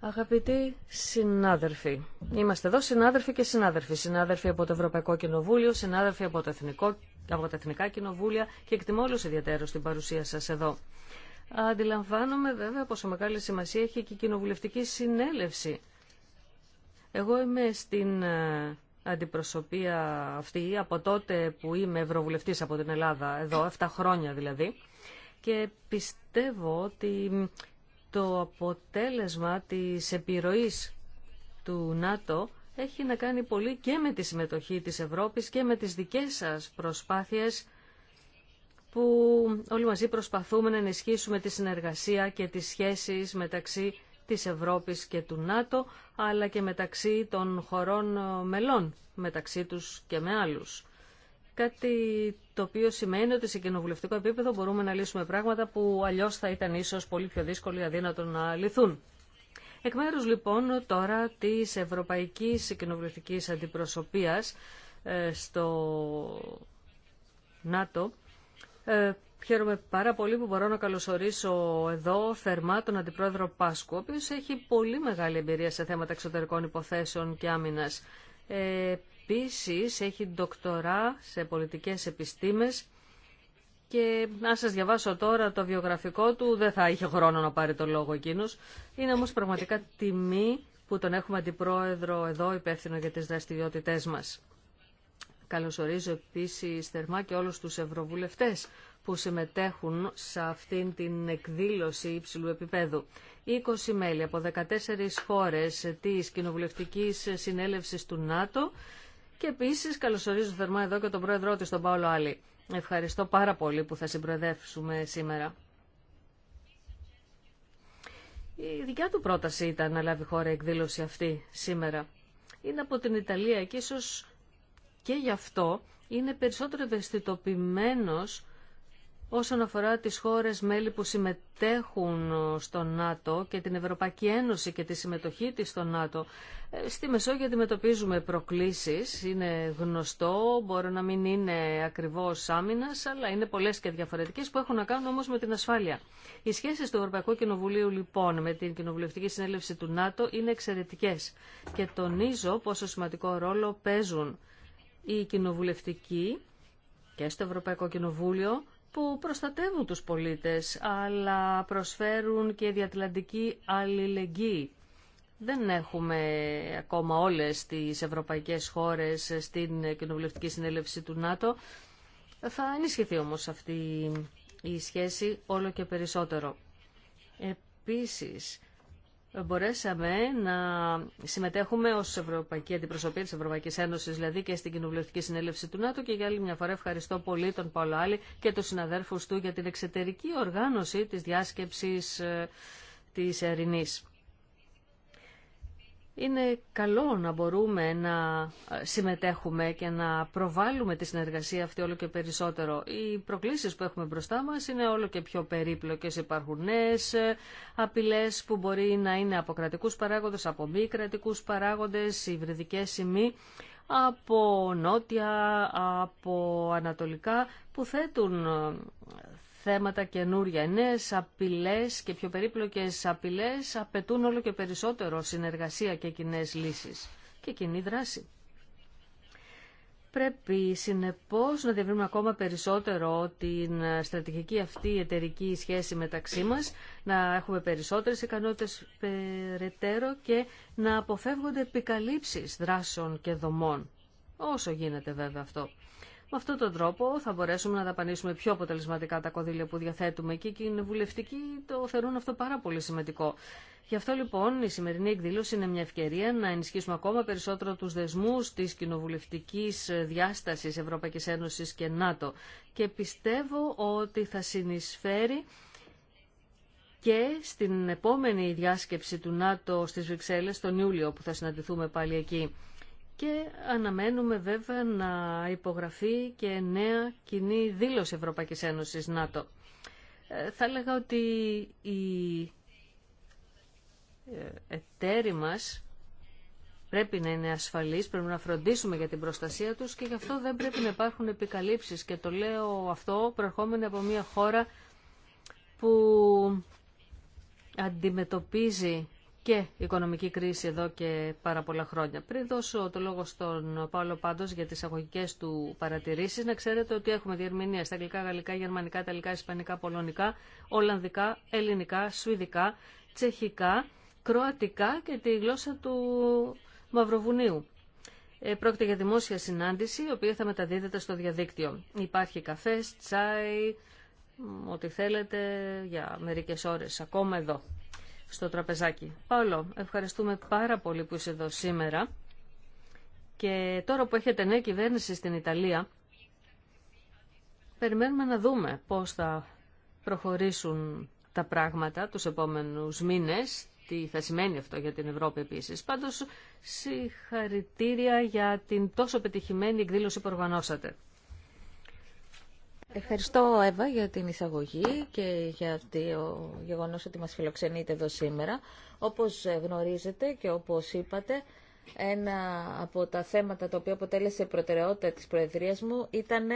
Αγαπητοί συνάδελφοι, είμαστε εδώ συνάδελφοι και συνάδελφοι. Συνάδελφοι από το Ευρωπαϊκό Κοινοβούλιο, συνάδελφοι από, το Εθνικό, από τα Εθνικά Κοινοβούλια και εκτιμώ όλου ιδιαίτερω την παρουσία σα εδώ. Αντιλαμβάνομαι βέβαια πόσο μεγάλη σημασία έχει και η κοινοβουλευτική συνέλευση. Εγώ είμαι στην ε, αντιπροσωπεία αυτή από τότε που είμαι ευρωβουλευτής από την Ελλάδα, εδώ, 7 χρόνια δηλαδή και πιστεύω ότι το αποτέλεσμα της επιρροής του ΝΑΤΟ έχει να κάνει πολύ και με τη συμμετοχή της Ευρώπης και με τις δικές σας προσπάθειες που όλοι μαζί προσπαθούμε να ενισχύσουμε τη συνεργασία και τις σχέσεις μεταξύ της Ευρώπης και του ΝΑΤΟ, αλλά και μεταξύ των χωρών μελών, μεταξύ τους και με άλλους. Κάτι το οποίο σημαίνει ότι σε κοινοβουλευτικό επίπεδο μπορούμε να λύσουμε πράγματα που αλλιώ θα ήταν ίσως πολύ πιο δύσκολο ή αδύνατο να λυθούν. Εκ μέρου λοιπόν τώρα της Ευρωπαϊκής Αντιπροσωπεία Αντιπροσωπείας ε, στο ΝΑΤΟ, ε, Χαίρομαι πάρα πολύ που μπορώ να καλωσορίσω εδώ θερμά τον Αντιπρόεδρο Πάσκου, ο οποίο έχει πολύ μεγάλη εμπειρία σε θέματα εξωτερικών υποθέσεων και άμυνας. Ε, Επίσης έχει ντοκτορά σε πολιτικές επιστήμες και να σας διαβάσω τώρα το βιογραφικό του, δεν θα είχε χρόνο να πάρει το λόγο εκείνο. Είναι όμως πραγματικά τιμή που τον έχουμε αντιπρόεδρο εδώ υπεύθυνο για τις δραστηριότητές μας. Καλωσορίζω επίσης θερμά και όλους τους ευρωβουλευτές που συμμετέχουν σε αυτήν την εκδήλωση υψηλού επίπεδου. 20 μέλη από 14 χώρες της Κοινοβουλευτικής Συνέλευσης του ΝΑΤΟ και επίση καλωσορίζω θερμά εδώ και τον πρόεδρό τη, τον Παόλο Άλλη. Ευχαριστώ πάρα πολύ που θα συμπροεδεύσουμε σήμερα. Η δικιά του πρόταση ήταν να λάβει χώρα η εκδήλωση αυτή σήμερα. Είναι από την Ιταλία και ίσως και γι' αυτό είναι περισσότερο ευαισθητοποιημένος όσον αφορά τις χώρες μέλη που συμμετέχουν στο ΝΑΤΟ και την Ευρωπαϊκή Ένωση και τη συμμετοχή της στο ΝΑΤΟ. Ε, στη Μεσόγειο αντιμετωπίζουμε προκλήσεις, είναι γνωστό, μπορεί να μην είναι ακριβώς άμυνα, αλλά είναι πολλές και διαφορετικές που έχουν να κάνουν όμως με την ασφάλεια. Οι σχέσεις του Ευρωπαϊκού Κοινοβουλίου λοιπόν με την Κοινοβουλευτική Συνέλευση του ΝΑΤΟ είναι εξαιρετικές και τονίζω πόσο σημαντικό ρόλο παίζουν οι κοινοβουλευτικοί και στο Ευρωπαϊκό Κοινοβούλιο που προστατεύουν τους πολίτες, αλλά προσφέρουν και διατλαντική αλληλεγγύη. Δεν έχουμε ακόμα όλες τις ευρωπαϊκές χώρες στην κοινοβουλευτική συνέλευση του ΝΑΤΟ. Θα ενισχυθεί όμως αυτή η σχέση όλο και περισσότερο. Επίσης, μπορέσαμε να συμμετέχουμε ως Ευρωπαϊκή Αντιπροσωπεία της Ευρωπαϊκής Ένωσης, δηλαδή και στην Κοινοβουλευτική Συνέλευση του ΝΑΤΟ και για άλλη μια φορά ευχαριστώ πολύ τον Παόλο Άλλη και τους συναδέρφους του για την εξωτερική οργάνωση της διάσκεψης ε, της Ερηνής είναι καλό να μπορούμε να ε, συμμετέχουμε και να προβάλλουμε τη συνεργασία αυτή όλο και περισσότερο. Οι προκλήσεις που έχουμε μπροστά μας είναι όλο και πιο περίπλοκες. Υπάρχουν νέες ε, απειλές που μπορεί να είναι από κρατικούς παράγοντες, από μη κρατικούς παράγοντες, υβριδικές σημεί, από νότια, από ανατολικά, που θέτουν ε, θέματα καινούρια. Νέες απειλές και πιο περίπλοκες απειλές απαιτούν όλο και περισσότερο συνεργασία και κοινέ λύσεις και κοινή δράση. Πρέπει συνεπώς να διαβρύνουμε ακόμα περισσότερο την στρατηγική αυτή εταιρική σχέση μεταξύ μας, να έχουμε περισσότερες ικανότητες περαιτέρω και να αποφεύγονται επικαλύψεις δράσεων και δομών. Όσο γίνεται βέβαια αυτό. Με αυτόν τον τρόπο θα μπορέσουμε να δαπανίσουμε πιο αποτελεσματικά τα κονδύλια που διαθέτουμε και οι κοινοβουλευτικοί το θεωρούν αυτό πάρα πολύ σημαντικό. Γι' αυτό λοιπόν η σημερινή εκδήλωση είναι μια ευκαιρία να ενισχύσουμε ακόμα περισσότερο του δεσμού τη κοινοβουλευτική διάσταση Ευρωπαϊκή Ένωση και ΝΑΤΟ και πιστεύω ότι θα συνεισφέρει και στην επόμενη διάσκεψη του ΝΑΤΟ στις Βρυξέλλες τον Ιούλιο που θα συναντηθούμε πάλι εκεί και αναμένουμε βέβαια να υπογραφεί και νέα κοινή δήλωση Ευρωπαϊκής Ένωσης ΝΑΤΟ. Ε, θα έλεγα ότι οι ε, εταίροι μας πρέπει να είναι ασφαλείς, πρέπει να φροντίσουμε για την προστασία τους και γι' αυτό δεν πρέπει να υπάρχουν επικαλύψεις. Και το λέω αυτό προερχόμενοι από μια χώρα που αντιμετωπίζει και οικονομική κρίση εδώ και πάρα πολλά χρόνια. Πριν δώσω το λόγο στον Παύλο πάντως για τις αγωγικές του παρατηρήσεις, να ξέρετε ότι έχουμε διερμηνία στα αγγλικά, γαλλικά, γερμανικά, ιταλικά, ισπανικά, πολωνικά, ολλανδικά, ελληνικά, σουηδικά, τσεχικά, κροατικά και τη γλώσσα του Μαυροβουνίου. Ε, πρόκειται για δημόσια συνάντηση, η οποία θα μεταδίδεται στο διαδίκτυο. Υπάρχει καφές, τσάι, ό,τι θέλετε, για μερικές ώρες ακόμα εδώ στο τραπεζάκι. Παύλο, ευχαριστούμε πάρα πολύ που είσαι εδώ σήμερα. Και τώρα που έχετε νέα κυβέρνηση στην Ιταλία, περιμένουμε να δούμε πώς θα προχωρήσουν τα πράγματα τους επόμενους μήνες, τι θα σημαίνει αυτό για την Ευρώπη επίσης. Πάντως, συγχαρητήρια για την τόσο πετυχημένη εκδήλωση που οργανώσατε. Ευχαριστώ, Εύα, για την εισαγωγή και για το γεγονό ότι μας φιλοξενείτε εδώ σήμερα. Όπως ε, γνωρίζετε και όπω είπατε, ένα από τα θέματα τα οποία αποτέλεσε προτεραιότητα της Προεδρίας μου ήταν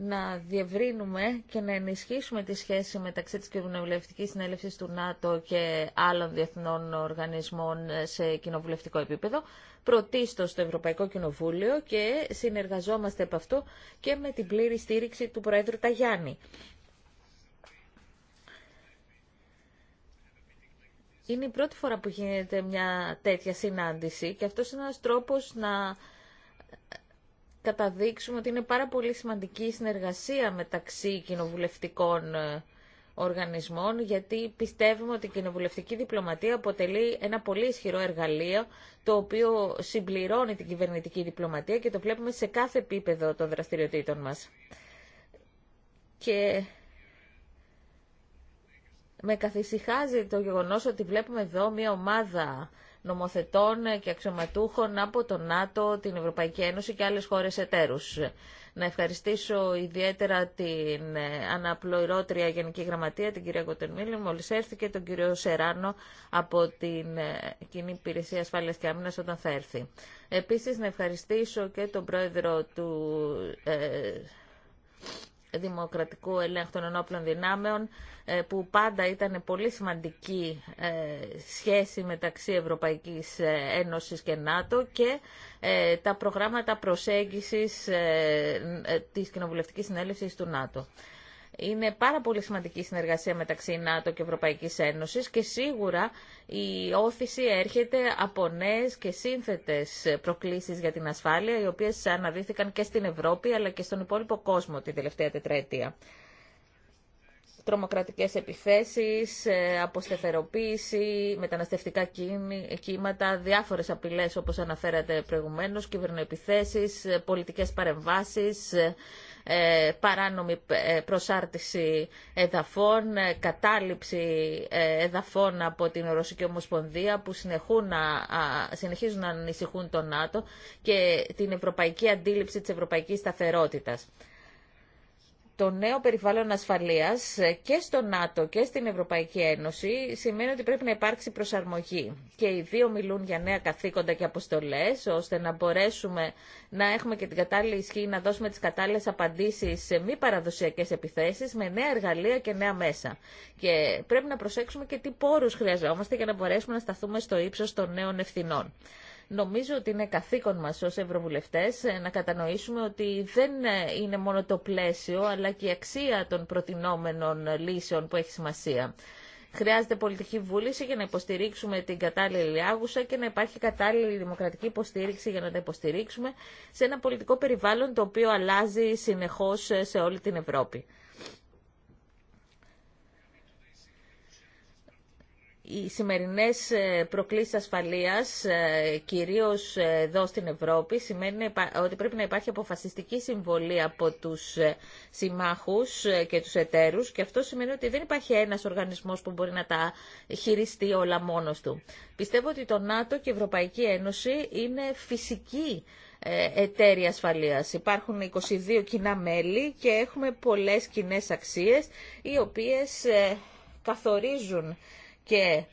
να διευρύνουμε και να ενισχύσουμε τη σχέση μεταξύ της Κοινοβουλευτικής Συνέλευσης του ΝΑΤΟ και άλλων διεθνών οργανισμών σε κοινοβουλευτικό επίπεδο, πρωτίστως στο Ευρωπαϊκό Κοινοβούλιο και συνεργαζόμαστε από αυτού και με την πλήρη στήριξη του Προέδρου Ταγιάννη. Είναι η πρώτη φορά που γίνεται μια τέτοια συνάντηση και αυτός είναι ένας τρόπος να καταδείξουμε ότι είναι πάρα πολύ σημαντική η συνεργασία μεταξύ κοινοβουλευτικών ε, οργανισμών, γιατί πιστεύουμε ότι η κοινοβουλευτική διπλωματία αποτελεί ένα πολύ ισχυρό εργαλείο, το οποίο συμπληρώνει την κυβερνητική διπλωματία και το βλέπουμε σε κάθε επίπεδο των δραστηριοτήτων μας. Και με καθησυχάζει το γεγονός ότι βλέπουμε εδώ μια ομάδα νομοθετών και αξιωματούχων από το ΝΑΤΟ, την Ευρωπαϊκή Ένωση και άλλες χώρες εταίρους. Να ευχαριστήσω ιδιαίτερα την ε, αναπλοηρότρια Γενική Γραμματεία, την κυρία Κοτερμίλη, μόλι έρθει και τον κύριο Σεράνο από την ε, Κοινή Υπηρεσία Ασφάλεια και Άμυνα όταν θα έρθει. Επίση, να ευχαριστήσω και τον πρόεδρο του ε, δημοκρατικού ελέγχου των ενόπλων δυνάμεων ε, που πάντα ήταν πολύ σημαντική ε, σχέση μεταξύ Ευρωπαϊκής ε, Ένωσης και ΝΑΤΟ και τα προγράμματα προσέγγισης της Κοινοβουλευτικής Συνέλευσης του ΝΑΤΟ. Είναι πάρα πολύ σημαντική συνεργασία μεταξύ ΝΑΤΟ και Ευρωπαϊκής Ένωσης και σίγουρα η όθηση έρχεται από νέε και σύνθετες προκλήσεις για την ασφάλεια, οι οποίες αναδύθηκαν και στην Ευρώπη αλλά και στον υπόλοιπο κόσμο την τελευταία τετραετία. Τρομοκρατικές επιθέσεις, ε, αποστεθεροποίηση, μεταναστευτικά κύματα, διάφορες απειλές όπως αναφέρατε προηγουμένως, κυβερνοεπιθέσεις, ε, πολιτικές παρεμβάσεις, ε, ε, παράνομη ε, προσάρτηση εδαφών, ε, κατάληψη εδαφών από την Ρωσική Ομοσπονδία που συνεχίζουν να ανησυχούν τον ΝΑΤΟ και την ευρωπαϊκή αντίληψη της ευρωπαϊκής σταθερότητας το νέο περιβάλλον ασφαλείας ε, και στο ΝΑΤΟ και στην Ευρωπαϊκή Ένωση σημαίνει ότι πρέπει να υπάρξει προσαρμογή. Και οι δύο μιλούν για νέα καθήκοντα και αποστολές, ώστε να μπορέσουμε να έχουμε και την κατάλληλη ισχύ να δώσουμε τις κατάλληλες απαντήσεις σε μη παραδοσιακές επιθέσεις με νέα εργαλεία και νέα μέσα. Και πρέπει να προσέξουμε και τι πόρους χρειαζόμαστε για να μπορέσουμε να σταθούμε στο ύψος των νέων ευθυνών. Νομίζω ότι είναι καθήκον μας ως Ευρωβουλευτές ε, να κατανοήσουμε ότι δεν ε, είναι μόνο το πλαίσιο, αλλά και η αξία των προτινόμενων λύσεων που έχει σημασία. Χρειάζεται πολιτική βούληση για να υποστηρίξουμε την κατάλληλη άγουσα και να υπάρχει κατάλληλη δημοκρατική υποστήριξη για να τα υποστηρίξουμε σε ένα πολιτικό περιβάλλον το οποίο αλλάζει συνεχώς ε, σε όλη την Ευρώπη. οι σημερινές ε, προκλήσεις ασφαλείας, ε, κυρίως ε, εδώ στην Ευρώπη, σημαίνει ότι πρέπει να υπάρχει αποφασιστική συμβολή από τους συμμάχους και τους εταίρους και αυτό σημαίνει ότι δεν υπάρχει ένας οργανισμός που μπορεί να τα χειριστεί όλα μόνος του. Πιστεύω ότι το ΝΑΤΟ και η Ευρωπαϊκή Ένωση είναι φυσική εταίροι ασφαλείας. Υπάρχουν 22 κοινά μέλη και έχουμε πολλές κοινέ αξίες οι οποίες καθορίζουν και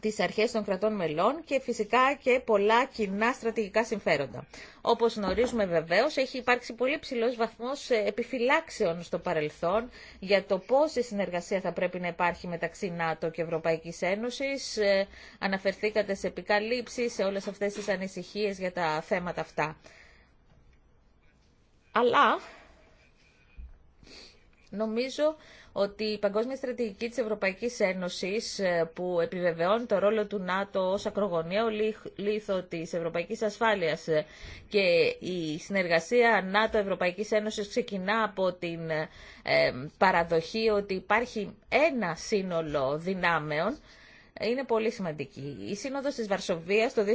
τις αρχές των κρατών μελών και φυσικά και πολλά κοινά στρατηγικά συμφέροντα. Όπως γνωρίζουμε βεβαίως, έχει υπάρξει πολύ ψηλός βαθμός ε, επιφυλάξεων στο παρελθόν για το πώς η συνεργασία θα πρέπει να υπάρχει μεταξύ ΝΑΤΟ και Ευρωπαϊκής Ένωσης. Ε, αναφερθήκατε σε επικαλύψεις, σε όλες αυτές τις ανησυχίες για τα θέματα αυτά. Αλλά Νομίζω ότι η παγκόσμια στρατηγική της Ευρωπαϊκής Ένωσης ε, που επιβεβαιώνει το ρόλο του ΝΑΤΟ ως ακρογωνιαίο λίθο της Ευρωπαϊκής Ασφάλειας ε, και η συνεργασία ΝΑΤΟ-Ευρωπαϊκής Ένωσης ξεκινά από την ε, παραδοχή ότι υπάρχει ένα σύνολο δυνάμεων είναι πολύ σημαντική. Η Σύνοδος της Βαρσοβίας το 2016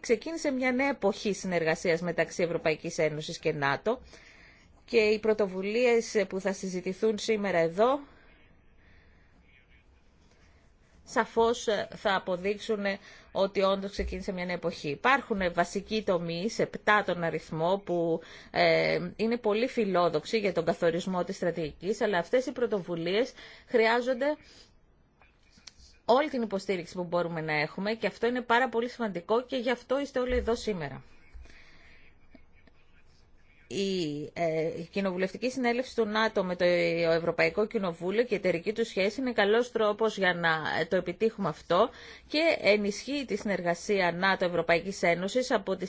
ξεκίνησε μια νέα εποχή συνεργασίας μεταξύ Ευρωπαϊκής Ένωσης και ΝΑΤΟ και οι πρωτοβουλίες που θα συζητηθούν σήμερα εδώ σαφώς θα αποδείξουν ότι όντως ξεκίνησε μια νέα εποχή. Υπάρχουν βασικοί τομείς, επτά τον αριθμό, που ε, είναι πολύ φιλόδοξοι για τον καθορισμό της στρατηγικής, αλλά αυτές οι πρωτοβουλίες χρειάζονται όλη την υποστήριξη που μπορούμε να έχουμε και αυτό είναι πάρα πολύ σημαντικό και γι' αυτό είστε όλοι εδώ σήμερα η ε, κοινοβουλευτική συνέλευση του ΝΑΤΟ με το Ευρωπαϊκό Κοινοβούλιο και η εταιρική του σχέση είναι καλός τρόπος για να ε, το επιτύχουμε αυτό και ενισχύει τη συνεργασία ΝΑΤΟ-Ευρωπαϊκής Ένωσης από τη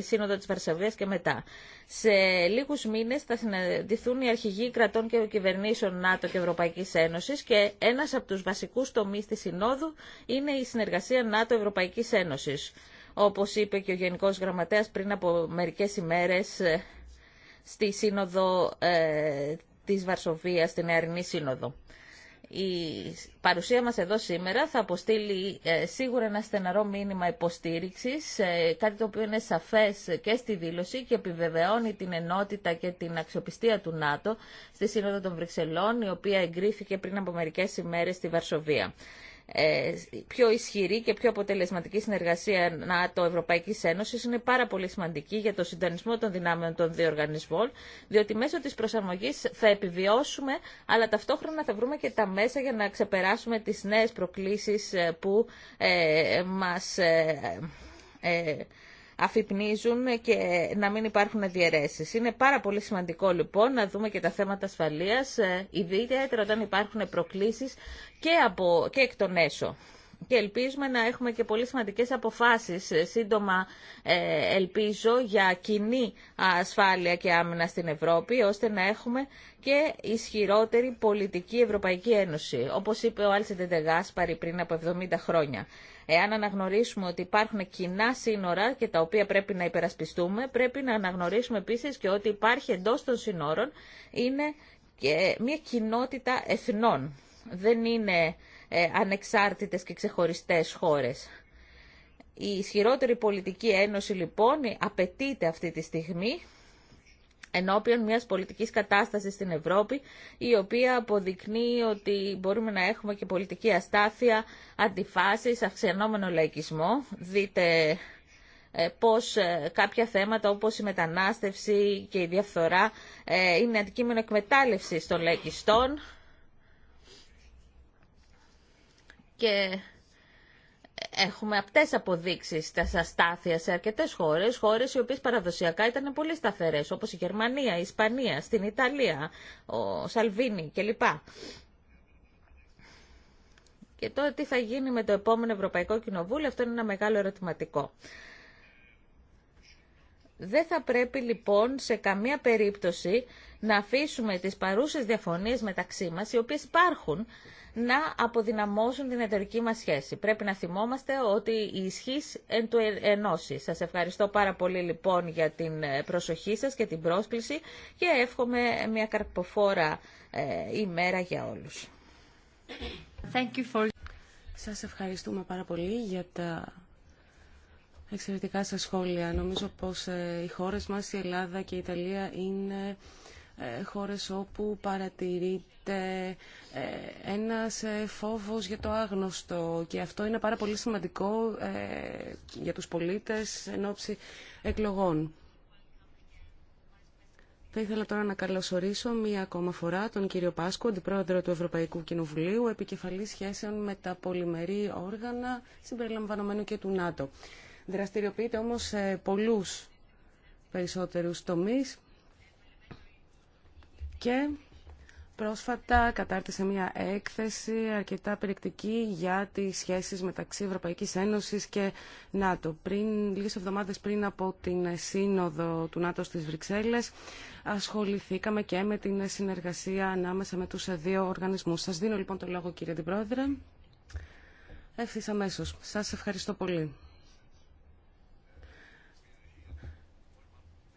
Σύνοδο της Βαρσαβίας και μετά. Σε λίγους μήνες θα συναντηθούν οι αρχηγοί κρατών και κυβερνήσεων ΝΑΤΟ και Ευρωπαϊκής Ένωσης και ένας από τους βασικούς τομείς της Συνόδου είναι η συνεργασία ΝΑΤΟ-Ευρωπαϊκής Ένωσης. Όπως είπε και ο Γενικός Γραμματέας πριν από μερικές ημέρες ε, στη Σύνοδο ε, της Βαρσοβίας, στην Νεαρινή Σύνοδο. Η παρουσία μας εδώ σήμερα θα αποστείλει ε, σίγουρα ένα στεναρό μήνυμα υποστήριξης, ε, κάτι το οποίο είναι σαφές και στη δήλωση και επιβεβαιώνει την ενότητα και την αξιοπιστία του ΝΑΤΟ στη Σύνοδο των Βρυξελών, η οποία εγκρίθηκε πριν από μερικές ημέρες στη Βαρσοβία. Ε, πιο ισχυρή και πιο αποτελεσματική συνεργασία ΝΑΤΟ-Ευρωπαϊκής Ένωσης είναι πάρα πολύ σημαντική για το συντονισμό των δυνάμεων των δύο οργανισμών, διότι μέσω της προσαρμογή θα επιβιώσουμε, αλλά ταυτόχρονα θα βρούμε και τα μέσα για να ξεπεράσουμε τις νέες προκλήσεις ε, που ε, μας... Ε, αφυπνίζουν και να μην υπάρχουν διαιρέσεις. Είναι πάρα πολύ σημαντικό λοιπόν να δούμε και τα θέματα ασφαλείας, ε, ιδιαίτερα όταν υπάρχουν προκλήσεις και, από, και εκ των έσω. Και ελπίζουμε να έχουμε και πολύ σημαντικές αποφάσεις. Ε, σύντομα ε, ελπίζω για κοινή ασφάλεια και άμυνα στην Ευρώπη, ώστε να έχουμε και ισχυρότερη πολιτική Ευρωπαϊκή Ένωση, όπως είπε ο Άλσεντε Ντεγάσπαρη πριν από 70 χρόνια. Εάν αναγνωρίσουμε ότι υπάρχουν κοινά σύνορα και τα οποία πρέπει να υπερασπιστούμε, πρέπει να αναγνωρίσουμε επίσης και ότι υπάρχει εντός των σύνορων είναι και μια κοινότητα εθνών. Δεν είναι ε, ανεξάρτητες και ξεχωριστές χώρες. Η ισχυρότερη πολιτική ένωση λοιπόν απαιτείται αυτή τη στιγμή ενώπιον μιας πολιτικής κατάστασης στην Ευρώπη, η οποία αποδεικνύει ότι μπορούμε να έχουμε και πολιτική αστάθεια, αντιφάσεις, αυξανόμενο λαϊκισμό. Δείτε ε, πως ε, κάποια θέματα όπως η μετανάστευση και η διαφθορά ε, είναι αντικείμενο εκμετάλλευσης των λαϊκιστών και έχουμε απτές αποδείξεις της αστάθειας σε αρκετές χώρες, χώρες οι οποίες παραδοσιακά ήταν πολύ σταθερές, όπως η Γερμανία, η Ισπανία, στην Ιταλία, ο Σαλβίνη κλπ. Και τώρα τι θα γίνει με το επόμενο Ευρωπαϊκό Κοινοβούλιο, αυτό είναι ένα μεγάλο ερωτηματικό. Δεν θα πρέπει λοιπόν σε καμία περίπτωση να αφήσουμε τις παρούσες διαφωνίες μεταξύ μας, οι οποίες υπάρχουν, να αποδυναμώσουν την εταιρική μας σχέση. Πρέπει να θυμόμαστε ότι η ισχύς εν του ενώσει. Σας ευχαριστώ πάρα πολύ λοιπόν για την ε, προσοχή σας και την πρόσκληση και εύχομαι μια καρποφόρα ε, ημέρα για όλους. Thank you ευχαριστούμε πάρα για τα εξαιρετικά σας σχόλια. Νομίζω πως ε, οι χώρες μας, η Ελλάδα και η Ιταλία, είναι ε, χώρες όπου παρατηρείται ε, ένας φόβος για το άγνωστο και αυτό είναι πάρα πολύ σημαντικό για τους πολίτες εν ώψη εκλογών. Θα ήθελα τώρα να καλωσορίσω μία ακόμα φορά τον κύριο Πάσκο, αντιπρόεδρο του Ευρωπαϊκού Κοινοβουλίου, επικεφαλής σχέσεων με τα πολυμερή όργανα, συμπεριλαμβανομένου και του ΝΑΤΟ. Δραστηριοποιείται όμως σε πολλούς περισσότερους τομείς και πρόσφατα κατάρτισε μια έκθεση αρκετά περιεκτική για τις σχέσεις μεταξύ Ευρωπαϊκής Ένωσης και ΝΑΤΟ. Πριν, λίγες εβδομάδες πριν από την σύνοδο του ΝΑΤΟ στις Βρυξέλλες ασχοληθήκαμε και με την συνεργασία ανάμεσα με τους δύο οργανισμούς. Σας δίνω λοιπόν το λόγο κύριε Αντιπρόεδρε. Ευθύς Σας ευχαριστώ πολύ.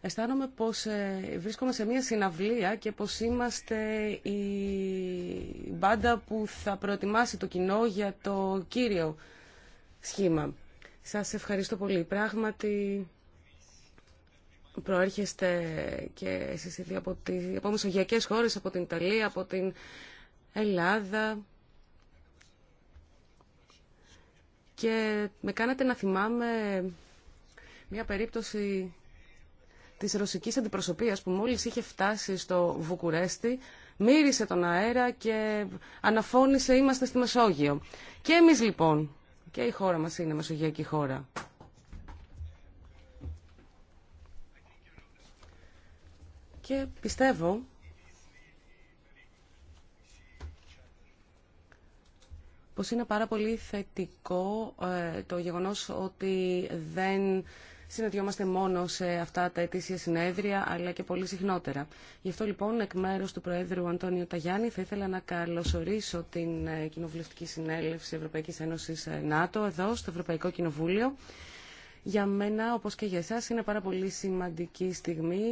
αισθάνομαι πως ε, βρίσκομαι σε μια συναυλία και πως είμαστε η μπάντα που θα προετοιμάσει το κοινό για το κύριο σχήμα. Σας ευχαριστώ πολύ. Πράγματι προέρχεστε και εσείς ήδη από τις από μεσογειακές χώρες, από την Ιταλία, από την Ελλάδα και με κάνετε να θυμάμαι μια περίπτωση Τη ρωσική αντιπροσωπείας που μόλις είχε φτάσει στο Βουκουρέστι μύρισε τον αέρα και αναφώνησε «Είμαστε στη Μεσόγειο». Και εμείς λοιπόν, και η χώρα μα είναι μεσογειακή χώρα. Και πιστεύω πως είναι πάρα πολύ θετικό ε, το γεγονός ότι δεν συναντιόμαστε μόνο σε αυτά τα ετήσια συνέδρια, αλλά και πολύ συχνότερα. Γι' αυτό λοιπόν, εκ μέρου του Προέδρου Αντώνιο Ταγιάννη, θα ήθελα να καλωσορίσω την ε, Κοινοβουλευτική Συνέλευση Ευρωπαϊκής Ένωση ε, ΝΑΤΟ εδώ, στο Ευρωπαϊκό Κοινοβούλιο για μένα, όπως και για εσάς, είναι πάρα πολύ σημαντική στιγμή,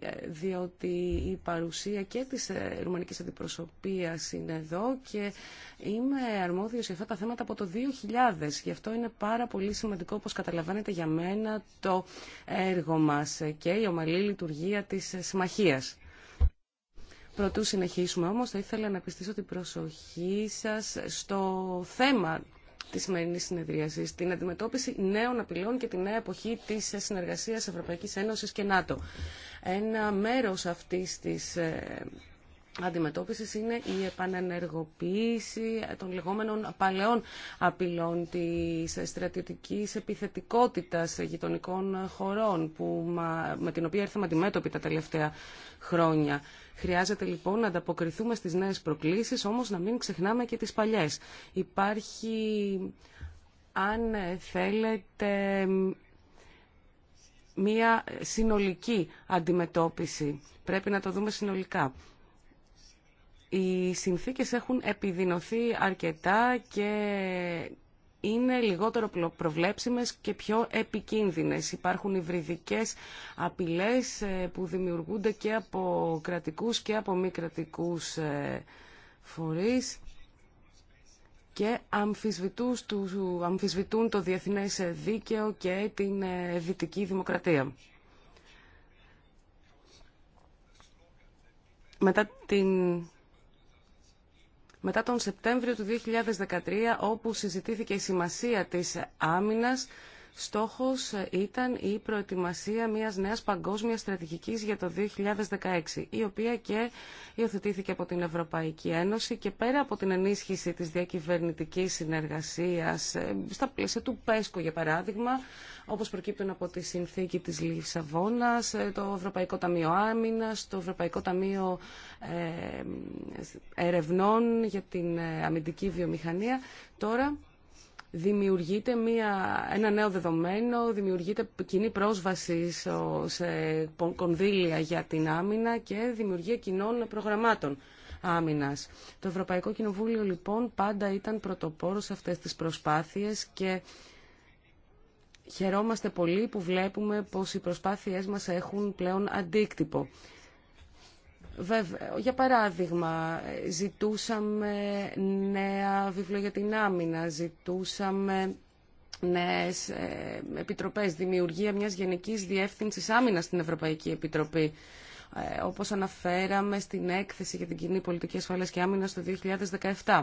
ε, διότι η παρουσία και της ε, ρουμανικής αντιπροσωπείας είναι εδώ και είμαι αρμόδιος για αυτά τα θέματα από το 2000. Γι' αυτό είναι πάρα πολύ σημαντικό, όπως καταλαβαίνετε για μένα, το έργο μας ε, και η ομαλή λειτουργία της συμμαχίας. Πρωτού συνεχίσουμε όμως, θα ήθελα να πιστήσω την προσοχή σας στο θέμα τη σημερινή συνεδρίαση, την αντιμετώπιση νέων απειλών και τη νέα εποχή της συνεργασίας Ευρωπαϊκής Ένωσης και ΝΑΤΟ. Ένα μέρος αυτής της ε, αντιμετώπισης είναι η επανενεργοποίηση των λεγόμενων παλαιών απειλών τη στρατιωτική επιθετικότητας γειτονικών χωρών που, με την οποία ήρθαμε αντιμέτωποι τα τελευταία χρόνια. Χρειάζεται λοιπόν να ανταποκριθούμε στις νέες προκλήσεις, όμως να μην ξεχνάμε και τις παλιές. Υπάρχει, αν θέλετε, μία συνολική αντιμετώπιση. Πρέπει να το δούμε συνολικά. Οι συνθήκες έχουν επιδεινωθεί αρκετά και είναι λιγότερο προβλέψιμες και πιο επικίνδυνες. Υπάρχουν υβριδικές απειλές ε, που δημιουργούνται και από κρατικούς και από μη κρατικούς ε, φορείς και αμφισβητούν το διεθνές δίκαιο και την ε, δυτική δημοκρατία. Μετά την μετά τον Σεπτέμβριο του 2013 όπου συζητήθηκε η σημασία της άμυνας Στόχος ήταν η προετοιμασία μιας νέας παγκόσμιας στρατηγικής για το 2016, η οποία και υιοθετήθηκε από την Ευρωπαϊκή Ένωση και πέρα από την ενίσχυση της διακυβερνητικής συνεργασίας, ε, στα πλαίσια του ΠΕΣΚΟ για παράδειγμα, όπως προκύπτουν από τη συνθήκη της Λισαβόνας, ε, το Ευρωπαϊκό Ταμείο Άμυνας, το Ευρωπαϊκό Ταμείο ε, Ερευνών για την αμυντική βιομηχανία. Τώρα δημιουργείται μια, ένα νέο δεδομένο, δημιουργείται κοινή πρόσβαση σε κονδύλια για την άμυνα και δημιουργία κοινών προγραμμάτων άμυνας. Το Ευρωπαϊκό Κοινοβούλιο λοιπόν πάντα ήταν πρωτοπόρος σε αυτές τις προσπάθειες και χαιρόμαστε πολύ που βλέπουμε πως οι προσπάθειές μας έχουν πλέον αντίκτυπο για παράδειγμα, ζητούσαμε νέα βιβλία για την άμυνα, ζητούσαμε νέες ε, επιτροπές, δημιουργία μιας γενικής διεύθυνσης άμυνας στην Ευρωπαϊκή Επιτροπή. Ε, όπως αναφέραμε στην έκθεση για την κοινή πολιτική ασφάλειας και άμυνας το 2017.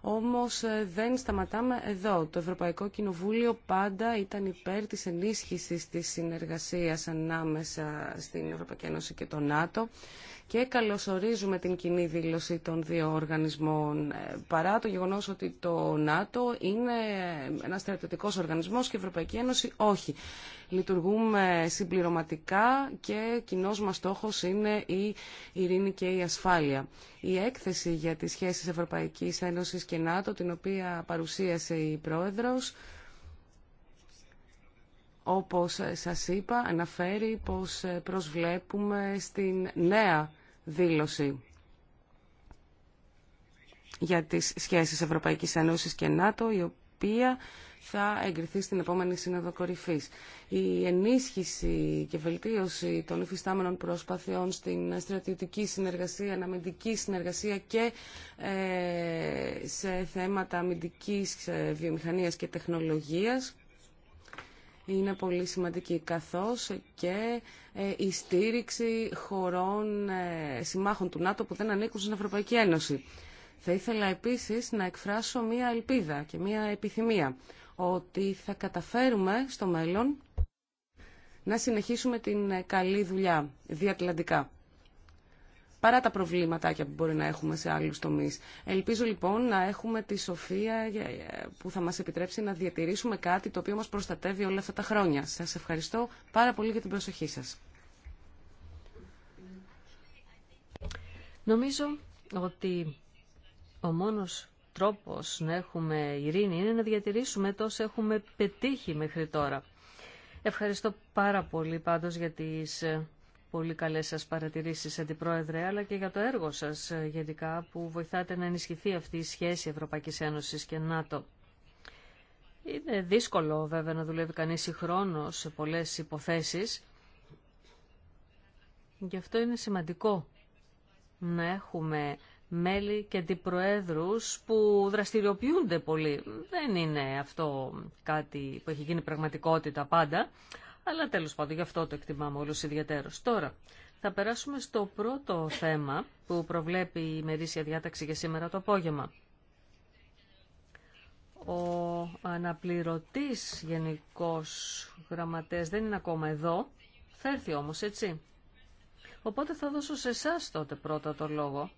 Όμως ε, δεν σταματάμε εδώ. Το Ευρωπαϊκό Κοινοβούλιο πάντα ήταν υπέρ της ενίσχυσης της συνεργασίας ανάμεσα στην Ευρωπαϊκή Ένωση και το ΝΑΤΟ και καλωσορίζουμε την κοινή δήλωση των δύο οργανισμών ε, παρά το γεγονός ότι το ΝΑΤΟ είναι ένας στρατιωτικός οργανισμός και η Ευρωπαϊκή Ένωση όχι. Λειτουργούμε συμπληρωματικά και κοινό μα στόχο είναι η ειρήνη και η ασφάλεια. Η έκθεση για τις σχέσεις Ευρωπαϊκής Ένωσης και ΝΑΤΟ, την οποία παρουσίασε η πρόεδρο, όπως σας είπα, αναφέρει πως προσβλέπουμε στην νέα δήλωση για τις σχέσεις Ευρωπαϊκής Ένωσης και ΝΑΤΟ, η οποία θα εγκριθεί στην επόμενη Σύνοδο Κορυφής. Η ενίσχυση και βελτίωση των υφιστάμενων προσπαθειών στην στρατιωτική συνεργασία, αναμυντική συνεργασία και ε, σε θέματα αμυντικής ε, βιομηχανίας και τεχνολογίας είναι πολύ σημαντική, καθώς και ε, η στήριξη χωρών ε, συμμάχων του ΝΑΤΟ που δεν ανήκουν στην Ευρωπαϊκή Ένωση. Θα ήθελα επίσης να εκφράσω μία ελπίδα και μία επιθυμία ότι θα καταφέρουμε στο μέλλον να συνεχίσουμε την ε, καλή δουλειά διατλαντικά παρά τα προβλήματάκια που μπορεί να έχουμε σε άλλους τομείς. Ελπίζω λοιπόν να έχουμε τη σοφία που θα μας επιτρέψει να διατηρήσουμε κάτι το οποίο μας προστατεύει όλα αυτά τα χρόνια. Σας ευχαριστώ πάρα πολύ για την προσοχή σας. Νομίζω ότι ο μόνος τρόπος να έχουμε ειρήνη είναι να διατηρήσουμε όσο έχουμε πετύχει μέχρι τώρα. Ευχαριστώ πάρα πολύ πάντως για τις πολύ καλές σας παρατηρήσεις, Αντιπρόεδρε, αλλά και για το έργο σας ε, γενικά που βοηθάτε να ενισχυθεί αυτή η σχέση Ευρωπαϊκής Ένωσης και ΝΑΤΟ. Είναι δύσκολο βέβαια να δουλεύει κανείς συγχρόνω σε πολλές υποθέσεις. Γι' αυτό είναι σημαντικό να έχουμε μέλη και αντιπροέδρους που δραστηριοποιούνται πολύ. Δεν είναι αυτό κάτι που έχει γίνει πραγματικότητα πάντα, αλλά τέλος πάντων, γι' αυτό το εκτιμάμε όλου ιδιαίτερω. Τώρα, θα περάσουμε στο πρώτο θέμα που προβλέπει η ημερήσια διάταξη για σήμερα το απόγευμα. Ο αναπληρωτής γενικός γραμματέας δεν είναι ακόμα εδώ. Θα έρθει όμως, έτσι. Οπότε θα δώσω σε εσά τότε πρώτα το λόγο.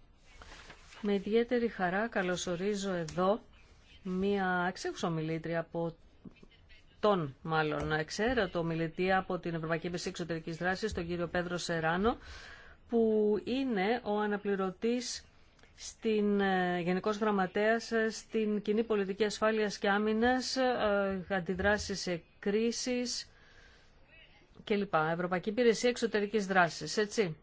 Με ιδιαίτερη χαρά καλωσορίζω εδώ μία εξέχουσα μιλήτρια από τον μάλλον το μιλητή από την Ευρωπαϊκή Υπηρεσία Εξωτερική Δράσης, τον κύριο Πέδρο Σεράνο, που είναι ο αναπληρωτής στην ε, Γενικός Γραμματέα ε, στην Κοινή Πολιτική Ασφάλειας και Άμυνας, ε, αντιδράσεις σε κρίσει κλπ. Ευρωπαϊκή Υπηρεσία Εξωτερικής Δράσης, έτσι.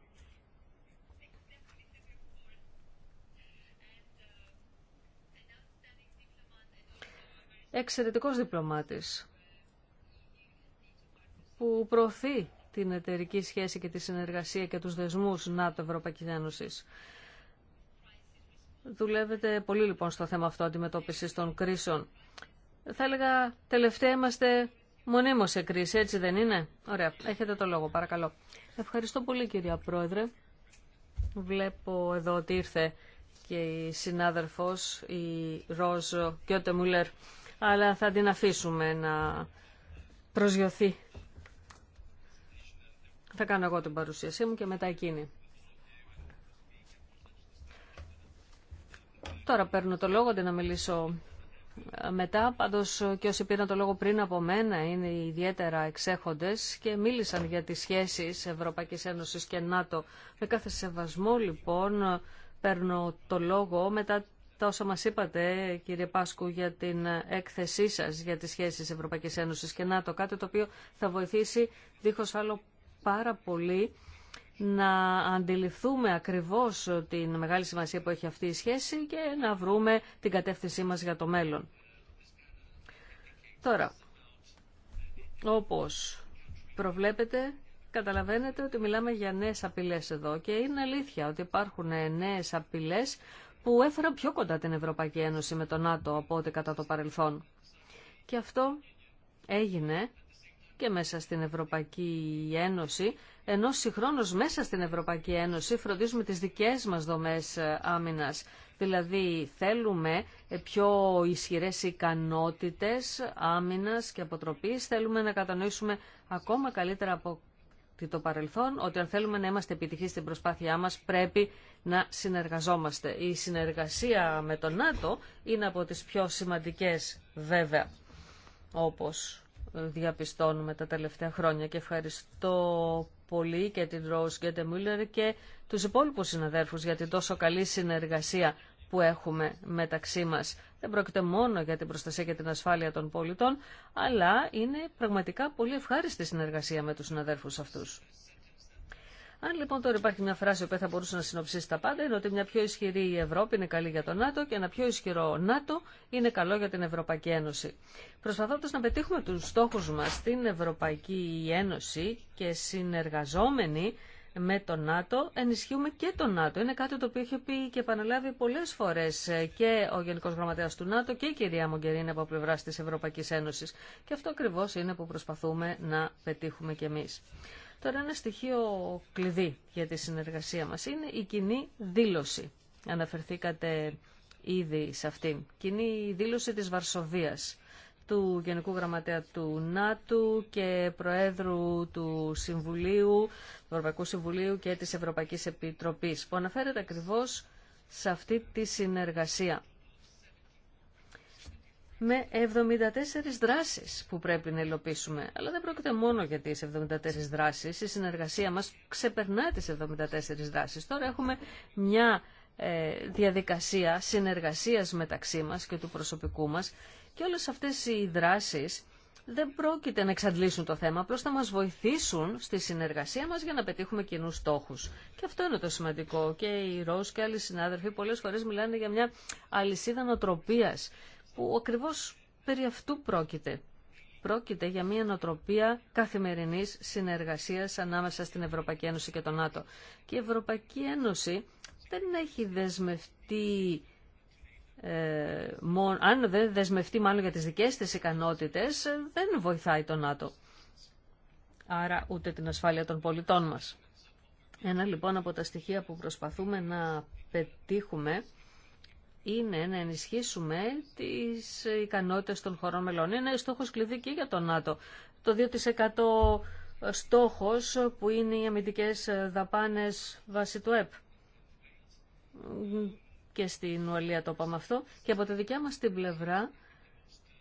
Εξαιρετικός διπλωμάτης που προωθεί την εταιρική σχέση και τη συνεργασία και τους δεσμούς ΝΑΤΟ-Ευρωπαϊκής Ένωσης. Δουλεύετε πολύ λοιπόν στο θέμα αυτό αντιμετώπιση των κρίσεων. Θα έλεγα τελευταία είμαστε μονίμως σε κρίση, έτσι δεν είναι. Ωραία, έχετε το λόγο παρακαλώ. Ευχαριστώ πολύ κυρία Πρόεδρε. Βλέπω εδώ ότι ήρθε και η συνάδελφος, η Ρόζο Κιώτε Μουλέρ. Αλλά θα την αφήσουμε να προσγειωθεί θα κάνω εγώ την παρουσίασή μου και μετά εκείνη. Τώρα παίρνω το λόγο, για να μιλήσω ε, μετά. Πάντως και όσοι πήραν το λόγο πριν από μένα είναι ιδιαίτερα εξέχοντες και μίλησαν για τις σχέσεις Ευρωπαϊκής Ένωσης και ΝΑΤΟ. Με κάθε σεβασμό λοιπόν παίρνω το λόγο μετά τα όσα μας είπατε κύριε Πάσκου για την έκθεσή σας για τις σχέσεις Ευρωπαϊκής Ένωσης και ΝΑΤΟ. Κάτι το οποίο θα βοηθήσει δίχως άλλο πάρα πολύ να αντιληφθούμε ακριβώς την μεγάλη σημασία που έχει αυτή η σχέση και να βρούμε την κατεύθυνσή μας για το μέλλον. Τώρα, όπως προβλέπετε, καταλαβαίνετε ότι μιλάμε για νέες απειλές εδώ και είναι αλήθεια ότι υπάρχουν νέες απειλές που έφεραν πιο κοντά την Ευρωπαϊκή Ένωση με τον ΝΑΤΟ από ό,τι κατά το παρελθόν. Και αυτό έγινε και μέσα στην Ευρωπαϊκή Ένωση, ενώ συγχρόνως μέσα στην Ευρωπαϊκή Ένωση φροντίζουμε τις δικές μας δομές ε, άμυνας. Δηλαδή θέλουμε ε, πιο ισχυρές ικανότητες άμυνας και αποτροπής, θέλουμε να κατανοήσουμε ακόμα καλύτερα από το παρελθόν ότι αν θέλουμε να είμαστε επιτυχείς στην προσπάθειά μας πρέπει να συνεργαζόμαστε. Η συνεργασία με τον ΝΑΤΟ είναι από τις πιο σημαντικές βέβαια όπως διαπιστώνουμε τα τελευταία χρόνια και ευχαριστώ πολύ και την Ροζ Γκέντε Μούλερ και τους υπόλοιπους συναδέρφους για την τόσο καλή συνεργασία που έχουμε μεταξύ μας. Δεν πρόκειται μόνο για την προστασία και την ασφάλεια των πολιτών, αλλά είναι πραγματικά πολύ ευχάριστη συνεργασία με τους συναδέρφους αυτούς. Αν λοιπόν τώρα υπάρχει μια φράση που θα μπορούσε να συνοψίσει τα πάντα, είναι ότι μια πιο ισχυρή Ευρώπη είναι καλή για το ΝΑΤΟ και ένα πιο ισχυρό ΝΑΤΟ είναι καλό για την Ευρωπαϊκή Ένωση. Προσπαθώντα να πετύχουμε του στόχου μα στην Ευρωπαϊκή Ένωση και συνεργαζόμενοι με το ΝΑΤΟ, ενισχύουμε και το ΝΑΤΟ. Είναι κάτι το οποίο έχει πει και επαναλάβει πολλέ φορέ και ο Γενικό Γραμματέα του ΝΑΤΟ και η κυρία Μογκερίνη από πλευρά τη Ευρωπαϊκή Ένωση. Και αυτό ακριβώ είναι που προσπαθούμε να πετύχουμε κι εμεί. Τώρα ένα στοιχείο κλειδί για τη συνεργασία μας είναι η κοινή δήλωση. Αναφερθήκατε ήδη σε αυτήν. Κοινή δήλωση της Βαρσοβίας του Γενικού Γραμματέα του ΝΑΤΟΥ και Προέδρου του Συμβουλίου, του Ευρωπαϊκού Συμβουλίου και της Ευρωπαϊκής Επιτροπής, που αναφέρεται ακριβώς σε αυτή τη συνεργασία με 74 δράσεις που πρέπει να υλοποιήσουμε. Αλλά δεν πρόκειται μόνο για τις 74 δράσεις. Η συνεργασία μας ξεπερνά τις 74 δράσεις. Τώρα έχουμε μια ε, διαδικασία συνεργασίας μεταξύ μας και του προσωπικού μας και όλες αυτές οι δράσεις δεν πρόκειται να εξαντλήσουν το θέμα, απλώς θα μας βοηθήσουν στη συνεργασία μας για να πετύχουμε κοινού στόχους. Και αυτό είναι το σημαντικό. Και οι Ρώσοι και άλλοι συνάδελφοι πολλές φορές μιλάνε για μια αλυσίδα νοτροπίας που ακριβώς περί αυτού πρόκειται. Πρόκειται για μια νοοτροπία καθημερινής συνεργασίας ανάμεσα στην Ευρωπαϊκή Ένωση και τον ΝΑΤΟ. Και η Ευρωπαϊκή Ένωση δεν έχει δεσμευτεί ε, μόνο, αν δεν δεσμευτεί μάλλον για τις δικές της ικανότητες, δεν βοηθάει τον ΝΑΤΟ. Άρα ούτε την ασφάλεια των πολιτών μας. Ένα λοιπόν από τα στοιχεία που προσπαθούμε να πετύχουμε είναι να ενισχύσουμε τις ικανότητες των χωρών μελών. Είναι στόχος κλειδί και για το ΝΑΤΟ. Το 2% στόχος που είναι οι αμυντικές δαπάνες βάσει του ΕΠ. Και στην Ουαλία το είπαμε αυτό. Και από τη δικιά μας την πλευρά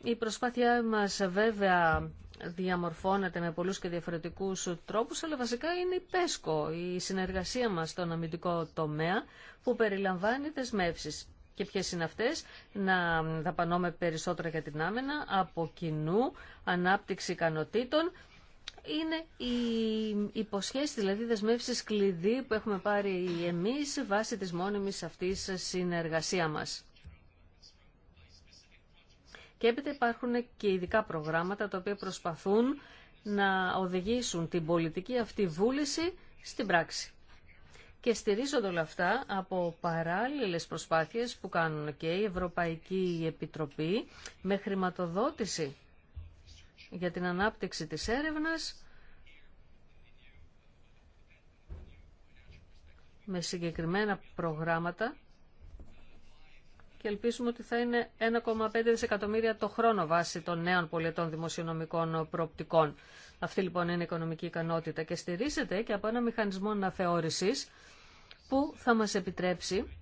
η προσπάθειά μας βέβαια διαμορφώνεται με πολλούς και διαφορετικούς τρόπους, αλλά βασικά είναι η ΠΕΣΚΟ, η συνεργασία μας στον αμυντικό τομέα, που περιλαμβάνει δεσμεύσεις και ποιες είναι αυτές, να δαπανώμε περισσότερα για την άμενα, από κοινού, ανάπτυξη ικανοτήτων, είναι οι υποσχέσεις, δηλαδή δεσμεύσεις κλειδί που έχουμε πάρει εμείς βάσει της μόνιμης αυτής συνεργασία μας. Και έπειτα υπάρχουν και ειδικά προγράμματα τα οποία προσπαθούν να οδηγήσουν την πολιτική αυτή βούληση στην πράξη και στηρίζονται όλα αυτά από παράλληλες προσπάθειες που κάνουν και η Ευρωπαϊκή Επιτροπή με χρηματοδότηση για την ανάπτυξη της έρευνας με συγκεκριμένα προγράμματα και ελπίζουμε ότι θα είναι 1,5 δισεκατομμύρια το χρόνο βάσει των νέων πολιτών δημοσιονομικών προοπτικών. Αυτή λοιπόν είναι η οικονομική ικανότητα και στηρίζεται και από ένα μηχανισμό αναθεώρησης που θα μας επιτρέψει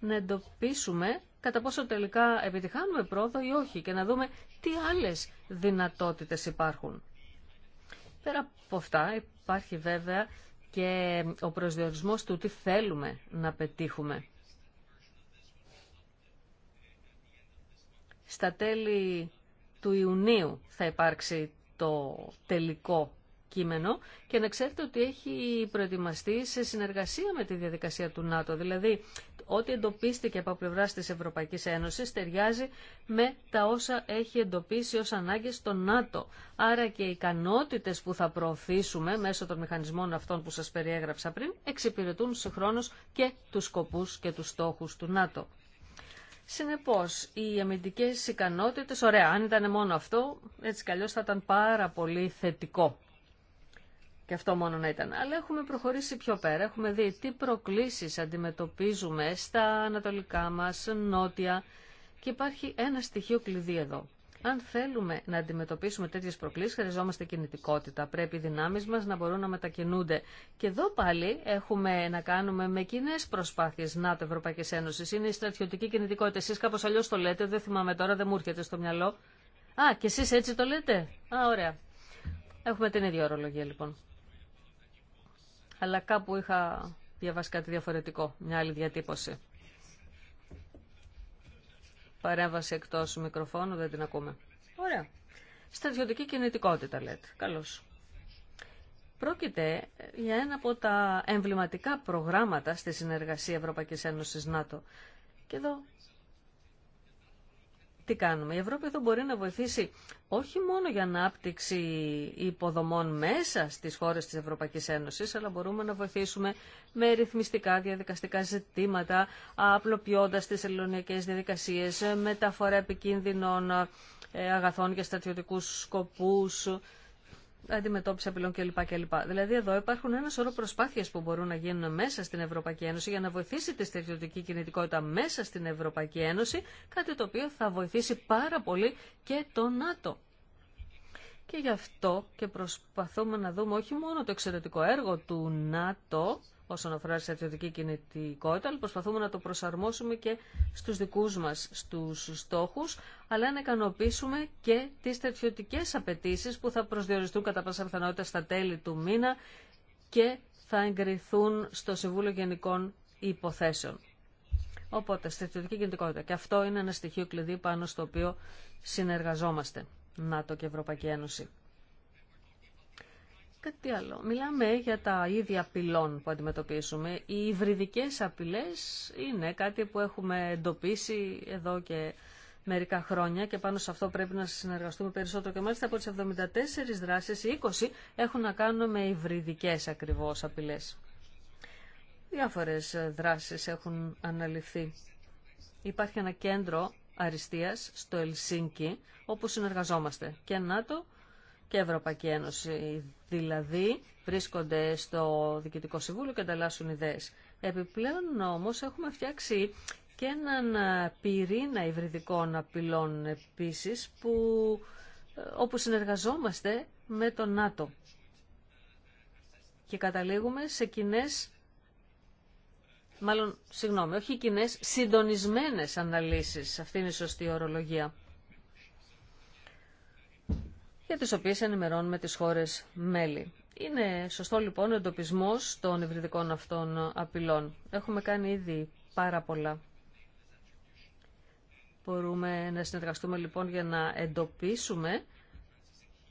να εντοπίσουμε κατά πόσο τελικά επιτυχάνουμε πρόοδο ή όχι και να δούμε τι άλλες δυνατότητες υπάρχουν. Πέρα από αυτά υπάρχει βέβαια και ο προσδιορισμός του τι θέλουμε να πετύχουμε. Στα τέλη του Ιουνίου θα υπάρξει το τελικό κείμενο και να ξέρετε ότι έχει προετοιμαστεί σε συνεργασία με τη διαδικασία του ΝΑΤΟ. Δηλαδή, ό,τι εντοπίστηκε από πλευρά τη Ευρωπαϊκή Ένωση ταιριάζει με τα όσα έχει εντοπίσει ω ανάγκε το ΝΑΤΟ. Άρα και οι ικανότητε που θα προωθήσουμε μέσω των μηχανισμών αυτών που σα περιέγραψα πριν εξυπηρετούν συγχρόνω και του σκοπού και του στόχου του ΝΑΤΟ. Συνεπώ, οι αμυντικέ ικανότητε, ωραία, αν ήταν μόνο αυτό, έτσι κι θα ήταν πάρα πολύ θετικό. Και αυτό μόνο να ήταν. Αλλά έχουμε προχωρήσει πιο πέρα. Έχουμε δει τι προκλήσεις αντιμετωπίζουμε στα ανατολικά μας, νότια. Και υπάρχει ένα στοιχείο κλειδί εδώ. Αν θέλουμε να αντιμετωπίσουμε τέτοιε προκλήσεις, χρειαζόμαστε κινητικότητα. Πρέπει οι δυνάμει μα να μπορούν να μετακινούνται. Και εδώ πάλι έχουμε να κάνουμε με κοινέ προσπάθειες ΝΑΤΟ Ευρωπαϊκή Ένωση. Είναι η στρατιωτική κινητικότητα. Εσεί, κάπως αλλιώ το λέτε, δεν θυμάμαι τώρα, δεν μου έρχεται στο μυαλό. Α, και εσεί έτσι το λέτε. Α, ωραία. Έχουμε την ίδια ορολογία λοιπόν. Αλλά κάπου είχα διαβάσει κάτι διαφορετικό, μια άλλη διατύπωση. Παρέμβαση εκτός μικροφώνου, δεν την ακούμε. Ωραία. Στρατιωτική κινητικότητα λέτε. Καλώς. Πρόκειται για ένα από τα εμβληματικά προγράμματα στη συνεργασία ευρωπαικη Ευρωπαϊκή ΝΑΤΟ. Και εδώ τι κάνουμε. Η Ευρώπη εδώ μπορεί να βοηθήσει όχι μόνο για ανάπτυξη υποδομών μέσα στις χώρες της Ευρωπαϊκής Ένωσης, αλλά μπορούμε να βοηθήσουμε με ρυθμιστικά διαδικαστικά ζητήματα, απλοποιώντας τις ελληνικές διαδικασίες, μεταφορά επικίνδυνων ε, αγαθών για στρατιωτικούς σκοπούς, αντιμετώπιση απειλών κλπ. κλπ. Δηλαδή εδώ υπάρχουν ένα σωρό προσπάθειε που μπορούν να γίνουν μέσα στην Ευρωπαϊκή Ένωση για να βοηθήσει τη στρατιωτική κινητικότητα μέσα στην Ευρωπαϊκή Ένωση, κάτι το οποίο θα βοηθήσει πάρα πολύ και το ΝΑΤΟ. Και γι' αυτό και προσπαθούμε να δούμε όχι μόνο το εξαιρετικό έργο του ΝΑΤΟ, όσον αφορά τη στρατιωτική κινητικότητα, αλλά προσπαθούμε να το προσαρμόσουμε και στους δικούς μας στους στόχους, αλλά να ικανοποιήσουμε και τις στρατιωτικέ απαιτήσει που θα προσδιοριστούν κατά πάσα πιθανότητα στα τέλη του μήνα και θα εγκριθούν στο Συμβούλιο Γενικών Υποθέσεων. Οπότε, στρατιωτική κινητικότητα. Και αυτό είναι ένα στοιχείο κλειδί πάνω στο οποίο συνεργαζόμαστε, ΝΑΤΟ και Ευρωπαϊκή Ένωση. Κάτι άλλο. Μιλάμε για τα ίδια απειλών που αντιμετωπίζουμε. Οι υβριδικέ απειλέ είναι κάτι που έχουμε εντοπίσει εδώ και μερικά χρόνια και πάνω σε αυτό πρέπει να συνεργαστούμε περισσότερο. Και μάλιστα από τις 74 δράσεις, οι 20 έχουν να κάνουν με υβριδικέ ακριβώς απειλέ. Διάφορε δράσεις έχουν αναλυθεί. Υπάρχει ένα κέντρο αριστείας στο Ελσίνκι όπου συνεργαζόμαστε και ΝΑΤΟ και Ευρωπαϊκή Ένωση. Δηλαδή βρίσκονται στο Διοικητικό Συμβούλιο και ανταλλάσσουν ιδέες. Επιπλέον όμως έχουμε φτιάξει και έναν πυρήνα υβριδικών απειλών επίσης που, ε, όπου συνεργαζόμαστε με το ΝΑΤΟ και καταλήγουμε σε κοινέ. Μάλλον, συγγνώμη, όχι κοινέ, συντονισμένε αναλύσει. Αυτή είναι η σωστή ορολογία για τις οποίες ενημερώνουμε τις χώρες μέλη. Είναι σωστό λοιπόν ο εντοπισμός των υβριδικών αυτών απειλών. Έχουμε κάνει ήδη πάρα πολλά. Μπορούμε να συνεργαστούμε λοιπόν για να εντοπίσουμε,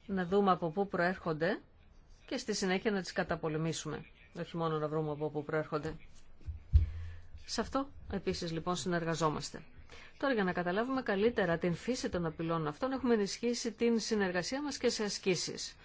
να δούμε από πού προέρχονται και στη συνέχεια να τις καταπολεμήσουμε. Όχι μόνο να βρούμε από πού προέρχονται. Σε αυτό επίσης λοιπόν συνεργαζόμαστε. Τώρα για να καταλάβουμε καλύτερα την φύση των απειλών αυτών έχουμε ενισχύσει την συνεργασία μας και σε ασκήσεις.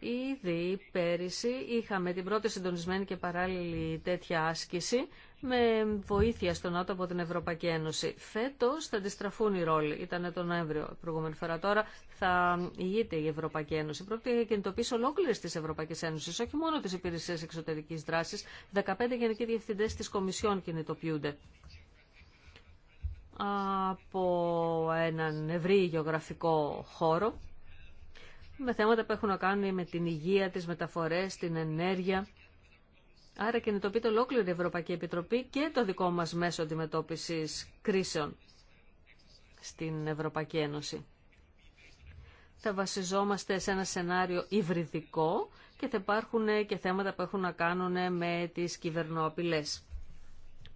Ήδη πέρυσι είχαμε την πρώτη συντονισμένη και παράλληλη τέτοια άσκηση με βοήθεια στον ΝΑΤΟ από την Ευρωπαϊκή Ένωση. Φέτο θα αντιστραφούν οι ρόλοι. Ήταν τον Νοέμβριο προηγούμενη φορά. Τώρα θα ηγείται η Ευρωπαϊκή Ένωση. Πρόκειται για κινητοποίηση ολόκληρη τη Ευρωπαϊκή Ένωση, όχι μόνο τη Υπηρεσία Εξωτερική Δράση. 15 γενικοί διευθυντέ τη Κομισιόν κινητοποιούνται από έναν ευρύ γεωγραφικό χώρο με θέματα που έχουν να κάνουν με την υγεία, τις μεταφορές, την ενέργεια. Άρα κινητοποιείται ολόκληρη η Ευρωπαϊκή Επιτροπή και το δικό μας μέσο αντιμετώπισης κρίσεων στην Ευρωπαϊκή Ένωση. Θα βασιζόμαστε σε ένα σενάριο υβριδικό και θα υπάρχουν και θέματα που έχουν να κάνουν με τις κυβερνοαπειλές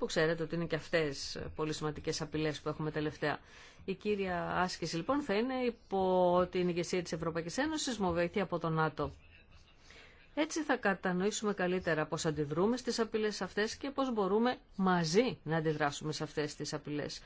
που ξέρετε ότι είναι και αυτές πολύ σημαντικέ απειλέ που έχουμε τελευταία. Η κύρια άσκηση λοιπόν θα είναι υπό την ηγεσία της Ευρωπαϊκής Ένωσης με από το ΝΑΤΟ. Έτσι θα κατανοήσουμε καλύτερα πώς αντιδρούμε στις απειλές αυτές και πώς μπορούμε μαζί να αντιδράσουμε σε αυτές τις απειλές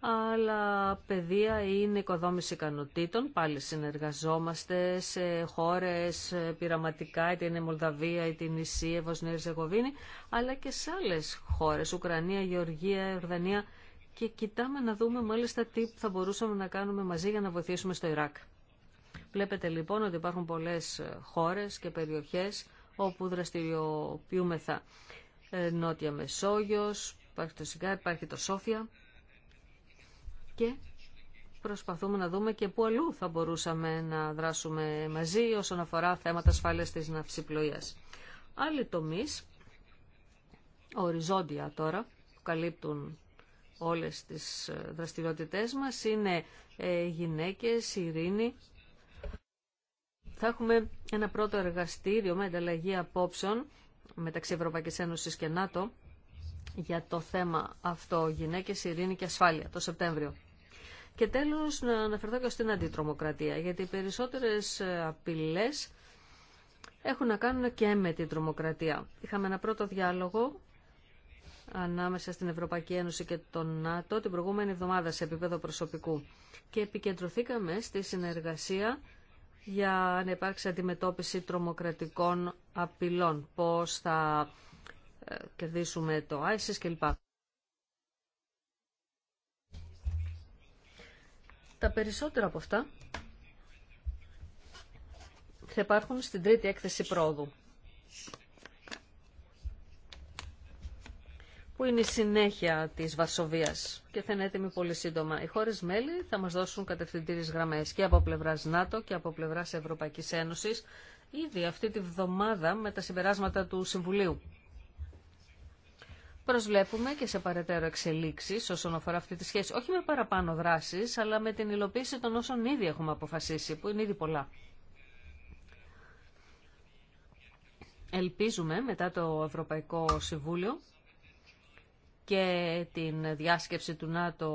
αλλά παιδεία είναι οικοδόμηση ικανοτήτων. Πάλι συνεργαζόμαστε σε χώρες ε, πειραματικά, είτε είναι Μολδαβία, είτε είναι Ισία, Βοσνία, Ζεγοβίνη, αλλά και σε άλλες χώρες, Ουκρανία, Γεωργία, Ιορδανία και κοιτάμε να δούμε μάλιστα τι θα μπορούσαμε να κάνουμε μαζί για να βοηθήσουμε στο Ιράκ. Βλέπετε λοιπόν ότι υπάρχουν πολλές ε, χώρες και περιοχές όπου δραστηριοποιούμεθα. Ε, Νότια Μεσόγειος, υπάρχει το Σιγάρι, υπάρχει το Σόφια και προσπαθούμε να δούμε και πού αλλού θα μπορούσαμε να δράσουμε μαζί όσον αφορά θέματα ασφάλειας της ναυσιπλοείας. Άλλοι τομείς, οριζόντια τώρα, που καλύπτουν όλες τις ε, δραστηριότητές μας, είναι ε, γυναίκες, ειρήνη. Θα έχουμε ένα πρώτο εργαστήριο με ανταλλαγή απόψεων μεταξύ Ευρωπαϊκής Ένωσης και ΝΑΤΟ για το θέμα αυτό, γυναίκες, ειρήνη και ασφάλεια, το Σεπτέμβριο. Και τέλος να αναφερθώ και στην αντιτρομοκρατία, γιατί οι περισσότερες απειλές έχουν να κάνουν και με την τρομοκρατία. Είχαμε ένα πρώτο διάλογο ανάμεσα στην Ευρωπαϊκή Ένωση και τον ΝΑΤΟ την προηγούμενη εβδομάδα σε επίπεδο προσωπικού και επικεντρωθήκαμε στη συνεργασία για να υπάρξει αντιμετώπιση τρομοκρατικών απειλών, πώς θα ε, κερδίσουμε το ISIS κλπ. Τα περισσότερα από αυτά θα υπάρχουν στην τρίτη έκθεση πρόοδου. που είναι η συνέχεια της Βαρσοβίας και θα είναι έτοιμη πολύ σύντομα. Οι χώρες μέλη θα μας δώσουν κατευθυντήριες γραμμές και από πλευράς ΝΑΤΟ και από πλευράς Ευρωπαϊκής Ένωσης ήδη αυτή τη βδομάδα με τα συμπεράσματα του Συμβουλίου προσβλέπουμε και σε παρετέρω εξελίξει όσον αφορά αυτή τη σχέση, όχι με παραπάνω δράσεις, αλλά με την υλοποίηση των όσων ήδη έχουμε αποφασίσει, που είναι ήδη πολλά. Ελπίζουμε μετά το Ευρωπαϊκό Συμβούλιο και την διάσκεψη του ΝΑΤΟ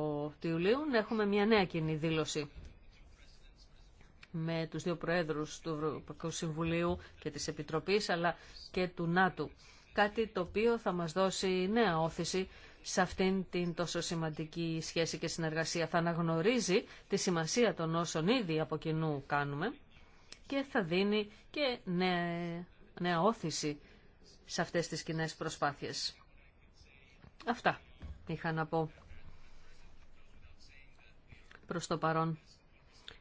του Ιουλίου να έχουμε μια νέα κοινή δήλωση με τους δύο προέδρους του Ευρωπαϊκού Συμβουλίου και της Επιτροπής αλλά και του ΝΑΤΟ κάτι το οποίο θα μας δώσει νέα όθηση σε αυτήν την τόσο σημαντική σχέση και συνεργασία. Θα αναγνωρίζει τη σημασία των όσων ήδη από κοινού κάνουμε και θα δίνει και νέα, όθηση σε αυτές τις κοινέ προσπάθειες. Αυτά είχα να πω προς το παρόν.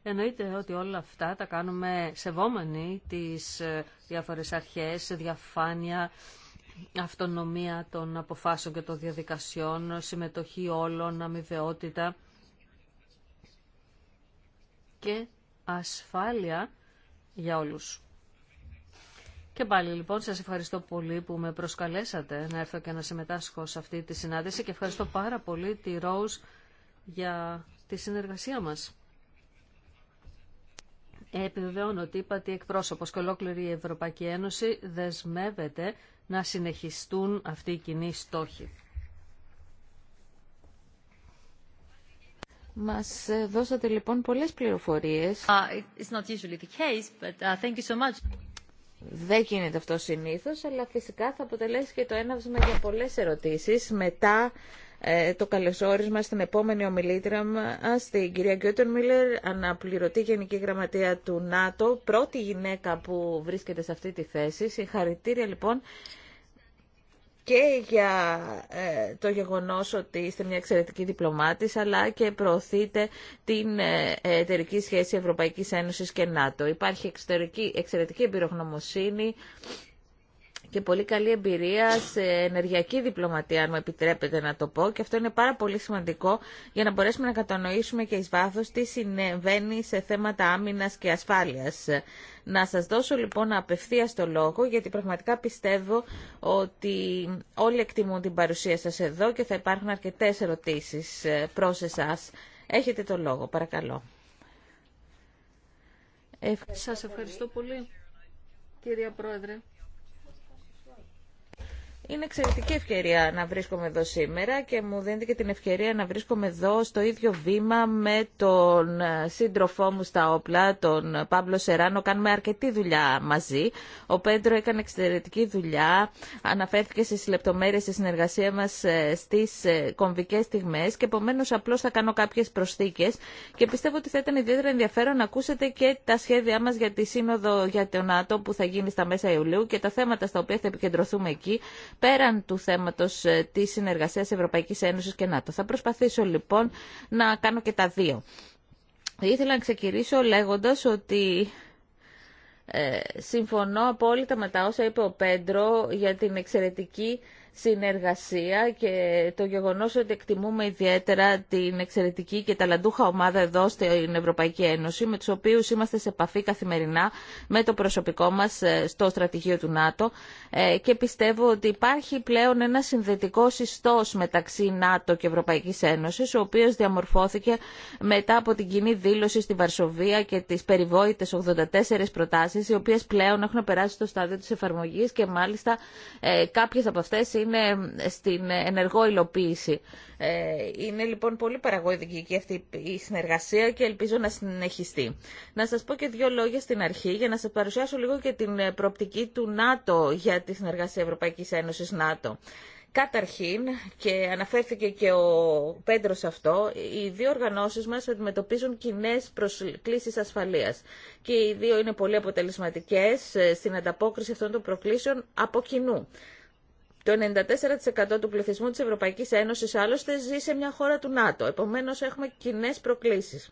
Εννοείται ότι όλα αυτά τα κάνουμε σεβόμενοι τις ε, διάφορες αρχές, διαφάνεια, αυτονομία των αποφάσεων και των διαδικασιών, συμμετοχή όλων, αμοιβαιότητα και ασφάλεια για όλους. Και πάλι λοιπόν σας ευχαριστώ πολύ που με προσκαλέσατε να έρθω και να συμμετάσχω σε αυτή τη συνάντηση και ευχαριστώ πάρα πολύ τη Rose για τη συνεργασία μας. Επιβεβαιώνω ότι είπα ότι εκπρόσωπος και ολόκληρη η Ευρωπαϊκή Ένωση δεσμεύεται να συνεχιστούν αυτοί οι κοινοί στόχοι. Μας δώσατε λοιπόν πολλές πληροφορίες. Uh, Δεν γίνεται αυτό συνήθως, αλλά φυσικά θα αποτελέσει και το έναυσμα για πολλές ερωτήσεις μετά ε, το καλωσόρισμα στην επόμενη ομιλήτρια μας, την κυρία Γκιότερ Μίλλερ, αναπληρωτή Γενική Γραμματεία του ΝΑΤΟ, πρώτη γυναίκα που βρίσκεται σε αυτή τη θέση. Συγχαρητήρια λοιπόν και για ε, το γεγονός ότι είστε μια εξαιρετική διπλωμάτης, αλλά και προωθείτε την ε, εταιρική σχέση Ευρωπαϊκής Ένωσης και ΝΑΤΟ. Υπάρχει εξαιρετική εμπειρογνωμοσύνη και πολύ καλή εμπειρία σε ενεργειακή διπλωματία, αν μου επιτρέπετε να το πω. Και αυτό είναι πάρα πολύ σημαντικό για να μπορέσουμε να κατανοήσουμε και εις βάθος τι συμβαίνει σε θέματα άμυνας και ασφάλειας. Να σας δώσω λοιπόν απευθείας το λόγο, γιατί πραγματικά πιστεύω ότι όλοι εκτιμούν την παρουσία σας εδώ και θα υπάρχουν αρκετές ερωτήσεις ε, προς εσάς. Έχετε το λόγο, παρακαλώ. σας ευχαριστώ πολύ, κυρία Πρόεδρε. Είναι εξαιρετική ευκαιρία να βρίσκομαι εδώ σήμερα και μου δίνετε την ευκαιρία να βρίσκομαι εδώ στο ίδιο βήμα με τον ε, σύντροφό μου στα όπλα, τον Παύλο Σεράνο. Κάνουμε αρκετή δουλειά μαζί. Ο Πέντρο έκανε εξαιρετική δουλειά, αναφέρθηκε στι λεπτομέρειε τη συνεργασία μα ε, στι ε, κομβικέ στιγμές και επομένω απλώ θα κάνω κάποιε προσθήκε. και πιστεύω ότι θα ήταν ιδιαίτερα ενδιαφέρον να ακούσετε και τα σχέδιά μα για τη σύνοδο για τον άτομο που θα γίνει στα μέσα Ιουλίου και τα θέματα στα οποία θα επικεντρωθούμε εκεί πέραν του θέματος ε, της συνεργασίας Ευρωπαϊκής Ένωσης και ΝΑΤΟ. Θα προσπαθήσω λοιπόν να κάνω και τα δύο. Ήθελα να ξεκινήσω λέγοντας ότι ε, συμφωνώ απόλυτα με τα όσα είπε ο Πέντρο για την εξαιρετική συνεργασία και το γεγονός ότι εκτιμούμε ιδιαίτερα την εξαιρετική και ταλαντούχα ομάδα εδώ στην Ευρωπαϊκή Ένωση, με τους οποίους είμαστε σε επαφή καθημερινά με το προσωπικό μας ε, στο στρατηγείο του ΝΑΤΟ ε, και πιστεύω ότι υπάρχει πλέον ένα συνδετικό ιστός μεταξύ ΝΑΤΟ και Ευρωπαϊκής Ένωσης, ο οποίος διαμορφώθηκε μετά από την κοινή δήλωση στη Βαρσοβία και τις περιβόητες 84 προτάσεις, οι οποίες πλέον έχουν περάσει στο στάδιο της εφαρμογής και μάλιστα ε, κάποιες από αυτές είναι στην ενεργό υλοποίηση. Ε, είναι λοιπόν πολύ παραγωγική και αυτή η συνεργασία και ελπίζω να συνεχιστεί. Να σας πω και δύο λόγια στην αρχή για να σας παρουσιάσω λίγο και την προοπτική του ΝΑΤΟ για τη συνεργασία Ευρωπαϊκής Ένωσης ΝΑΤΟ. Καταρχήν, και αναφέρθηκε και ο Πέντρος αυτό, οι δύο οργανώσεις μας αντιμετωπίζουν κοινέ προσκλήσεις ασφαλείας. Και οι δύο είναι πολύ αποτελεσματικές ε, στην ανταπόκριση αυτών των προκλήσεων από κοινού. Το 94% του πληθυσμού της Ευρωπαϊκής Ένωσης άλλωστε ζει σε μια χώρα του ΝΑΤΟ. Επομένως έχουμε κοινέ προκλήσεις.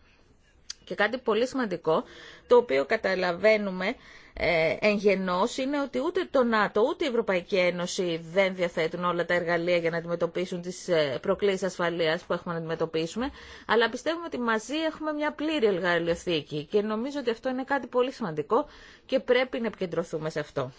Και κάτι πολύ σημαντικό, το οποίο καταλαβαίνουμε ε, εν γενός, είναι ότι ούτε το ΝΑΤΟ ούτε η Ευρωπαϊκή Ένωση δεν διαθέτουν όλα τα εργαλεία για να αντιμετωπίσουν τις ε, προκλήσεις ασφαλείας που έχουμε να αντιμετωπίσουμε, αλλά πιστεύουμε ότι μαζί έχουμε μια πλήρη εργαλειοθήκη και νομίζω ότι αυτό είναι κάτι πολύ σημαντικό και πρέπει να επικεντρωθούμε σε αυτό.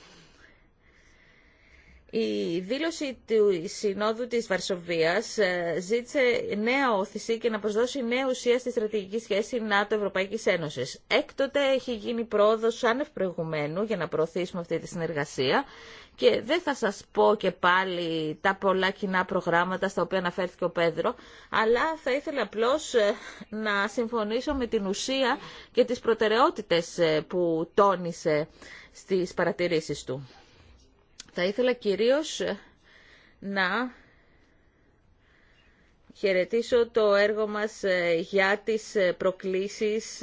Η δήλωση του Συνόδου της Βαρσοβίας ε, ζήτησε νέα όθηση και να προσδώσει νέα ουσία στη στρατηγική σχέση ΝΑΤΟ-Ευρωπαϊκής Ένωσης. Έκτοτε έχει γίνει πρόοδος άνευ προηγουμένου για να προωθήσουμε αυτή τη συνεργασία και δεν θα σας πω και πάλι τα πολλά κοινά προγράμματα στα οποία αναφέρθηκε ο Πέδρο, αλλά θα ήθελα απλώς ε, να συμφωνήσω με την ουσία και τις προτεραιότητες ε, που τόνισε στις παρατηρήσεις του. Θα ήθελα κυρίως ε, να χαιρετήσω το έργο μας ε, για τις ε, προκλήσεις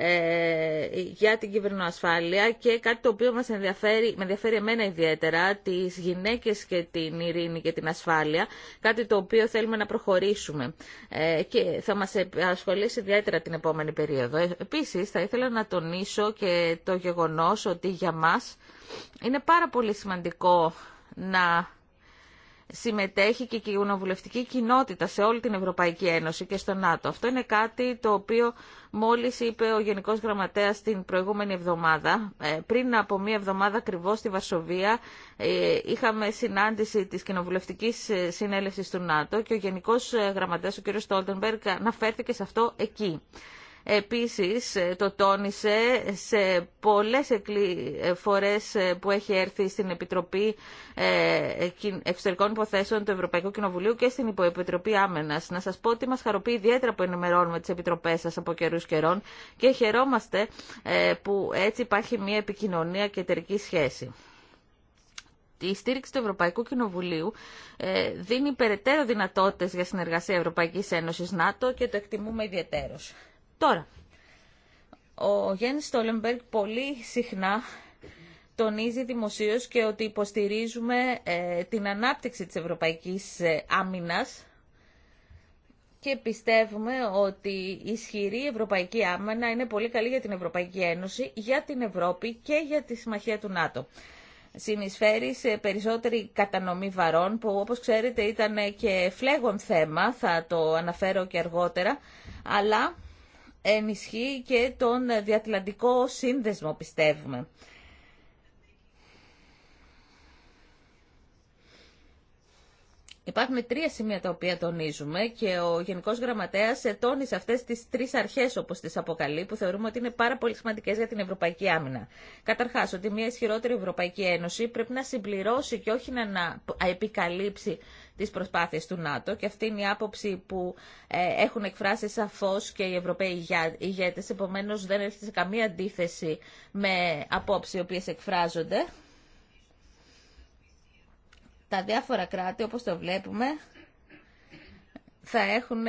ε, για την κυβερνοασφάλεια και κάτι το οποίο μας ενδιαφέρει, με ενδιαφέρει εμένα ιδιαίτερα, τις γυναίκες και την ειρήνη και την ασφάλεια, κάτι το οποίο θέλουμε να προχωρήσουμε ε, και θα μας ασχολήσει ιδιαίτερα την επόμενη περίοδο. Ε, επίσης, θα ήθελα να τονίσω και το γεγονός ότι για μας είναι πάρα πολύ σημαντικό να συμμετέχει και η κοινοβουλευτική κοινότητα σε όλη την Ευρωπαϊκή Ένωση και στο ΝΑΤΟ. Αυτό είναι κάτι το οποίο μόλις είπε ο Γενικός Γραμματέας την προηγούμενη εβδομάδα. Ε, πριν από μία εβδομάδα ακριβώ στη Βαρσοβία ε, είχαμε συνάντηση της κοινοβουλευτικής ε, συνέλευσης του ΝΑΤΟ και ο Γενικός Γραμματέας, ο κ. Στόλτεμπεργκ, αναφέρθηκε σε αυτό εκεί. Επίσης ε, το τόνισε σε πολλές ε, φορές ε, που έχει έρθει στην Επιτροπή Εξωτερικών Υποθέσεων του Ευρωπαϊκού Κοινοβουλίου και στην Υποεπιτροπή Άμενας. Να σας πω ότι μας χαροποιεί ιδιαίτερα που ενημερώνουμε τις επιτροπές σας από καιρούς καιρών και χαιρόμαστε που έτσι υπάρχει μια επικοινωνία και εταιρική σχέση. Η στήριξη του Ευρωπαϊκού Κοινοβουλίου δίνει περαιτέρω δυνατότητες για συνεργασία Ευρωπαϊκής Ένωσης-ΝΑΤΟ και το εκτιμούμε ιδιαίτερως. Τώρα, ο Γιάννη Στόλεμπεργκ πολύ συχνά τονίζει δημοσίω και ότι υποστηρίζουμε ε, την ανάπτυξη της ευρωπαϊκής ε, άμυνας και πιστεύουμε ότι η ισχυρή ευρωπαϊκή άμυνα είναι πολύ καλή για την Ευρωπαϊκή Ένωση, για την Ευρώπη και για τη συμμαχία του ΝΑΤΟ. Συνεισφέρει σε περισσότερη κατανομή βαρών που όπως ξέρετε ήταν και φλέγον θέμα, θα το αναφέρω και αργότερα, αλλά ενισχύει και τον διατλαντικό σύνδεσμο, πιστεύουμε. Υπάρχουν τρία σημεία τα οποία τονίζουμε και ο Γενικό Γραμματέα τόνισε αυτέ τι τρει αρχέ, όπω τι αποκαλεί, που θεωρούμε ότι είναι πάρα πολύ σημαντικέ για την Ευρωπαϊκή Άμυνα. Καταρχά, ότι μια ισχυρότερη Ευρωπαϊκή Ένωση πρέπει να συμπληρώσει και όχι να επικαλύψει τι προσπάθειε του ΝΑΤΟ. Και αυτή είναι η άποψη που ε, έχουν εκφράσει σαφώ και οι Ευρωπαίοι ηγέτε. Επομένω, δεν έρχεται σε καμία αντίθεση με απόψει οι οποίε εκφράζονται τα διάφορα κράτη, όπως το βλέπουμε, θα έχουν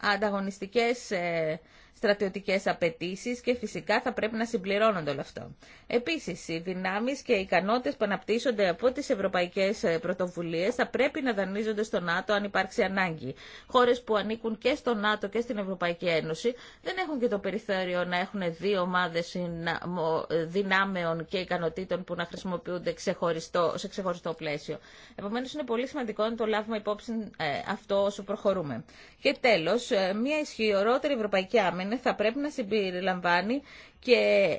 ανταγωνιστικές ε, Στρατιωτικέ απαιτήσει και φυσικά θα πρέπει να συμπληρώνονται όλο αυτό. Επίση, οι δυνάμει και οι ικανότητε που αναπτύσσονται από τι ευρωπαϊκέ ε, πρωτοβουλίε, θα πρέπει να δανείζονται στο ΝΑΤΟ αν υπάρξει ανάγκη. Χώρε που ανήκουν και στο ΝΑΤΟ και στην Ευρωπαϊκή Ένωση δεν έχουν και το περιθώριο να έχουν δύο ομάδε δυνάμεων και ικανοτήτων που να χρησιμοποιούνται ξεχωριστό, σε ξεχωριστό πλαίσιο. Επομένω, είναι πολύ σημαντικό να το λάβουμε υπόψη ε, αυτό όσο προχωρούμε. Και τέλο, ε, μια ισχυρότερη ευρωπαϊκή άμυνα λένε θα πρέπει να συμπεριλαμβάνει και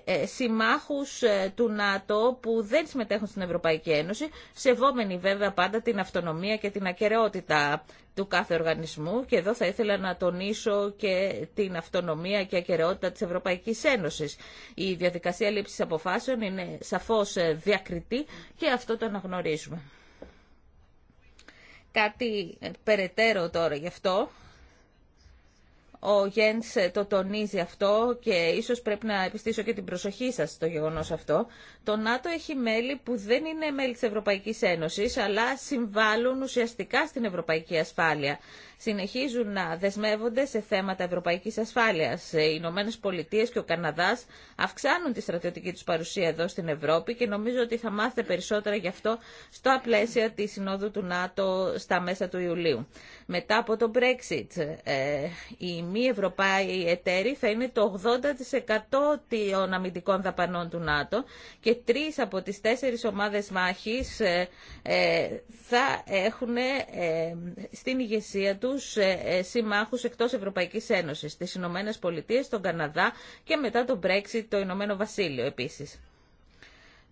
ε, συμμάχους ε, του ΝΑΤΟ που δεν συμμετέχουν στην Ευρωπαϊκή Ένωση, σεβόμενοι βέβαια πάντα την αυτονομία και την ακαιρεότητα του κάθε οργανισμού και εδώ θα ήθελα να τονίσω και την αυτονομία και ακαιρεότητα της Ευρωπαϊκής Ένωσης. Η διαδικασία λήψης αποφάσεων είναι σαφώς ε, διακριτή και αυτό το αναγνωρίζουμε. Κάτι περαιτέρω τώρα γι' αυτό ο Γέντς ε, το τονίζει αυτό και ίσως πρέπει να επιστήσω και την προσοχή σας στο γεγονός αυτό. Το ΝΑΤΟ έχει μέλη που δεν είναι μέλη της Ευρωπαϊκής Ένωσης, αλλά συμβάλλουν ουσιαστικά στην Ευρωπαϊκή Ασφάλεια συνεχίζουν να δεσμεύονται σε θέματα ευρωπαϊκής ασφάλειας. Οι Ηνωμένε Πολιτείε και ο Καναδάς αυξάνουν τη στρατιωτική τους παρουσία εδώ στην Ευρώπη και νομίζω ότι θα μάθετε περισσότερα γι' αυτό στο πλαίσια της Συνόδου του ΝΑΤΟ στα μέσα του Ιουλίου. Μετά από το Brexit, ε, οι μη Ευρωπαίοι εταίροι θα είναι το 80% των αμυντικών δαπανών του ΝΑΤΟ και τρεις από τις τέσσερις ομάδες μάχης ε, ε, θα έχουν στην ηγεσία του Σ ε, ε, συμμάχου εκτός Ευρωπαϊκής Ένωσης, τις Ηνωμένε Πολιτείε, τον Καναδά και μετά τον Brexit το Ηνωμένο Βασίλειο επίσης.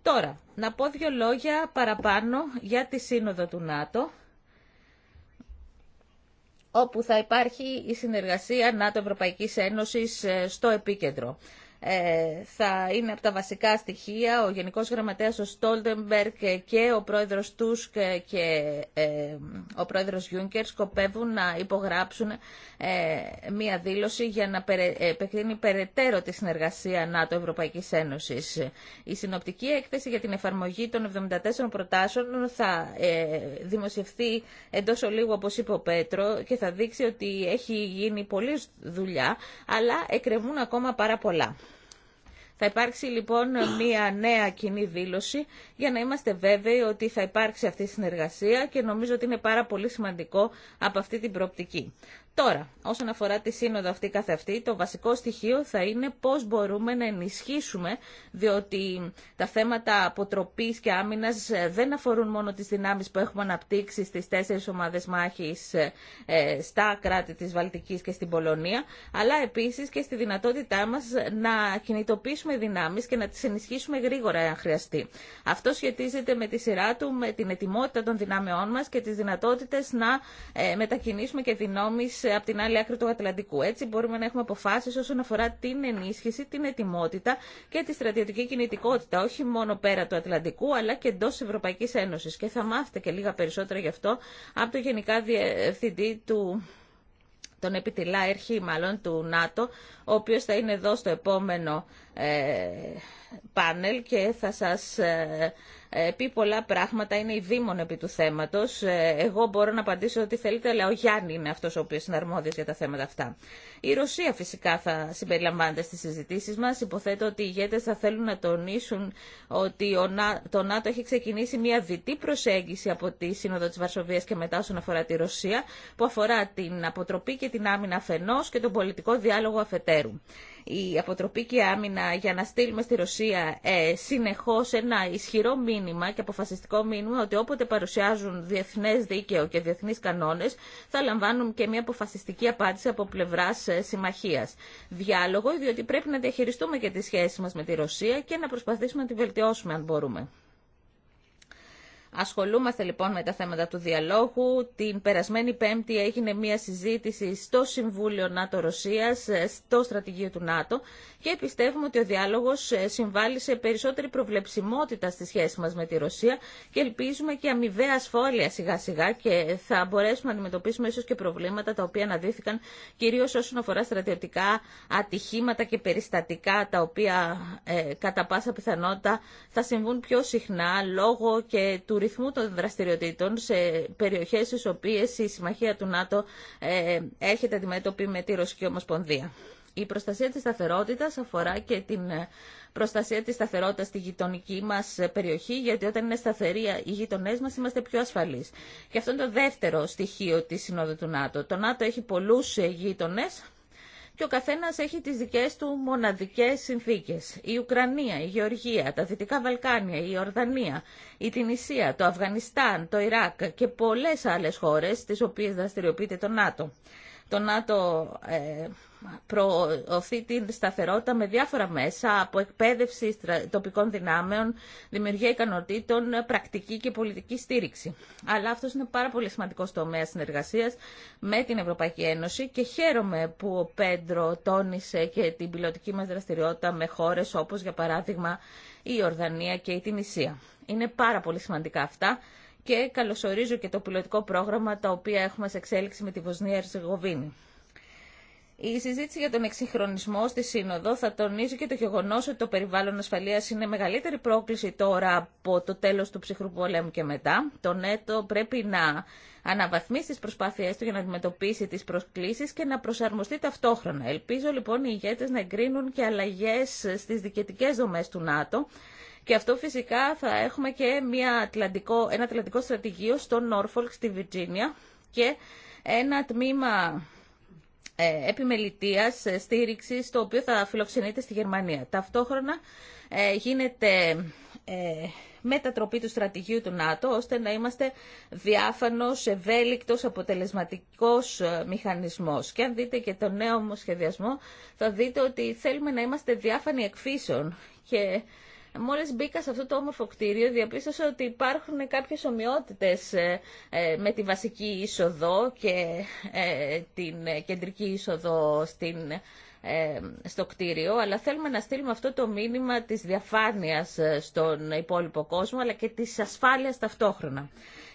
Τώρα, να πω δύο λόγια παραπάνω για τη Σύνοδο του ΝΑΤΟ, όπου θα υπάρχει η συνεργασία ΝΑΤΟ Ευρωπαϊκής Ένωσης ε, στο επίκεντρο. Ε, θα είναι από τα βασικά στοιχεία. Ο Γενικός Γραμματέας ο Στόλτεμπερκ και ο πρόεδρος Τούσκ και ε, ο πρόεδρος Γιούνκερ σκοπεύουν να υπογράψουν ε, μία δήλωση για να επεκτείνει περαιτέρω τη συνεργασία ΝΑΤΟ-Ευρωπαϊκής Ένωσης. Η συνοπτική έκθεση για την εφαρμογή των 74 προτάσεων θα δημοσιευθεί εντός ολίγου όπως είπε ο Πέτρο και θα δείξει ότι έχει γίνει πολλή δουλειά αλλά εκρεμούν ακόμα πάρα πολλά. Θα υπάρξει λοιπόν μια νέα κοινή δήλωση για να είμαστε βέβαιοι ότι θα υπάρξει αυτή η συνεργασία και νομίζω ότι είναι πάρα πολύ σημαντικό από αυτή την προοπτική. Τώρα, όσον αφορά τη σύνοδο αυτή καθ' αυτή, το βασικό στοιχείο θα είναι πώς μπορούμε να ενισχύσουμε, διότι τα θέματα αποτροπής και άμυνας ε, δεν αφορούν μόνο τις δυνάμεις που έχουμε αναπτύξει στις τέσσερις ομάδες μάχης ε, ε, στα κράτη της Βαλτικής και στην Πολωνία, αλλά επίσης και στη δυνατότητά μας να κινητοποιήσουμε δυνάμεις και να τις ενισχύσουμε γρήγορα αν χρειαστεί. Αυτό σχετίζεται με τη σειρά του, με την ετοιμότητα των δυνάμεών μας και τις δυνατότητες να μετακινήσουμε και δυνάμεις ε, από την άλλη άκρη του Ατλαντικού. Έτσι μπορούμε να έχουμε αποφάσει όσον αφορά την ενίσχυση, την ετοιμότητα και τη στρατιωτική κινητικότητα, όχι μόνο πέρα του Ατλαντικού, αλλά και εντό Ευρωπαϊκή Ένωση. Και θα μάθετε και λίγα περισσότερα γι' αυτό από το Γενικά Διευθυντή του τον επιτηλά έρχη μάλλον του ΝΑΤΟ, ο οποίος θα είναι εδώ στο επόμενο ε, πάνελ και θα σας ε, ε, πει πολλά πράγματα, είναι η Δήμον επί του θέματος. Ε, εγώ μπορώ να απαντήσω ότι θέλετε, αλλά ο Γιάννη είναι αυτός ο οποίος είναι αρμόδιος για τα θέματα αυτά. Η Ρωσία φυσικά θα συμπεριλαμβάνεται στις συζητήσεις μας. Υποθέτω ότι οι ηγέτες θα θέλουν να τονίσουν ότι το ΝΑΤΟ έχει ξεκινήσει μια διτή προσέγγιση από τη Σύνοδο της Βαρσοβίας και μετά όσον αφορά τη Ρωσία, που αφορά την αποτροπή και την άμυνα αφενός και τον πολιτικό διάλογο αφετέρου η αποτροπή και άμυνα για να στείλουμε στη Ρωσία ε, συνεχώς ένα ισχυρό μήνυμα και αποφασιστικό μήνυμα ότι όποτε παρουσιάζουν διεθνέ δίκαιο και διεθνεί κανόνες θα λαμβάνουν και μια αποφασιστική απάντηση από πλευράς ε, συμμαχία Διάλογο, διότι πρέπει να διαχειριστούμε και τη σχέση μας με τη Ρωσία και να προσπαθήσουμε να τη βελτιώσουμε αν μπορούμε. Ασχολούμαστε λοιπόν με τα θέματα του διαλόγου. Την περασμένη Πέμπτη έγινε μια συζήτηση στο Συμβούλιο Ρωσία ε, στο στρατηγείο του ΝΑΤΟ και πιστεύουμε ότι ο διάλογο ε, συμβάλλει σε περισσότερη προβλεψιμότητα στη σχέση μα με τη Ρωσία και ελπίζουμε και αμοιβαία ασφάλεια σιγά σιγά και θα μπορέσουμε να αντιμετωπίσουμε ίσω και προβλήματα τα οποία αναδύθηκαν κυρίω όσον αφορά στρατιωτικά ατυχήματα και περιστατικά τα οποία ε, κατά πάσα πιθανότητα θα συμβούν πιο συχνά λόγω και αριθμού των δραστηριοτήτων σε περιοχέ στι οποίε η συμμαχία του ΝΑΤΟ ε, έρχεται αντιμέτωπη με τη Ρωσική Ομοσπονδία. Η προστασία της σταθερότητας αφορά και την ε, προστασία της σταθερότητας στη γειτονική μας περιοχή, γιατί όταν είναι σταθερή οι γειτονέ μας είμαστε πιο ασφαλείς. Και αυτό είναι το δεύτερο στοιχείο της Συνόδου του ΝΑΤΟ. Το ΝΑΤΟ έχει πολλούς ε, γείτονες, και ο καθένα έχει τις δικές του μοναδικές συνθήκες. Η Ουκρανία, η Γεωργία, τα Δυτικά Βαλκάνια, η Ορδανία, η Τινησία, το Αφγανιστάν, το Ιράκ και πολλές άλλες χώρες τι οποίες δραστηριοποιείται το ΝΑΤΟ. Το ε, προωθεί την σταθερότητα με διάφορα μέσα, από εκπαίδευση τοπικών δυνάμεων, δημιουργία ικανοτήτων, πρακτική και πολιτική στήριξη. Αλλά αυτός είναι πάρα πολύ σημαντικός τομέας συνεργασίας με την Ευρωπαϊκή Ένωση και χαίρομαι που ο Πέντρο τόνισε και την πιλωτική μας δραστηριότητα με χώρες όπως για παράδειγμα η Ορδανία και η Τινησία. Είναι πάρα πολύ σημαντικά αυτά και καλωσορίζω και το πιλωτικό πρόγραμμα τα οποία έχουμε σε εξέλιξη με τη Βοσνία Ερζεγοβίνη. Η συζήτηση για τον εξυγχρονισμό στη Σύνοδο θα τονίζει και το γεγονό ότι το περιβάλλον ασφαλείας είναι μεγαλύτερη πρόκληση τώρα από το τέλο του ψυχρού πολέμου και μετά. Το ΝΕΤΟ πρέπει να αναβαθμίσει τι προσπάθειε του για να αντιμετωπίσει τι προσκλήσει και να προσαρμοστεί ταυτόχρονα. Ελπίζω λοιπόν οι ηγέτε να εγκρίνουν και αλλαγέ στι δικαιτικές δομέ του ΝΑΤΟ και αυτό φυσικά θα έχουμε και μια ατλαντικό, ένα ατλαντικό στρατηγείο στο Νόρφολκ στη Βιρτζίνια και ένα τμήμα ε, επιμελητίας ε, στήριξης το οποίο θα φιλοξενείται στη Γερμανία. Ταυτόχρονα ε, γίνεται μετατροπή του στρατηγίου του ΝΑΤΟ, ώστε να είμαστε διάφανος, ευέλικτος, αποτελεσματικός μηχανισμός. Και αν δείτε και το νέο μου σχεδιασμό, θα δείτε ότι θέλουμε να είμαστε διάφανοι εκφύσεων. Και Μόλις μπήκα σε αυτό το όμορφο κτίριο, διαπίστωσα ότι υπάρχουν κάποιες ομοιότητες ε, ε, με τη βασική είσοδο και ε, την κεντρική είσοδο στην στο κτίριο, αλλά θέλουμε να στείλουμε αυτό το μήνυμα της διαφάνειας στον υπόλοιπο κόσμο, αλλά και τη ασφάλειας ταυτόχρονα.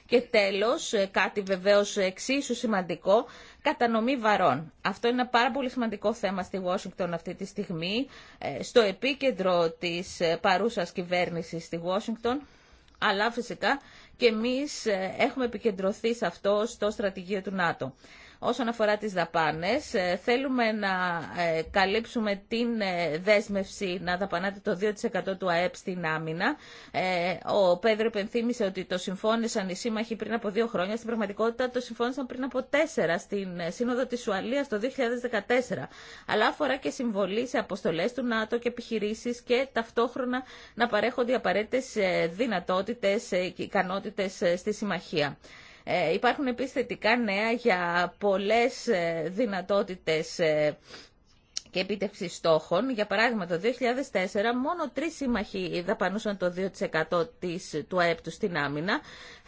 Και τέλος, ε, κάτι βεβαίως ε, εξίσου σημαντικό, κατανομή βαρών. Αυτό είναι ένα πάρα πολύ σημαντικό θέμα στη Washington αυτή τη στιγμή, ε, στο επίκεντρο της παρούσας κυβέρνησης στη Washington, αλλά φυσικά και εμείς έχουμε επικεντρωθεί σε αυτό στο στρατηγείο του ΝΑΤΟ. Όσον αφορά τις δαπάνες, ε, θέλουμε να ε, καλύψουμε την ε, δέσμευση να δαπανάτε το 2% του ΑΕΠ στην άμυνα. Ο Πέδρο υπενθύμησε ότι το συμφώνησαν οι σύμμαχοι πριν από δύο χρόνια. Στην πραγματικότητα το συμφώνησαν πριν από τέσσερα στην Σύνοδο της Ουαλίας το 2014. Αλλά αφορά και συμβολή σε αποστολές του ΝΑΤΟ και επιχειρήσεις και ταυτόχρονα να παρέχονται οι απαραίτητες δυνατότητες και ικανότητες στη συμμαχία. Ε, υπάρχουν επίσης θετικά νέα για πολλές ε, δυνατότητες ε, και επίτευξη στόχων. Για παράδειγμα, το 2004 μόνο τρει σύμμαχοι δαπανούσαν το 2% του ΑΕΠ του στην άμυνα.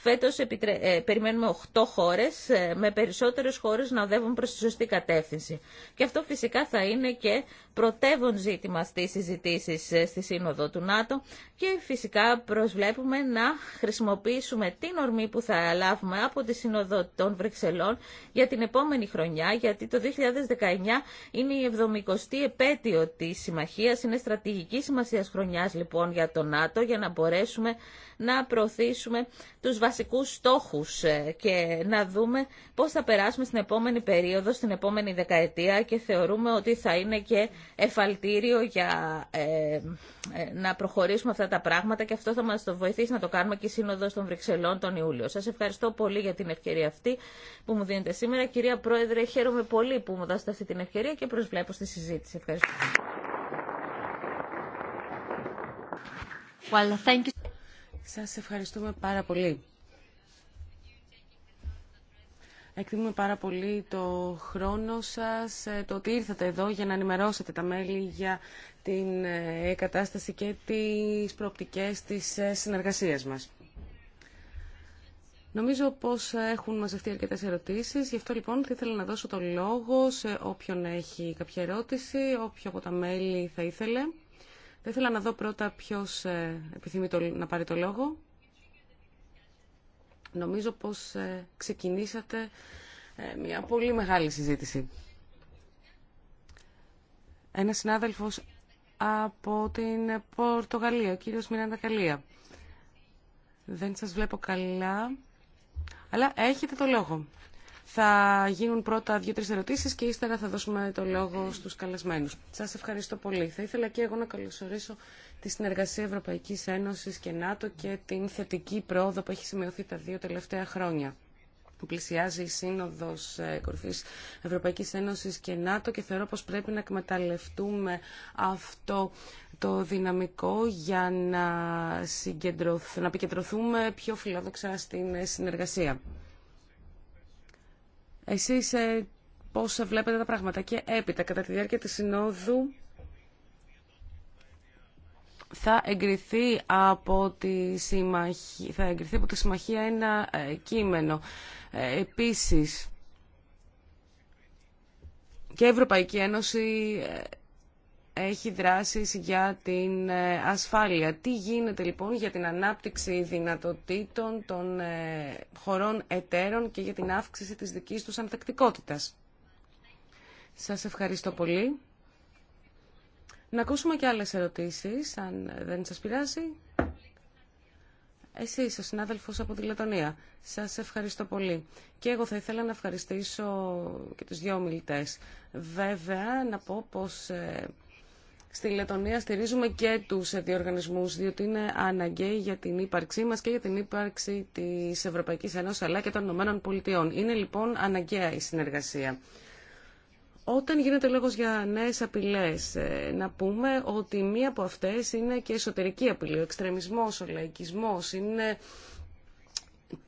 Φέτος επιτρε... Ε, περιμένουμε 8 χώρες, ε, με περισσότερες χώρες να οδεύουν προς τη σωστή κατεύθυνση. Και αυτό φυσικά θα είναι και πρωτεύον ζήτημα στις συζητήσει ε, στη Σύνοδο του ΝΑΤΟ και φυσικά προσβλέπουμε να χρησιμοποιήσουμε την ορμή που θα λάβουμε από τη Σύνοδο των Βρυξελών για την επόμενη χρονιά, γιατί το 2019 είναι η 70η επέτειο της συμμαχίας, είναι στρατηγική σημασία χρονιάς λοιπόν για το ΝΑΤΟ για να μπορέσουμε να προωθήσουμε τους βασικούς βασικούς στόχους ε, και να δούμε πώς θα περάσουμε στην επόμενη περίοδο, στην επόμενη δεκαετία και θεωρούμε ότι θα είναι και εφαλτήριο για ε, ε, να προχωρήσουμε αυτά τα πράγματα και αυτό θα μας το βοηθήσει να το κάνουμε και η Σύνοδος των Βρυξελών τον Ιούλιο. Σας ευχαριστώ πολύ για την ευκαιρία αυτή που μου δίνετε σήμερα. Κυρία Πρόεδρε, χαίρομαι πολύ που μου δώσετε αυτή την ευκαιρία και προσβλέπω στη συζήτηση. Ευχαριστώ. Well, thank you. Σας ευχαριστούμε πάρα πολύ. Εκτιμούμε πάρα πολύ το χρόνο σας, ε, το ότι ήρθατε εδώ για να ενημερώσετε τα μέλη για την ε, κατάσταση και τις προοπτικές της ε, συνεργασίας μας. Νομίζω πως έχουν μαζευτεί αρκετές ερωτήσεις, γι' αυτό λοιπόν θα ήθελα να δώσω το λόγο σε όποιον έχει κάποια ερώτηση, όποιο από τα μέλη θα ήθελε. Θα ήθελα να δω πρώτα ποιος επιθυμεί να πάρει το λόγο. Νομίζω πως ε, ξεκινήσατε ε, μια πολύ μεγάλη συζήτηση. Ένα συνάδελφος από την Πορτογαλία, ο κύριος Μιράντα Καλία. Δεν σας βλέπω καλά, αλλά έχετε το λόγο. Θα γίνουν πρώτα δύο-τρει ερωτήσει και ύστερα θα δώσουμε το λόγο στου καλεσμένου. Σα ευχαριστώ πολύ. Θα ήθελα και εγώ να καλωσορίσω τη συνεργασία Ευρωπαϊκή Ένωση και ΝΑΤΟ και την θετική πρόοδο που έχει σημειωθεί τα δύο τελευταία χρόνια που πλησιάζει η Σύνοδο ε, Κορυφή Ευρωπαϊκή Ένωση και ΝΑΤΟ και θεωρώ πω πρέπει να εκμεταλλευτούμε αυτό το δυναμικό για να, να επικεντρωθούμε πιο φιλόδοξα στην συνεργασία. Εσείς ε, πώς βλέπετε τα πράγματα και έπειτα κατά τη διάρκεια της συνόδου θα εγκριθεί από τη συμμαχία, θα εγκριθεί από τη συμμαχία ένα ε, κείμενο. Ε, επίσης, και η Ευρωπαϊκή Ένωση έχει δράσεις για την ε, ασφάλεια. Τι γίνεται λοιπόν για την ανάπτυξη δυνατοτήτων των ε, χωρών εταίρων και για την αύξηση της δικής τους ανθεκτικότητας. Σας ευχαριστώ πολύ. Να ακούσουμε και άλλες ερωτήσεις, αν δεν σας πειράζει. Εσείς, ο συνάδελφο από τη Λετωνία. Σα ευχαριστώ πολύ. Και εγώ θα ήθελα να ευχαριστήσω και τους δύο ομιλητές. Βέβαια, να πω πως ε, στη Λετωνία στηρίζουμε και τους διοργανισμούς, διότι είναι αναγκαίοι για την ύπαρξή μας και για την ύπαρξη της Ευρωπαϊκής Ένωσης, αλλά και των Ηνωμένων Πολιτειών. Είναι λοιπόν αναγκαία η συνεργασία. Όταν γίνεται λόγος για νέες απειλές, ε, να πούμε ότι μία από αυτές είναι και εσωτερική απειλή. Ο εξτρεμισμός, ο λαϊκισμός είναι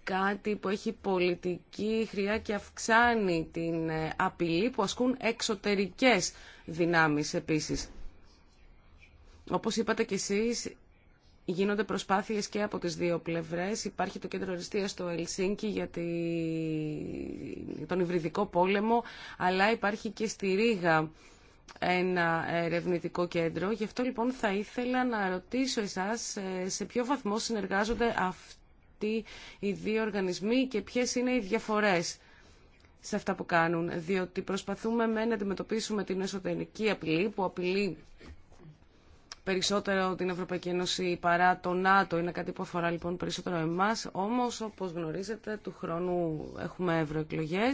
κάτι που έχει πολιτική χρειά και αυξάνει την ε, απειλή που ασκούν εξωτερικές δυνάμεις επίσης. Όπως είπατε κι εσείς, γίνονται προσπάθειες και από τις δύο πλευρές. Υπάρχει το κέντρο αριστεία στο Ελσίνκι για τον υβριδικό πόλεμο, αλλά υπάρχει και στη Ρήγα ένα ερευνητικό κέντρο. Γι' αυτό λοιπόν θα ήθελα να ρωτήσω εσάς ε, σε ποιο βαθμό συνεργάζονται αυτοί οι δύο οργανισμοί και ποιες είναι οι διαφορές σε αυτά που κάνουν. Διότι προσπαθούμε με να αντιμετωπίσουμε την εσωτερική απειλή που απειλεί περισσότερο την Ευρωπαϊκή Ένωση παρά το ΝΑΤΟ. Είναι κάτι που αφορά λοιπόν περισσότερο εμάς. Όμω, όπως γνωρίζετε, του χρόνου έχουμε ευρωεκλογέ.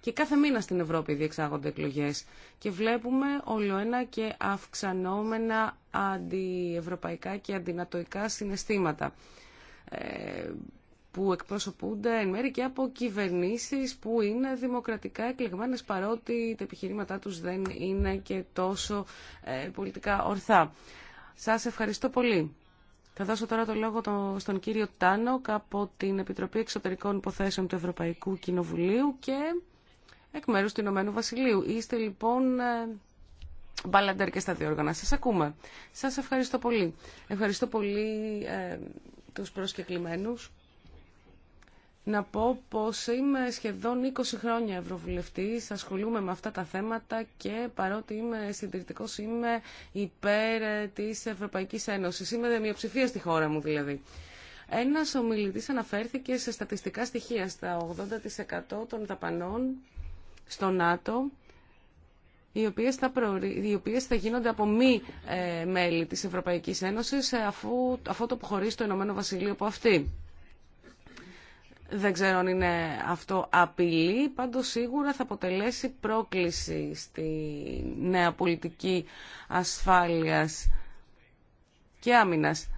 Και κάθε μήνα στην Ευρώπη διεξάγονται εκλογές και βλέπουμε όλο ένα και αυξανόμενα αντιευρωπαϊκά και αντινατοϊκά συναισθήματα. Ε, που εκπροσωπούνται εν μέρει και από κυβερνήσεις που είναι δημοκρατικά εκλεγμένες παρότι τα επιχειρήματά τους δεν είναι και τόσο ε, πολιτικά ορθά. Σας ευχαριστώ πολύ. Θα δώσω τώρα το λόγο στον κύριο Τάνοκ από την Επιτροπή Εξωτερικών Υποθέσεων του Ευρωπαϊκού Κοινοβουλίου και εκ μέρου του Ηνωμένου Βασιλείου. Είστε λοιπόν ε, μπαλαντέρ και στα δύο όργανα. Σας ακούμε. Σας ευχαριστώ πολύ. Ευχαριστώ πολύ ε, τους προσκεκλημένους να πω πως είμαι σχεδόν 20 χρόνια ευρωβουλευτής, ασχολούμαι με αυτά τα θέματα και παρότι είμαι συντηρητικός είμαι υπέρ της Ευρωπαϊκής Ένωσης. Είμαι μειοψηφία στη χώρα μου δηλαδή. Ένας ομιλητής αναφέρθηκε σε στατιστικά στοιχεία στα 80% των δαπανών στο ΝΑΤΟ οι οποίες θα, οι οποίες θα γίνονται από μη ε, μέλη της Ευρωπαϊκής Ένωσης ε, αφού... αφού το αποχωρεί στο Ηνωμένο Βασιλείο από αυτή. Δεν ξέρω αν είναι αυτό απειλή, πάντως σίγουρα θα αποτελέσει πρόκληση στη νέα πολιτική ασφάλειας και άμυνας.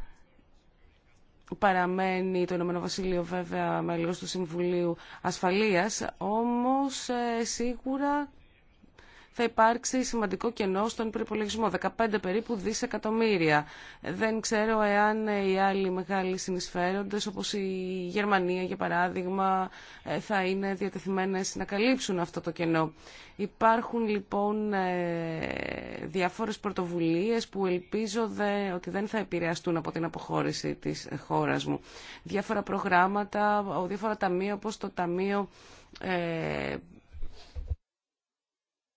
Παραμένει το Ηνωμένο Βασίλειο βέβαια μέλος του Συμβουλίου Ασφαλείας, όμως ε, σίγουρα θα υπάρξει σημαντικό κενό στον προπολογισμό, 15 περίπου δισεκατομμύρια. Δεν ξέρω εάν οι άλλοι μεγάλοι συνεισφέροντε, όπως η Γερμανία για παράδειγμα, ε, θα είναι διατεθειμένες να καλύψουν αυτό το κενό. Υπάρχουν λοιπόν ε, διάφορες πρωτοβουλίε που ελπίζω ότι δεν θα επηρεαστούν από την αποχώρηση της χώρα μου. Διάφορα προγράμματα, διάφορα ταμεία όπω το Ταμείο ε,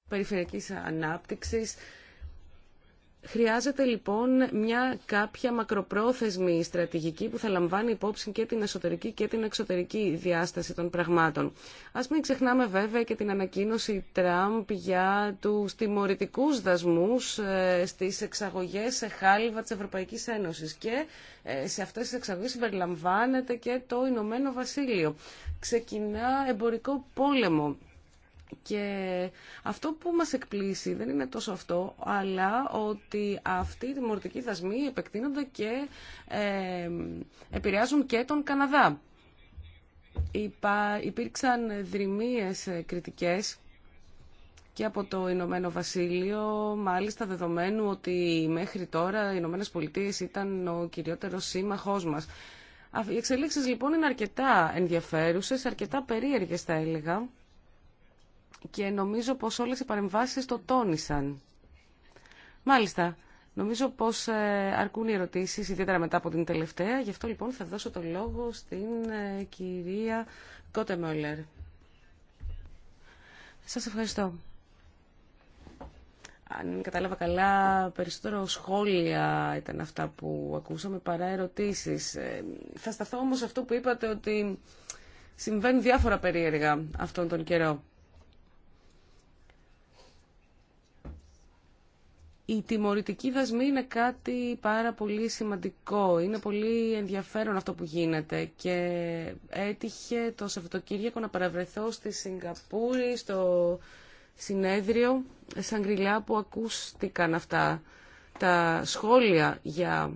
περιφερειακής ανάπτυξης. Χρειάζεται λοιπόν μια κάποια μακροπρόθεσμη στρατηγική που θα λαμβάνει υπόψη και την εσωτερική και την εξωτερική διάσταση των πραγμάτων. Ας μην ξεχνάμε βέβαια και την ανακοίνωση Τραμπ για του τιμωρητικούς δασμούς ε, στις εξαγωγές σε χάλιβα της Ευρωπαϊκής Ένωσης και ε, σε αυτές τις εξαγωγές συμπεριλαμβάνεται και το Ηνωμένο Βασίλειο. Ξεκινά εμπορικό πόλεμο και αυτό που μας εκπλήσει δεν είναι τόσο αυτό, αλλά ότι αυτοί οι δημορτικοί δασμοί επεκτείνονται και ε, επηρεάζουν και τον Καναδά. υπήρξαν δρυμίες ε, κριτικές και από το Ηνωμένο Βασίλειο, μάλιστα δεδομένου ότι μέχρι τώρα οι Ηνωμένε Πολιτείε ήταν ο κυριότερος σύμμαχός μας. Οι εξελίξεις λοιπόν είναι αρκετά ενδιαφέρουσες, αρκετά περίεργες θα έλεγα και νομίζω πως όλες οι παρεμβάσεις το τόνισαν. Μάλιστα, νομίζω πως ε, αρκούν οι ερωτήσεις, ιδιαίτερα μετά από την τελευταία, γι' αυτό λοιπόν θα δώσω το λόγο στην ε, κυρία Κότε Μόλερ. Σας ευχαριστώ. Αν κατάλαβα καλά, περισσότερο σχόλια ήταν αυτά που ακούσαμε παρά ερωτήσεις. Ε, θα σταθώ όμως αυτό που είπατε ότι συμβαίνουν διάφορα περίεργα αυτόν τον καιρό. η τιμωρητική δασμή είναι κάτι πάρα πολύ σημαντικό. Είναι πολύ ενδιαφέρον αυτό που γίνεται και έτυχε το Σαββατοκύριακο να παραβρεθώ στη Σιγκαπούρη, στο συνέδριο, σαν γκριλιά που ακούστηκαν αυτά τα σχόλια για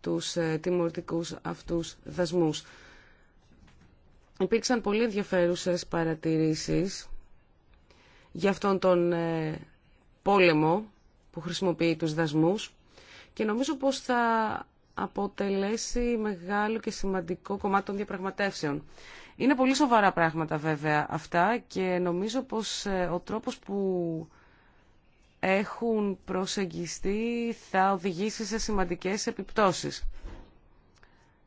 τους ε, τιμωρητικούς αυτούς δασμούς. Υπήρξαν πολύ ενδιαφέρουσες παρατηρήσεις για αυτόν τον ε, πόλεμο που χρησιμοποιεί τους δασμούς και νομίζω πως θα αποτελέσει μεγάλο και σημαντικό κομμάτι των διαπραγματεύσεων. Είναι πολύ σοβαρά πράγματα βέβαια αυτά και νομίζω πως ε, ο τρόπος που έχουν προσεγγιστεί θα οδηγήσει σε σημαντικές επιπτώσεις.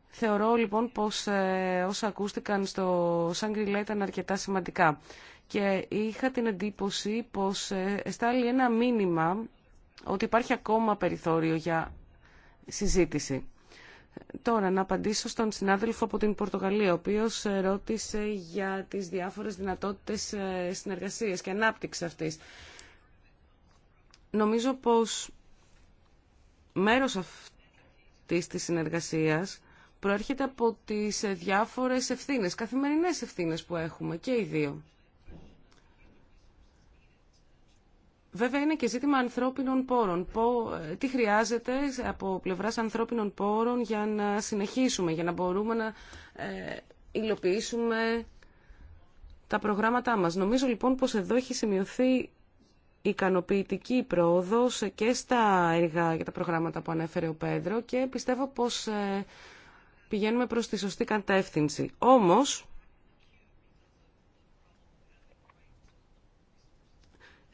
Θεωρώ λοιπόν πως ε, όσα ακούστηκαν στο Σαγκριλέ ήταν αρκετά σημαντικά και είχα την εντύπωση πως ε, εστάλει ένα μήνυμα ότι υπάρχει ακόμα περιθώριο για συζήτηση. Τώρα, να απαντήσω στον συνάδελφο από την Πορτογαλία, ο οποίος ρώτησε για τις διάφορες δυνατότητες ε, συνεργασίας και ανάπτυξη αυτής. Νομίζω πως μέρος αυτής της συνεργασίας προέρχεται από τις ε, διάφορες ευθύνες, καθημερινές ευθύνες που έχουμε και οι δύο. Βέβαια είναι και ζήτημα ανθρώπινων πόρων. Ε, τι χρειάζεται από πλευράς ανθρώπινων πόρων για να συνεχίσουμε, για να μπορούμε να ε, υλοποιήσουμε τα προγράμματά μας. Νομίζω λοιπόν πως εδώ έχει σημειωθεί ικανοποιητική πρόοδος και στα έργα και τα προγράμματα που ανέφερε ο Πέντρο και πιστεύω πως ε, πηγαίνουμε προς τη σωστή κατεύθυνση. Όμως,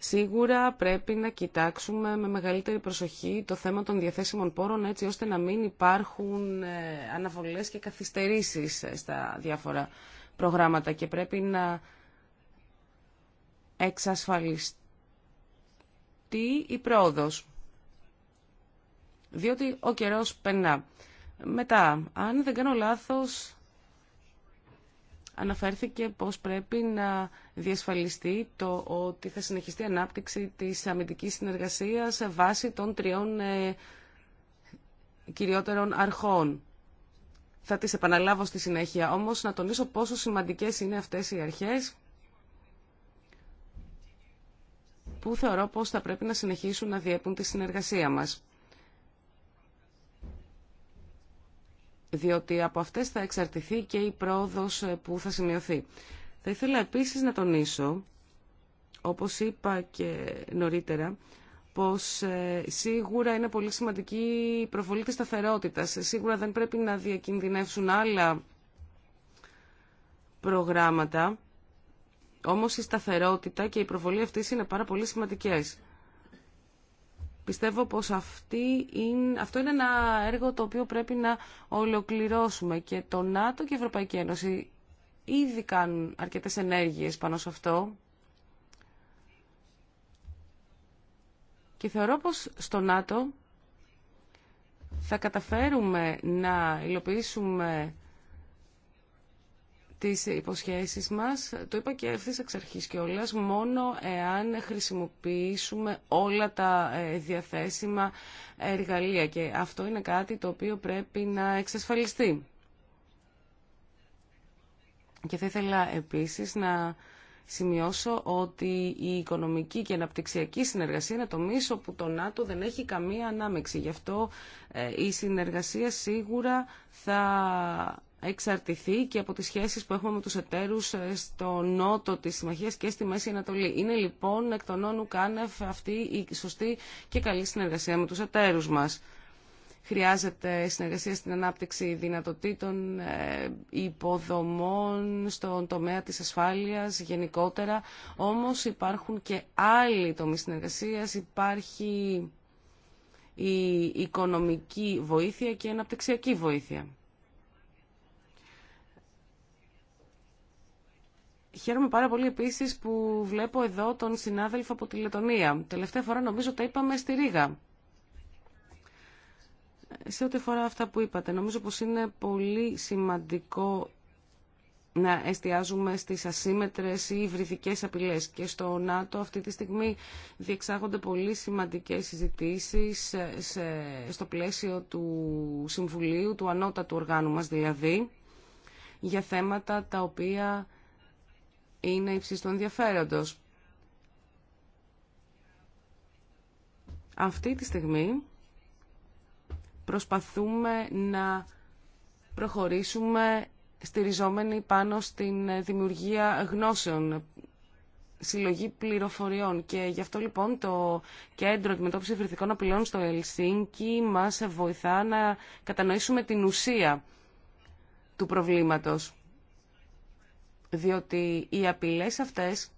Σίγουρα πρέπει να κοιτάξουμε με μεγαλύτερη προσοχή το θέμα των διαθέσιμων πόρων έτσι ώστε να μην υπάρχουν ε, αναβολές και καθυστερήσεις ε, στα διάφορα προγράμματα και πρέπει να εξασφαλιστεί η πρόοδος. Διότι ο καιρός περνά. Μετά, αν δεν κάνω λάθος, αναφέρθηκε πως πρέπει να διασφαλιστεί το ότι θα συνεχιστεί η ανάπτυξη της αμυντικής συνεργασίας σε βάση των τριών ε, κυριότερων αρχών. Θα τις επαναλάβω στη συνέχεια, όμως να τονίσω πόσο σημαντικές είναι αυτές οι αρχές που θεωρώ πως θα πρέπει να συνεχίσουν να διέπουν τη συνεργασία μας. Διότι από αυτές θα εξαρτηθεί και η πρόοδος ε, που θα σημειωθεί. Θα ήθελα επίσης να τονίσω, όπως είπα και νωρίτερα, πως ε, σίγουρα είναι πολύ σημαντική η προβολή της σταθερότητας. Σίγουρα δεν πρέπει να διακινδυνεύσουν άλλα προγράμματα, όμως η σταθερότητα και η προβολή αυτή είναι πάρα πολύ σημαντικές. Πιστεύω πως αυτή είναι, αυτό είναι ένα έργο το οποίο πρέπει να ολοκληρώσουμε και το ΝΑΤΟ και η Ευρωπαϊκή Ένωση ήδη κάνουν αρκετές ενέργειες πάνω σε αυτό. Και θεωρώ πως στο ΝΑΤΟ θα καταφέρουμε να υλοποιήσουμε τις υποσχέσεις μας, το είπα και ευθύ εξ αρχής κιόλας, μόνο εάν χρησιμοποιήσουμε όλα τα ε, διαθέσιμα εργαλεία και αυτό είναι κάτι το οποίο πρέπει να εξασφαλιστεί. Και θα ήθελα επίσης να σημειώσω ότι η οικονομική και αναπτυξιακή συνεργασία είναι το μίσο που το ΝΑΤΟ δεν έχει καμία ανάμεξη. Γι' αυτό ε, η συνεργασία σίγουρα θα εξαρτηθεί και από τις σχέσεις που έχουμε με τους εταίρους ε, στο νότο της Συμμαχίας και στη Μέση Ανατολή. Είναι λοιπόν εκ των όνου αυτή η σωστή και καλή συνεργασία με τους εταίρους μας. Χρειάζεται συνεργασία στην ανάπτυξη δυνατοτήτων, ε, υποδομών, στον τομέα της ασφάλειας γενικότερα. Όμως υπάρχουν και άλλοι τομείς συνεργασίας. Υπάρχει η οικονομική βοήθεια και η αναπτυξιακή βοήθεια. Χαίρομαι πάρα πολύ επίσης που βλέπω εδώ τον συνάδελφο από τη Λετωνία. Τελευταία φορά νομίζω τα είπαμε στη Ρήγα σε ό,τι αφορά αυτά που είπατε, νομίζω πως είναι πολύ σημαντικό να εστιάζουμε στις ασύμετρες ή υβριδικές απειλές. Και στο ΝΑΤΟ αυτή τη στιγμή διεξάγονται πολύ σημαντικές συζητήσεις σε, στο πλαίσιο του Συμβουλίου, του ανώτατου οργάνου μας δηλαδή, για θέματα τα οποία είναι υψίστον ενδιαφέροντος. Αυτή τη στιγμή προσπαθούμε να προχωρήσουμε στηριζόμενοι πάνω στην δημιουργία γνώσεων, συλλογή πληροφοριών και γι' αυτό λοιπόν το Κέντρο Εκμετώπισης Ευρυθικών Απειλών στο Ελσίνκι μας βοηθά να κατανοήσουμε την ουσία του προβλήματος. Διότι οι απειλές αυτές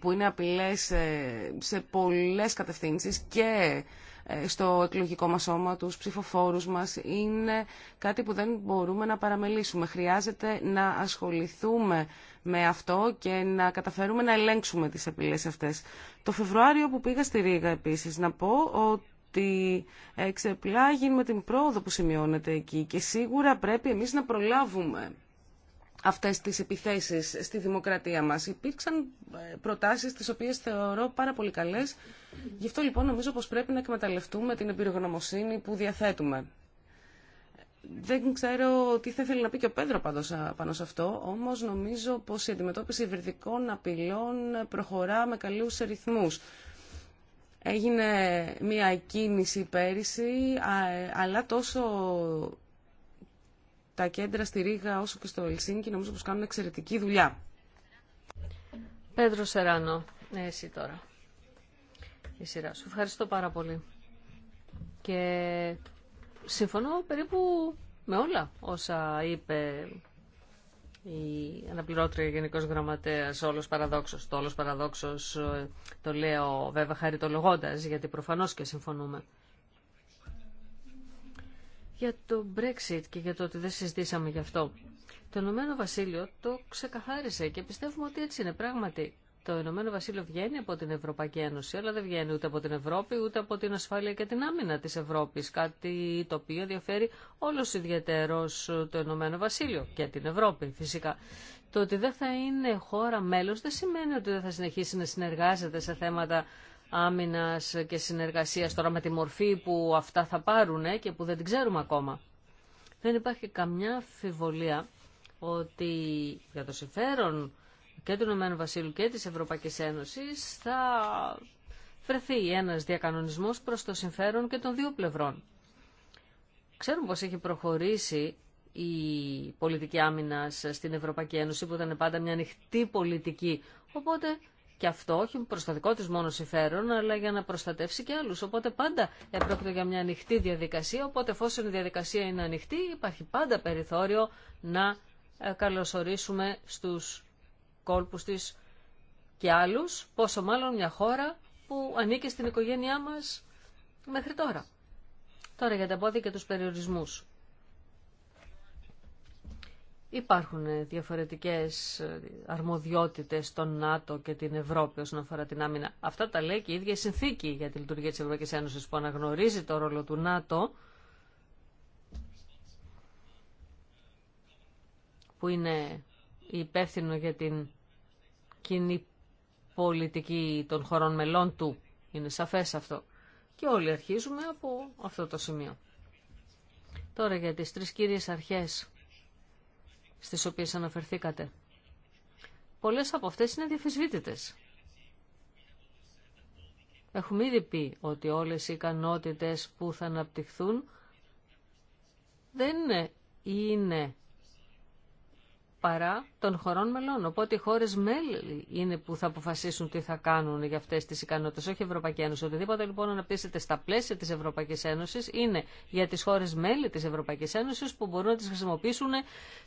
που είναι απειλές ε, σε πολλές κατευθύνσεις και ε, στο εκλογικό μας σώμα, τους ψηφοφόρους μας, είναι κάτι που δεν μπορούμε να παραμελήσουμε. Χρειάζεται να ασχοληθούμε με αυτό και να καταφέρουμε να ελέγξουμε τις απειλές αυτές. Το Φεβρουάριο που πήγα στη Ρήγα επίσης, να πω ότι ότι εξεπλάγει με την πρόοδο που σημειώνεται εκεί και σίγουρα πρέπει εμείς να προλάβουμε αυτές τις επιθέσεις στη δημοκρατία μας. Υπήρξαν ε, προτάσεις τις οποίες θεωρώ πάρα πολύ καλές. Γι' αυτό λοιπόν νομίζω πως πρέπει να εκμεταλλευτούμε την εμπειρογνωμοσύνη που διαθέτουμε. Δεν ξέρω τι θα ήθελε να πει και ο Πέντρο πάνω σε αυτό, όμως νομίζω πως η αντιμετώπιση υβριδικών απειλών προχωρά με καλούς ρυθμούς. Έγινε μια κίνηση πέρυσι, ε, αλλά τόσο τα κέντρα στη Ρήγα όσο και στο Ελσίνκι νομίζω πως κάνουν εξαιρετική δουλειά. Πέντρο Σεράνο, ναι, εσύ τώρα. Η σειρά σου. Ευχαριστώ πάρα πολύ. Και συμφωνώ περίπου με όλα όσα είπε η αναπληρώτρια Γενικός Γραμματέας Όλος Παραδόξος. Το Όλος Παραδόξος ε, το λέω βέβαια χαριτολογώντας γιατί προφανώς και συμφωνούμε για το Brexit και για το ότι δεν συζητήσαμε γι' αυτό. Το Ηνωμένο Βασίλειο το ξεκαθάρισε και πιστεύουμε ότι έτσι είναι πράγματι. Το Ηνωμένο Βασίλειο βγαίνει από την Ευρωπαϊκή Ένωση, αλλά δεν βγαίνει ούτε από την Ευρώπη, ούτε από την ασφάλεια και την άμυνα της Ευρώπης. Κάτι το οποίο ενδιαφέρει όλος ιδιαίτερος το Ηνωμένο Βασίλειο και την Ευρώπη φυσικά. Το ότι δεν θα είναι χώρα μέλος δεν σημαίνει ότι δεν θα συνεχίσει να συνεργάζεται σε θέματα Άμυνα και συνεργασία τώρα με τη μορφή που αυτά θα πάρουν και που δεν την ξέρουμε ακόμα. Δεν υπάρχει καμιά αμφιβολία ότι για το συμφέρον και του Ηνωμένου και της Ευρωπαϊκής Ένωσης θα βρεθεί ένας διακανονισμός προς το συμφέρον και των δύο πλευρών. Ξέρουμε πως έχει προχωρήσει η πολιτική άμυνα στην Ευρωπαϊκή Ένωση που ήταν πάντα μια ανοιχτή πολιτική. Οπότε και αυτό όχι προ το δικό τη μόνο συμφέρον, αλλά για να προστατεύσει και άλλου. Οπότε πάντα πρόκειται για μια ανοιχτή διαδικασία. Οπότε εφόσον η διαδικασία είναι ανοιχτή, υπάρχει πάντα περιθώριο να ε, καλωσορίσουμε στου κόλπου τη και άλλου, πόσο μάλλον μια χώρα που ανήκει στην οικογένειά μα μέχρι τώρα. Τώρα για τα πόδια και του περιορισμού. Υπάρχουν διαφορετικές αρμοδιότητες στον ΝΑΤΟ και την Ευρώπη όσον αφορά την άμυνα. Αυτά τα λέει και η ίδια συνθήκη για τη λειτουργία της Ευρωπαϊκής Ένωσης που αναγνωρίζει το ρόλο του ΝΑΤΟ που είναι υπεύθυνο για την κοινή πολιτική των χωρών μελών του. Είναι σαφές αυτό. Και όλοι αρχίζουμε από αυτό το σημείο. Τώρα για τις τρεις κύριες αρχές στις οποίες αναφερθήκατε. Πολλές από αυτές είναι διαφυσβήτητες. Έχουμε ήδη πει ότι όλες οι ικανότητες που θα αναπτυχθούν δεν είναι παρά των χωρών μελών. Οπότε οι χώρες μέλη είναι που θα αποφασίσουν τι θα κάνουν για αυτέ τι ικανότητε όχι η Ευρωπαϊκή Ένωση. Οτιδήποτε λοιπόν αναπτύσσεται στα πλαίσια τη Ευρωπαϊκή Ένωση είναι για τι χώρε μέλη τη Ευρωπαϊκή Ένωση που μπορούν να τι χρησιμοποιήσουν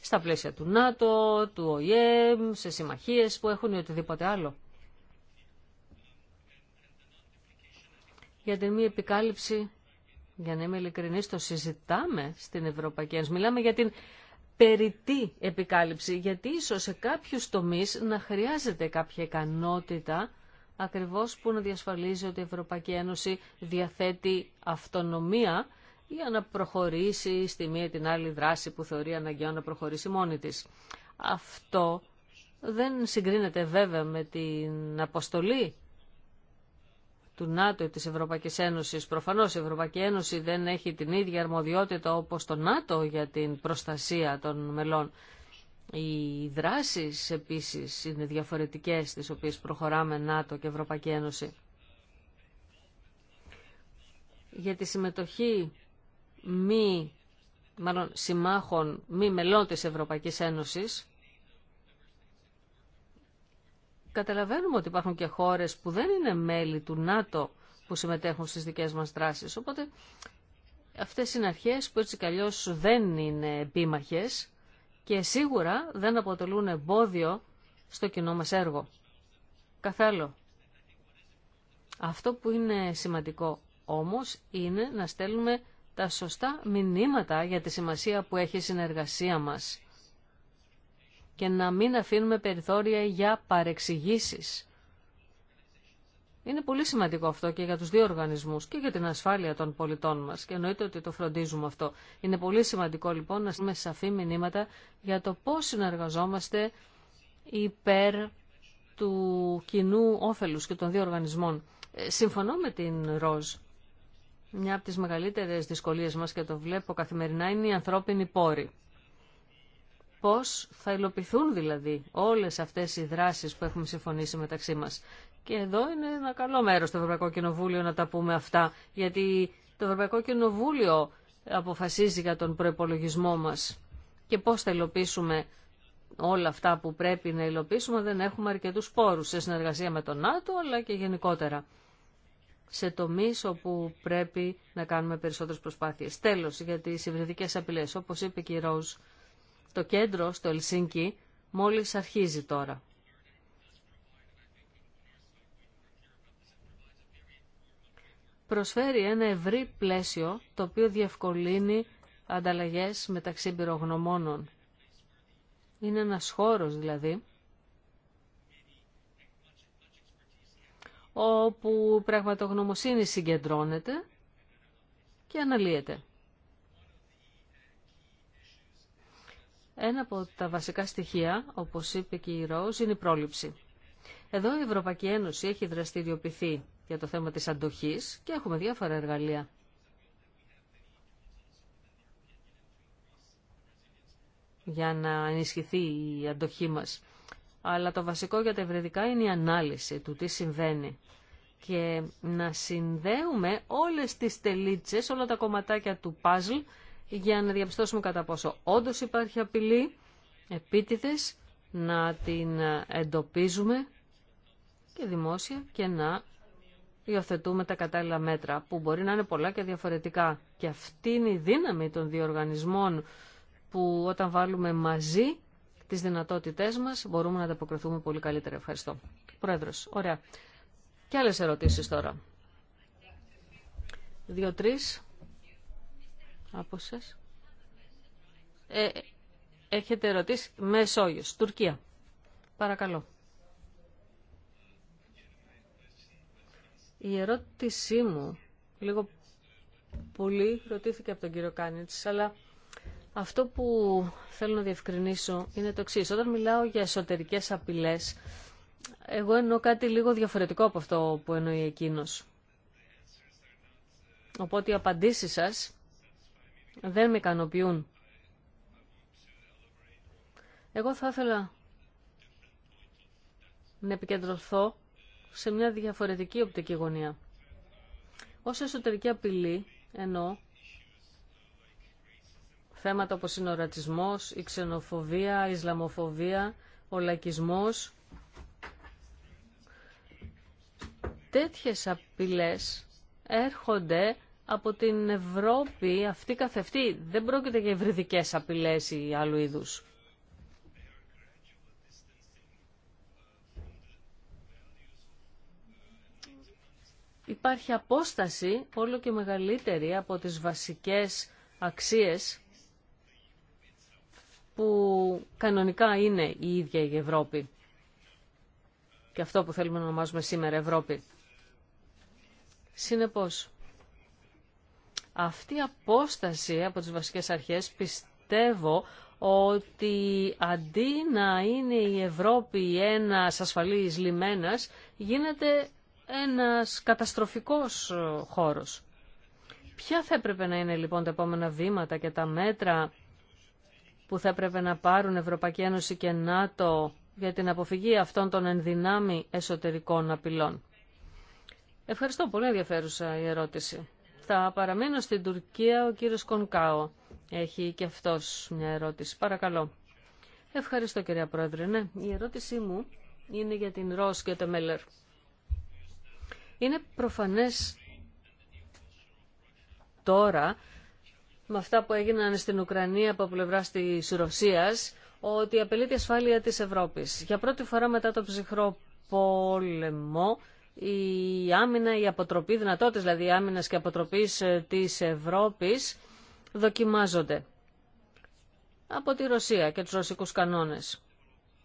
στα πλαίσια του ΝΑΤΟ, του ΟΗΕ, σε συμμαχίε που έχουν ή οτιδήποτε άλλο. Για την μη επικάλυψη, για να είμαι ειλικρινή, το συζητάμε στην Ευρωπαϊκή Ένωση. Μιλάμε για την περιττή επικάλυψη, γιατί ίσως σε κάποιους τομείς να χρειάζεται κάποια ικανότητα ακριβώς που να διασφαλίζει ότι η Ευρωπαϊκή Ένωση διαθέτει αυτονομία για να προχωρήσει στη μία ή την άλλη δράση που θεωρεί αναγκαίο να προχωρήσει μόνη της. Αυτό δεν συγκρίνεται βέβαια με την αποστολή του ΝΑΤΟ ή της Ευρωπαϊκής Ένωσης. Προφανώς η Ευρωπαϊκή Ένωση δεν έχει την ίδια αρμοδιότητα όπως το ΝΑΤΟ για την προστασία των μελών. Οι δράσεις επίσης είναι διαφορετικές τις οποίες προχωράμε ΝΑΤΟ και Ευρωπαϊκή Ένωση. Για τη συμμετοχή μη, μάλλον συμμάχων μη μελών της Ευρωπαϊκής Ένωσης, Καταλαβαίνουμε ότι υπάρχουν και χώρες που δεν είναι μέλη του ΝΑΤΟ που συμμετέχουν στις δικές μας δράσεις. Οπότε αυτές είναι αρχές που έτσι καλλιώς δεν είναι επίμαχες και σίγουρα δεν αποτελούν εμπόδιο στο κοινό μας έργο. Καθάλλου. Αυτό που είναι σημαντικό όμως είναι να στέλνουμε τα σωστά μηνύματα για τη σημασία που έχει η συνεργασία μας και να μην αφήνουμε περιθώρια για παρεξηγήσεις. Είναι πολύ σημαντικό αυτό και για τους δύο οργανισμούς και για την ασφάλεια των πολιτών μας και εννοείται ότι το φροντίζουμε αυτό. Είναι πολύ σημαντικό λοιπόν να στείλουμε σαφή μηνύματα για το πώς συνεργαζόμαστε υπέρ του κοινού όφελους και των δύο οργανισμών. Ε, συμφωνώ με την Ροζ. Μια από τις μεγαλύτερες δυσκολίες μας και το βλέπω καθημερινά είναι η ανθρώπινη πόρη. Πώς θα υλοποιηθούν δηλαδή όλες αυτές οι δράσεις που έχουμε συμφωνήσει μεταξύ μας. Και εδώ είναι ένα καλό μέρος στο Ευρωπαϊκό Κοινοβούλιο να τα πούμε αυτά, γιατί το Ευρωπαϊκό Κοινοβούλιο αποφασίζει για τον προπολογισμό μας και πώς θα υλοποιήσουμε όλα αυτά που πρέπει να υλοποιήσουμε δεν έχουμε αρκετούς πόρους σε συνεργασία με τον ΝΑΤΟ αλλά και γενικότερα σε τομείς όπου πρέπει να κάνουμε περισσότερες προσπάθειες. Τέλος, για τις υβριδικές απειλέ, όπως είπε και η Ρόζ, το κέντρο στο Ελσίνκι μόλις αρχίζει τώρα. Προσφέρει ένα ευρύ πλαίσιο το οποίο διευκολύνει ανταλλαγές μεταξύ πυρογνωμόνων. Είναι ένας χώρος δηλαδή όπου πραγματογνωμοσύνη συγκεντρώνεται και αναλύεται. Ένα από τα βασικά στοιχεία, όπως είπε και η Ροζ, είναι η πρόληψη. Εδώ η Ευρωπαϊκή Ένωση έχει δραστηριοποιηθεί για το θέμα της αντοχής και έχουμε διάφορα εργαλεία. για να ενισχυθεί η αντοχή μας. Αλλά το βασικό για τα ευρετικά είναι η ανάλυση του τι συμβαίνει και να συνδέουμε όλες τις τελίτσες, όλα τα κομματάκια του παζλ για να διαπιστώσουμε κατά πόσο όντως υπάρχει απειλή, επίτηδες, να την εντοπίζουμε και δημόσια και να υιοθετούμε τα κατάλληλα μέτρα που μπορεί να είναι πολλά και διαφορετικά. Και αυτή είναι η δύναμη των διοργανισμών που όταν βάλουμε μαζί τις δυνατότητές μας μπορούμε να ανταποκριθούμε πολύ καλύτερα. Ευχαριστώ. Πρόεδρος, ωραία. Και άλλες ερωτήσεις τώρα. Δύο-τρεις από σας. Ε, έχετε ερωτήσει. Μεσόγειος, Τουρκία. Παρακαλώ. Η ερώτησή μου, λίγο πολύ ρωτήθηκε από τον κύριο Κάνιτς, αλλά αυτό που θέλω να διευκρινίσω είναι το εξής. Όταν μιλάω για εσωτερικές απειλές, εγώ εννοώ κάτι λίγο διαφορετικό από αυτό που εννοεί εκείνος. Οπότε οι απαντήσεις σας δεν με ικανοποιούν. Εγώ θα ήθελα να επικεντρωθώ σε μια διαφορετική οπτική γωνία. Ως εσωτερική απειλή ενώ θέματα όπως είναι ο ρατσισμός, η ξενοφοβία, η ισλαμοφοβία, ο λακισμός. Τέτοιες απειλές έρχονται από την Ευρώπη αυτή καθευτή. Δεν πρόκειται για ευρυδικές απειλές ή άλλου είδους. Υπάρχει απόσταση όλο και μεγαλύτερη από τις βασικές αξίες που κανονικά είναι η ίδια η Ευρώπη. Και αυτό που θέλουμε να ονομάζουμε σήμερα Ευρώπη. Συνεπώς, αυτή η απόσταση από τις βασικές αρχές πιστεύω ότι αντί να είναι η Ευρώπη ένας ασφαλής λιμένας, γίνεται ένας καταστροφικός ε, χώρος. Ποια θα έπρεπε να είναι λοιπόν τα επόμενα βήματα και τα μέτρα που θα έπρεπε να πάρουν Ευρωπαϊκή Ένωση και ΝΑΤΟ για την αποφυγή αυτών των ενδυνάμει εσωτερικών απειλών. Ευχαριστώ πολύ ενδιαφέρουσα η ερώτηση. Θα στην Τουρκία ο κύριος Κονκάο. Έχει και αυτός μια ερώτηση. Παρακαλώ. Ευχαριστώ κυρία Πρόεδρε. Ναι, η ερώτησή μου είναι για την Ρόσ και το Μέλλερ. Είναι προφανές τώρα με αυτά που έγιναν στην Ουκρανία από πλευρά τη Ρωσία, ότι απελείται η ασφάλεια τη Ευρώπη. Για πρώτη φορά μετά το ψυχρό πόλεμο, η άμυνα, η αποτροπή, δυνατότητες δηλαδή άμυνας και αποτροπής ε, της Ευρώπης δοκιμάζονται από τη Ρωσία και τους ρωσικούς κανόνες.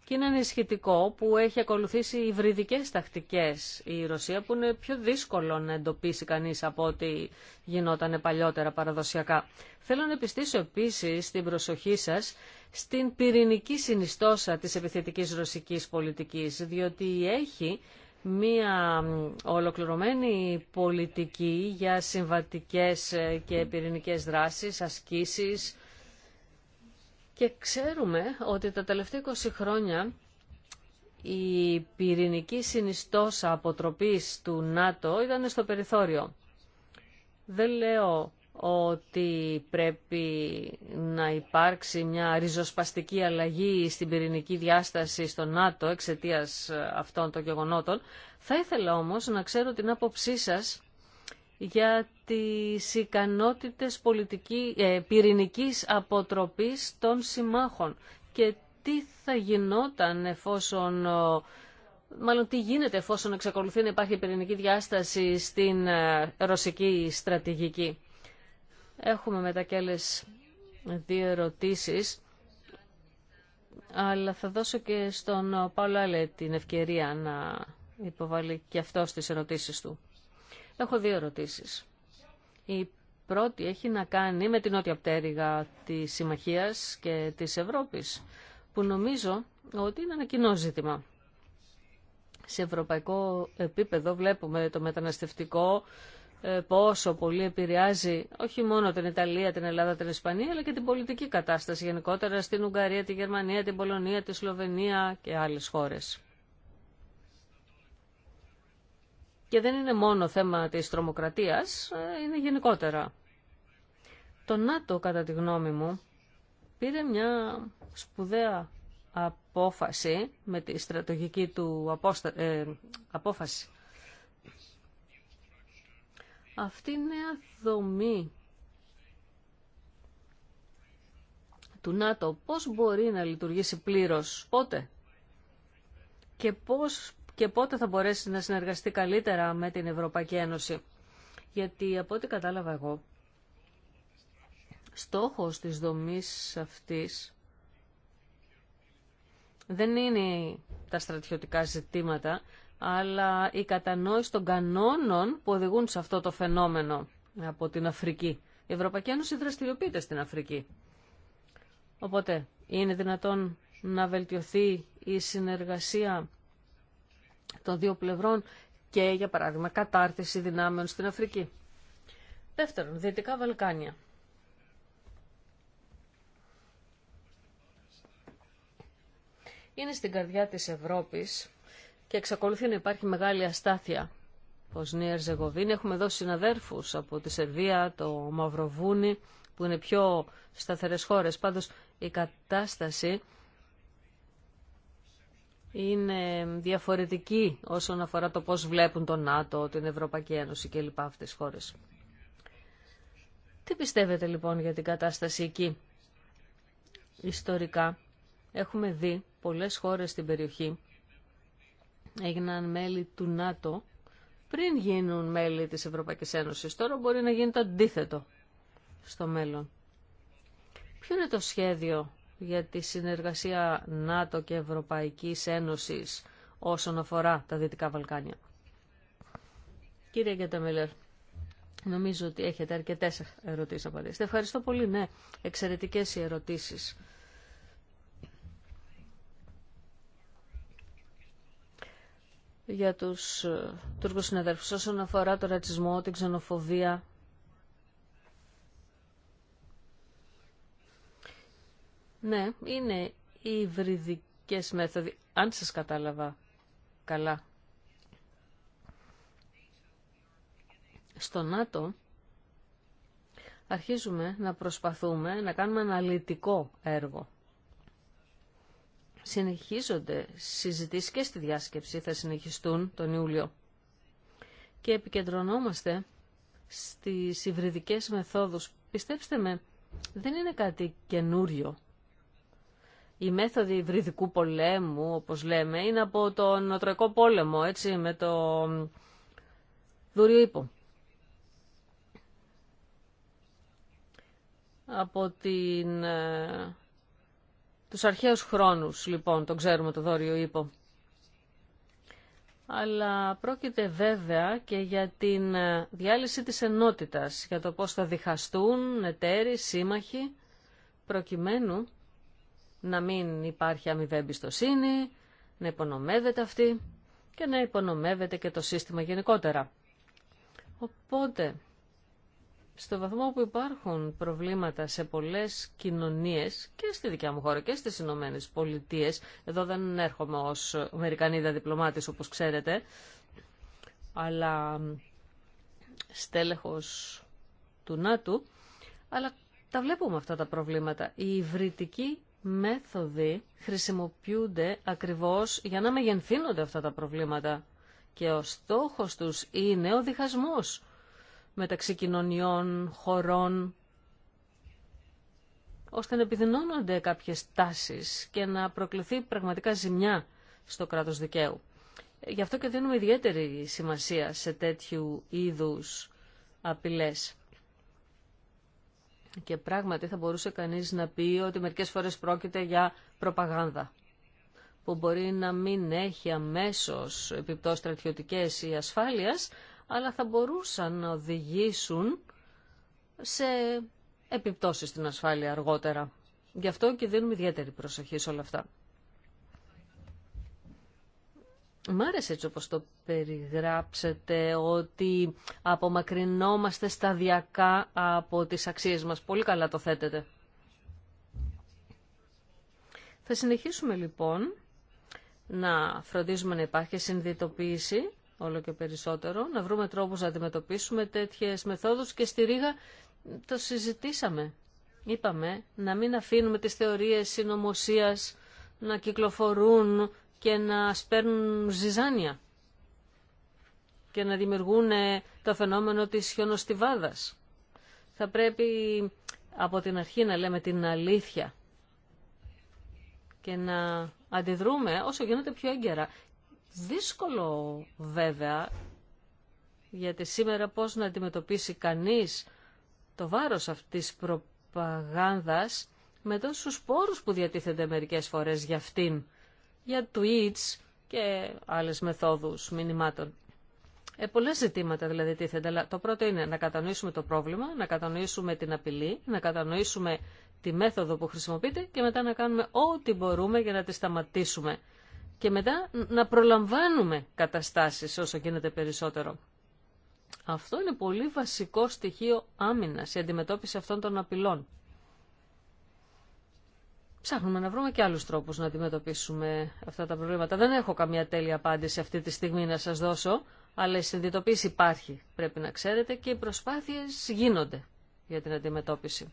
Και είναι ενισχυτικό που έχει ακολουθήσει υβριδικές τακτικές η Ρωσία που είναι πιο δύσκολο να εντοπίσει κανείς από ό,τι γινόταν παλιότερα παραδοσιακά. Θέλω να επιστήσω επίσης την προσοχή σας στην πυρηνική συνιστόσα της επιθετικής ρωσικής πολιτικής, διότι έχει μία ολοκληρωμένη πολιτική για συμβατικές ε, και πυρηνικές δράσεις, ασκήσεις και ξέρουμε ότι τα τελευταία 20 χρόνια η πυρηνική συνιστόσα αποτροπής του ΝΑΤΟ ήταν στο περιθώριο. Δεν λέω ότι πρέπει να υπάρξει μια ριζοσπαστική αλλαγή στην πυρηνική διάσταση στο ΝΑΤΟ εξαιτία αυτών των γεγονότων. Θα ήθελα όμως να ξέρω την άποψή σας για τις ικανότητες πολιτική, ε, πυρηνικής αποτροπής των συμμάχων και τι θα γινόταν εφόσον ε, μάλλον τι γίνεται εφόσον εξακολουθεί να υπάρχει πυρηνική διάσταση στην ε, ρωσική στρατηγική. Έχουμε μετά και δύο ερωτήσεις, αλλά θα δώσω και στον Παύλο Άλε την ευκαιρία να υποβάλει και αυτό τις ερωτήσεις του. Έχω δύο ερωτήσεις. Η πρώτη έχει να κάνει με την νότια πτέρυγα της Συμμαχίας και της Ευρώπης, που νομίζω ότι είναι ένα κοινό ζήτημα. Σε ευρωπαϊκό επίπεδο βλέπουμε το μεταναστευτικό ε, πόσο πολύ επηρεάζει όχι μόνο την Ιταλία, την Ελλάδα, την Ισπανία, αλλά και την πολιτική κατάσταση γενικότερα στην Ουγγαρία, τη Γερμανία, την Πολωνία, τη Σλοβενία και άλλες χώρες. Και δεν είναι μόνο θέμα της τρομοκρατίας, ε, είναι γενικότερα. Το ΝΑΤΟ, κατά τη γνώμη μου, πήρε μια σπουδαία απόφαση με τη στρατογική του ε, απόφαση αυτή η νέα δομή του ΝΑΤΟ πώς μπορεί να λειτουργήσει πλήρως, πότε και, πώς, και πότε θα μπορέσει να συνεργαστεί καλύτερα με την Ευρωπαϊκή Ένωση. Γιατί από ό,τι κατάλαβα εγώ, στόχος της δομής αυτής δεν είναι τα στρατιωτικά ζητήματα, αλλά η κατανόηση των κανόνων που οδηγούν σε αυτό το φαινόμενο από την Αφρική. Η Ευρωπαϊκή Ένωση δραστηριοποιείται στην Αφρική. Οπότε, είναι δυνατόν να βελτιωθεί η συνεργασία των δύο πλευρών και, για παράδειγμα, κατάρτιση δυνάμεων στην Αφρική. Δεύτερον, Δυτικά Βαλκάνια. Είναι στην καρδιά της Ευρώπης και εξακολουθεί να υπάρχει μεγάλη αστάθεια. Βοσνία Ερζεγοβίνη. Έχουμε εδώ συναδέρφους από τη Σερβία, το Μαυροβούνι, που είναι πιο σταθερέ χώρε. Πάντως η κατάσταση είναι διαφορετική όσον αφορά το πώς βλέπουν τον ΝΑΤΟ, την Ευρωπαϊκή Ένωση και λοιπά αυτές τις χώρες. Τι πιστεύετε λοιπόν για την κατάσταση εκεί. Ιστορικά έχουμε δει πολλές χώρες στην περιοχή έγιναν μέλη του ΝΑΤΟ πριν γίνουν μέλη της Ευρωπαϊκής Ένωσης. Τώρα μπορεί να γίνει το αντίθετο στο μέλλον. Ποιο είναι το σχέδιο για τη συνεργασία ΝΑΤΟ και Ευρωπαϊκής Ένωσης όσον αφορά τα Δυτικά Βαλκάνια. Κύριε Γκέτεμελερ, νομίζω ότι έχετε αρκετές ερωτήσεις απαντήσεις. Ευχαριστώ πολύ, ναι, εξαιρετικές οι ερωτήσεις. για τους ε, Τούρκους συναδέλφους όσον αφορά το ρατσισμό, την ξενοφοβία. Ναι, είναι οι υβριδικές μέθοδοι, αν σας κατάλαβα καλά. Στο ΝΑΤΟ αρχίζουμε να προσπαθούμε να κάνουμε αναλυτικό έργο συνεχίζονται συζητήσεις και στη διάσκεψη, θα συνεχιστούν τον Ιούλιο. Και επικεντρωνόμαστε στις υβριδικές μεθόδους. Πιστέψτε με, δεν είναι κάτι καινούριο. Η μέθοδη υβριδικού πολέμου, όπως λέμε, είναι από τον νοτροϊκό Πόλεμο, έτσι, με το Δούριο Ήπο. Από την ε, τους αρχαίους χρόνους, λοιπόν, τον ξέρουμε το δόριο ύπο. Αλλά πρόκειται βέβαια και για την ε, διάλυση της ενότητας, για το πώς θα διχαστούν εταίροι, σύμμαχοι, προκειμένου να μην υπάρχει αμοιβή εμπιστοσύνη, να υπονομεύεται αυτή και να υπονομεύεται και το σύστημα γενικότερα. Οπότε στο βαθμό που υπάρχουν προβλήματα σε πολλές κοινωνίες και στη δικιά μου χώρα και στις Ηνωμένε Πολιτείε, εδώ δεν έρχομαι ως Αμερικανίδα διπλωμάτης όπως ξέρετε, αλλά στέλεχος του ΝΑΤΟ, αλλά τα βλέπουμε αυτά τα προβλήματα. οι υβριτικοί μέθοδοι χρησιμοποιούνται ακριβώς για να μεγενθύνονται αυτά τα προβλήματα και ο στόχος τους είναι ο διχασμός μεταξύ κοινωνιών, χωρών, ώστε να επιδεινώνονται κάποιες τάσεις και να προκληθεί πραγματικά ζημιά στο κράτος δικαίου. Γι' αυτό και δίνουμε ιδιαίτερη σημασία σε τέτοιου είδους απειλές. Και πράγματι θα μπορούσε κανείς να πει ότι μερικές φορές πρόκειται για προπαγάνδα που μπορεί να μην έχει αμέσως επιπτώσεις στρατιωτικές ή ασφάλειας, αλλά θα μπορούσαν να οδηγήσουν σε επιπτώσεις στην ασφάλεια αργότερα. Γι' αυτό και δίνουμε ιδιαίτερη προσοχή σε όλα αυτά. Μ' άρεσε έτσι όπως το περιγράψετε ότι απομακρυνόμαστε σταδιακά από τις αξίες μας. Πολύ καλά το θέτετε. Θα συνεχίσουμε λοιπόν να φροντίζουμε να υπάρχει συνδυτοποίηση όλο και περισσότερο, να βρούμε τρόπους να αντιμετωπίσουμε τέτοιες μεθόδους και στη Ρήγα το συζητήσαμε. Είπαμε να μην αφήνουμε τις θεωρίες συνωμοσία να κυκλοφορούν και να σπέρνουν ζυζάνια και να δημιουργούν ε, το φαινόμενο της χιονοστιβάδας. Θα πρέπει από την αρχή να λέμε την αλήθεια και να αντιδρούμε όσο γίνεται πιο έγκαιρα. Δύσκολο βέβαια, γιατί σήμερα πώς να αντιμετωπίσει κανείς το βάρος αυτής προπαγάνδας με τόσους πόρους που διατίθενται μερικές φορές για αυτήν, για tweets και άλλες μεθόδους μηνυμάτων. Ε, Πολλέ ζητήματα δηλαδή τίθενται, αλλά το πρώτο είναι να κατανοήσουμε το πρόβλημα, να κατανοήσουμε την απειλή, να κατανοήσουμε τη μέθοδο που χρησιμοποιείται και μετά να κάνουμε ό,τι μπορούμε για να τη σταματήσουμε και μετά να προλαμβάνουμε καταστάσεις όσο γίνεται περισσότερο. Αυτό είναι πολύ βασικό στοιχείο άμυνας, η αντιμετώπιση αυτών των απειλών. Ψάχνουμε να βρούμε και άλλους τρόπους να αντιμετωπίσουμε αυτά τα προβλήματα. Δεν έχω καμία τέλεια απάντηση αυτή τη στιγμή να σας δώσω, αλλά η συνειδητοποίηση υπάρχει, πρέπει να ξέρετε, και οι προσπάθειες γίνονται για την αντιμετώπιση.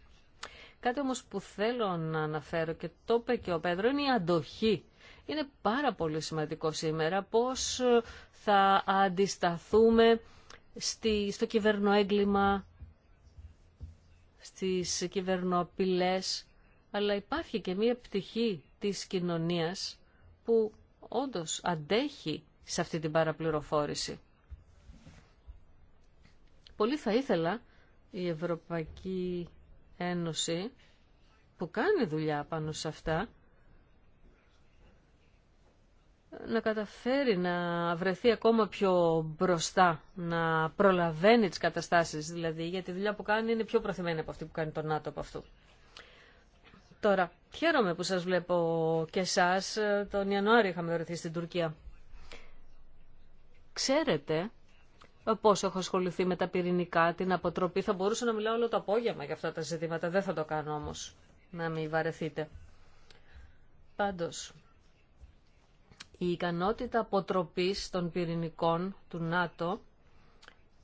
Κάτι όμως που θέλω να αναφέρω και το είπε και ο Πέδρο είναι η αντοχή είναι πάρα πολύ σημαντικό σήμερα πώς ε, θα αντισταθούμε στη, στο κυβερνοέγκλημα, στις κυβερνοπυλές αλλά υπάρχει και μία πτυχή της κοινωνίας που όντως αντέχει σε αυτή την παραπληροφόρηση. Πολύ θα ήθελα η Ευρωπαϊκή Ένωση που κάνει δουλειά πάνω σε αυτά να καταφέρει να βρεθεί ακόμα πιο μπροστά, να προλαβαίνει τις καταστάσεις δηλαδή, γιατί η δουλειά που κάνει είναι πιο προθυμένη από αυτή που κάνει το ΝΑΤΟ από αυτού. Τώρα, χαίρομαι που σας βλέπω και εσάς. Τον Ιανουάριο είχαμε βρεθεί στην Τουρκία. Ξέρετε πώς έχω ασχοληθεί με τα πυρηνικά, την αποτροπή. Θα μπορούσα να μιλάω όλο το απόγευμα για αυτά τα ζητήματα. Δεν θα το κάνω όμως, να μην βαρεθείτε. Πάντως, η ικανότητα αποτροπής των πυρηνικών του ΝΑΤΟ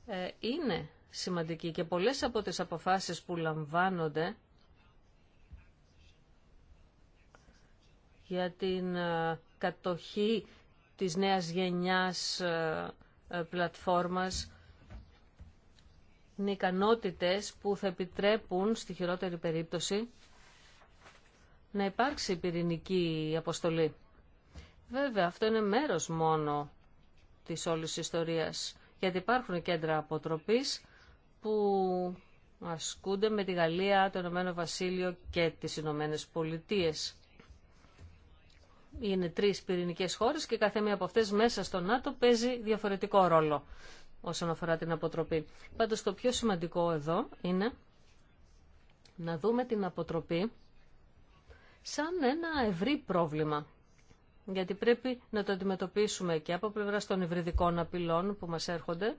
ε, είναι σημαντική και πολλές από τις αποφάσεις που λαμβάνονται για την ε, κατοχή της νέας γενιάς ε, πλατφόρμας είναι ικανότητε που θα επιτρέπουν στη χειρότερη περίπτωση να υπάρξει πυρηνική αποστολή. Βέβαια, αυτό είναι μέρος μόνο της όλης ιστορίας, γιατί υπάρχουν κέντρα αποτροπής που ασκούνται με τη Γαλλία, το Ηνωμένο Βασίλειο και τις Ηνωμένε Πολιτείες. Είναι τρεις πυρηνικές χώρες και κάθε μία από αυτές μέσα στο ΝΑΤΟ παίζει διαφορετικό ρόλο όσον αφορά την αποτροπή. Πάντως το πιο σημαντικό εδώ είναι να δούμε την αποτροπή σαν ένα ευρύ πρόβλημα γιατί πρέπει να το αντιμετωπίσουμε και από πλευρά των υβριδικών απειλών που μας έρχονται,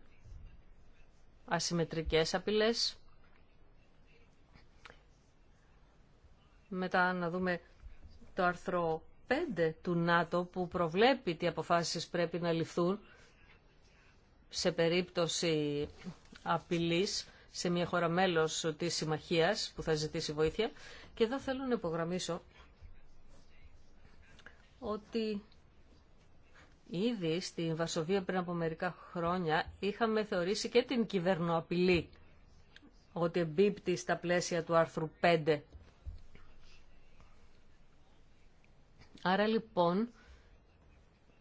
ασυμμετρικές απειλές. Μετά να δούμε το άρθρο 5 του ΝΑΤΟ που προβλέπει τι αποφάσεις πρέπει να ληφθούν σε περίπτωση απειλής σε μια χώρα μέλος της συμμαχίας που θα ζητήσει βοήθεια. Και εδώ θέλω να υπογραμμίσω ότι ήδη στη Βαρσοβία πριν από μερικά χρόνια είχαμε θεωρήσει και την κυβερνοαπειλή ότι εμπίπτει στα πλαίσια του άρθρου 5. Άρα λοιπόν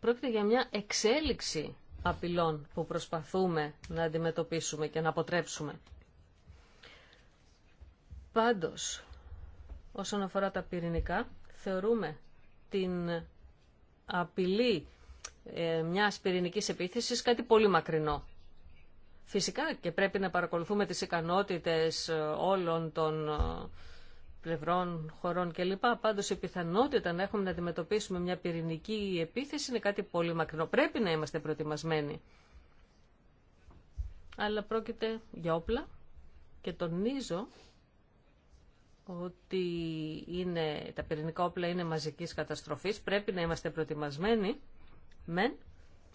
πρόκειται για μια εξέλιξη απειλών που προσπαθούμε να αντιμετωπίσουμε και να αποτρέψουμε. Πάντως, όσον αφορά τα πυρηνικά, θεωρούμε την απειλή ε, μια πυρηνικής επίθεσης κάτι πολύ μακρινό. Φυσικά και πρέπει να παρακολουθούμε τις ικανότητες ε, όλων των ε, πλευρών, χωρών κλπ. Πάντως η πιθανότητα να έχουμε να αντιμετωπίσουμε μια πυρηνική επίθεση είναι κάτι πολύ μακρινό. Πρέπει να είμαστε προετοιμασμένοι. Αλλά πρόκειται για όπλα και τονίζω ότι είναι, τα πυρηνικά όπλα είναι μαζικής καταστροφής. Πρέπει να είμαστε προετοιμασμένοι, μεν,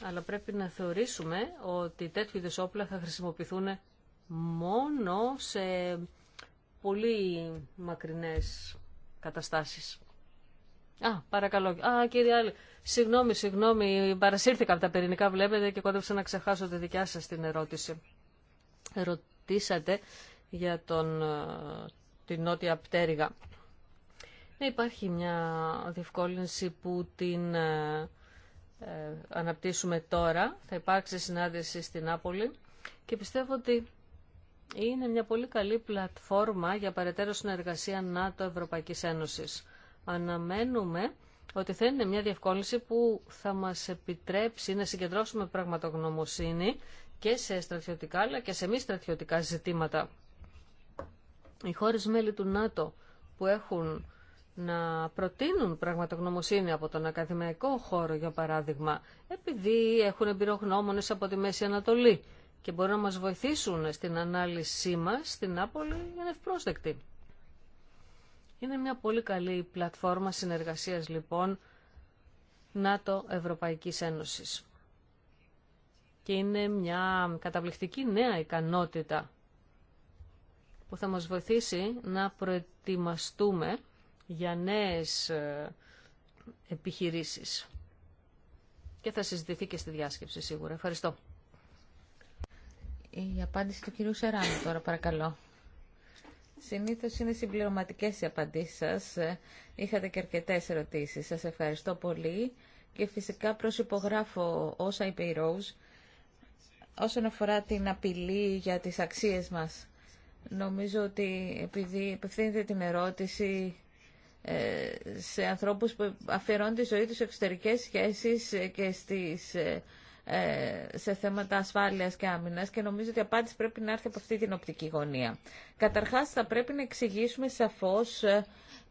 αλλά πρέπει να θεωρήσουμε ότι τέτοιου είδους όπλα θα χρησιμοποιηθούν μόνο σε πολύ μακρινές καταστάσεις. Α, παρακαλώ. Α, κύριε Άλλη, συγγνώμη, συγγνώμη, παρασύρθηκα από τα πυρηνικά, βλέπετε, και κόντεψα να ξεχάσω τη δικιά σας την ερώτηση. Ρωτήσατε για τον την νότια πτέρυγα. Ναι, υπάρχει μια διευκόλυνση που την ε, ε, αναπτύσσουμε τώρα. Θα υπάρξει συνάντηση στην Νάπολη και πιστεύω ότι είναι μια πολύ καλή πλατφόρμα για παρετέρω συνεργασία ΝΑΤΟ-Ευρωπαϊκής Ένωσης. Αναμένουμε ότι θα είναι μια διευκόλυνση που θα μας επιτρέψει να συγκεντρώσουμε πραγματογνωμοσύνη και σε στρατιωτικά αλλά και σε μη στρατιωτικά ζητήματα οι χώρες μέλη του ΝΑΤΟ που έχουν να προτείνουν πραγματογνωμοσύνη από τον ακαδημαϊκό χώρο, για παράδειγμα, επειδή έχουν εμπειρογνώμονες από τη Μέση Ανατολή και μπορούν να μας βοηθήσουν στην ανάλυση μας στην Απόλη είναι ευπρόσδεκτοι. Είναι μια πολύ καλή πλατφόρμα συνεργασίας, λοιπόν, ΝΑΤΟ-Ευρωπαϊκής Ένωσης. Και είναι μια καταπληκτική νέα ικανότητα που θα μας βοηθήσει να προετοιμαστούμε για νέες ε, επιχειρήσεις. Και θα συζητηθεί και στη διάσκεψη σίγουρα. Ευχαριστώ. Η απάντηση του κυρίου Σεράνου τώρα παρακαλώ. Συνήθως είναι συμπληρωματικές οι απαντήσεις σα. Ε, είχατε και αρκετέ ερωτήσεις. Σας ευχαριστώ πολύ και φυσικά προσυπογράφω όσα είπε η Ροζ, όσον αφορά την απειλή για τι αξίε μα. Νομίζω ότι επειδή επευθύνεται την ερώτηση ε, σε ανθρώπους που αφιερώνουν τη ζωή τους σε εξωτερικές σχέσεις και στις, ε, ε, σε θέματα ασφάλειας και άμυνας και νομίζω ότι η απάντηση πρέπει να έρθει από αυτή την οπτική γωνία. Καταρχάς θα πρέπει να εξηγήσουμε σαφώς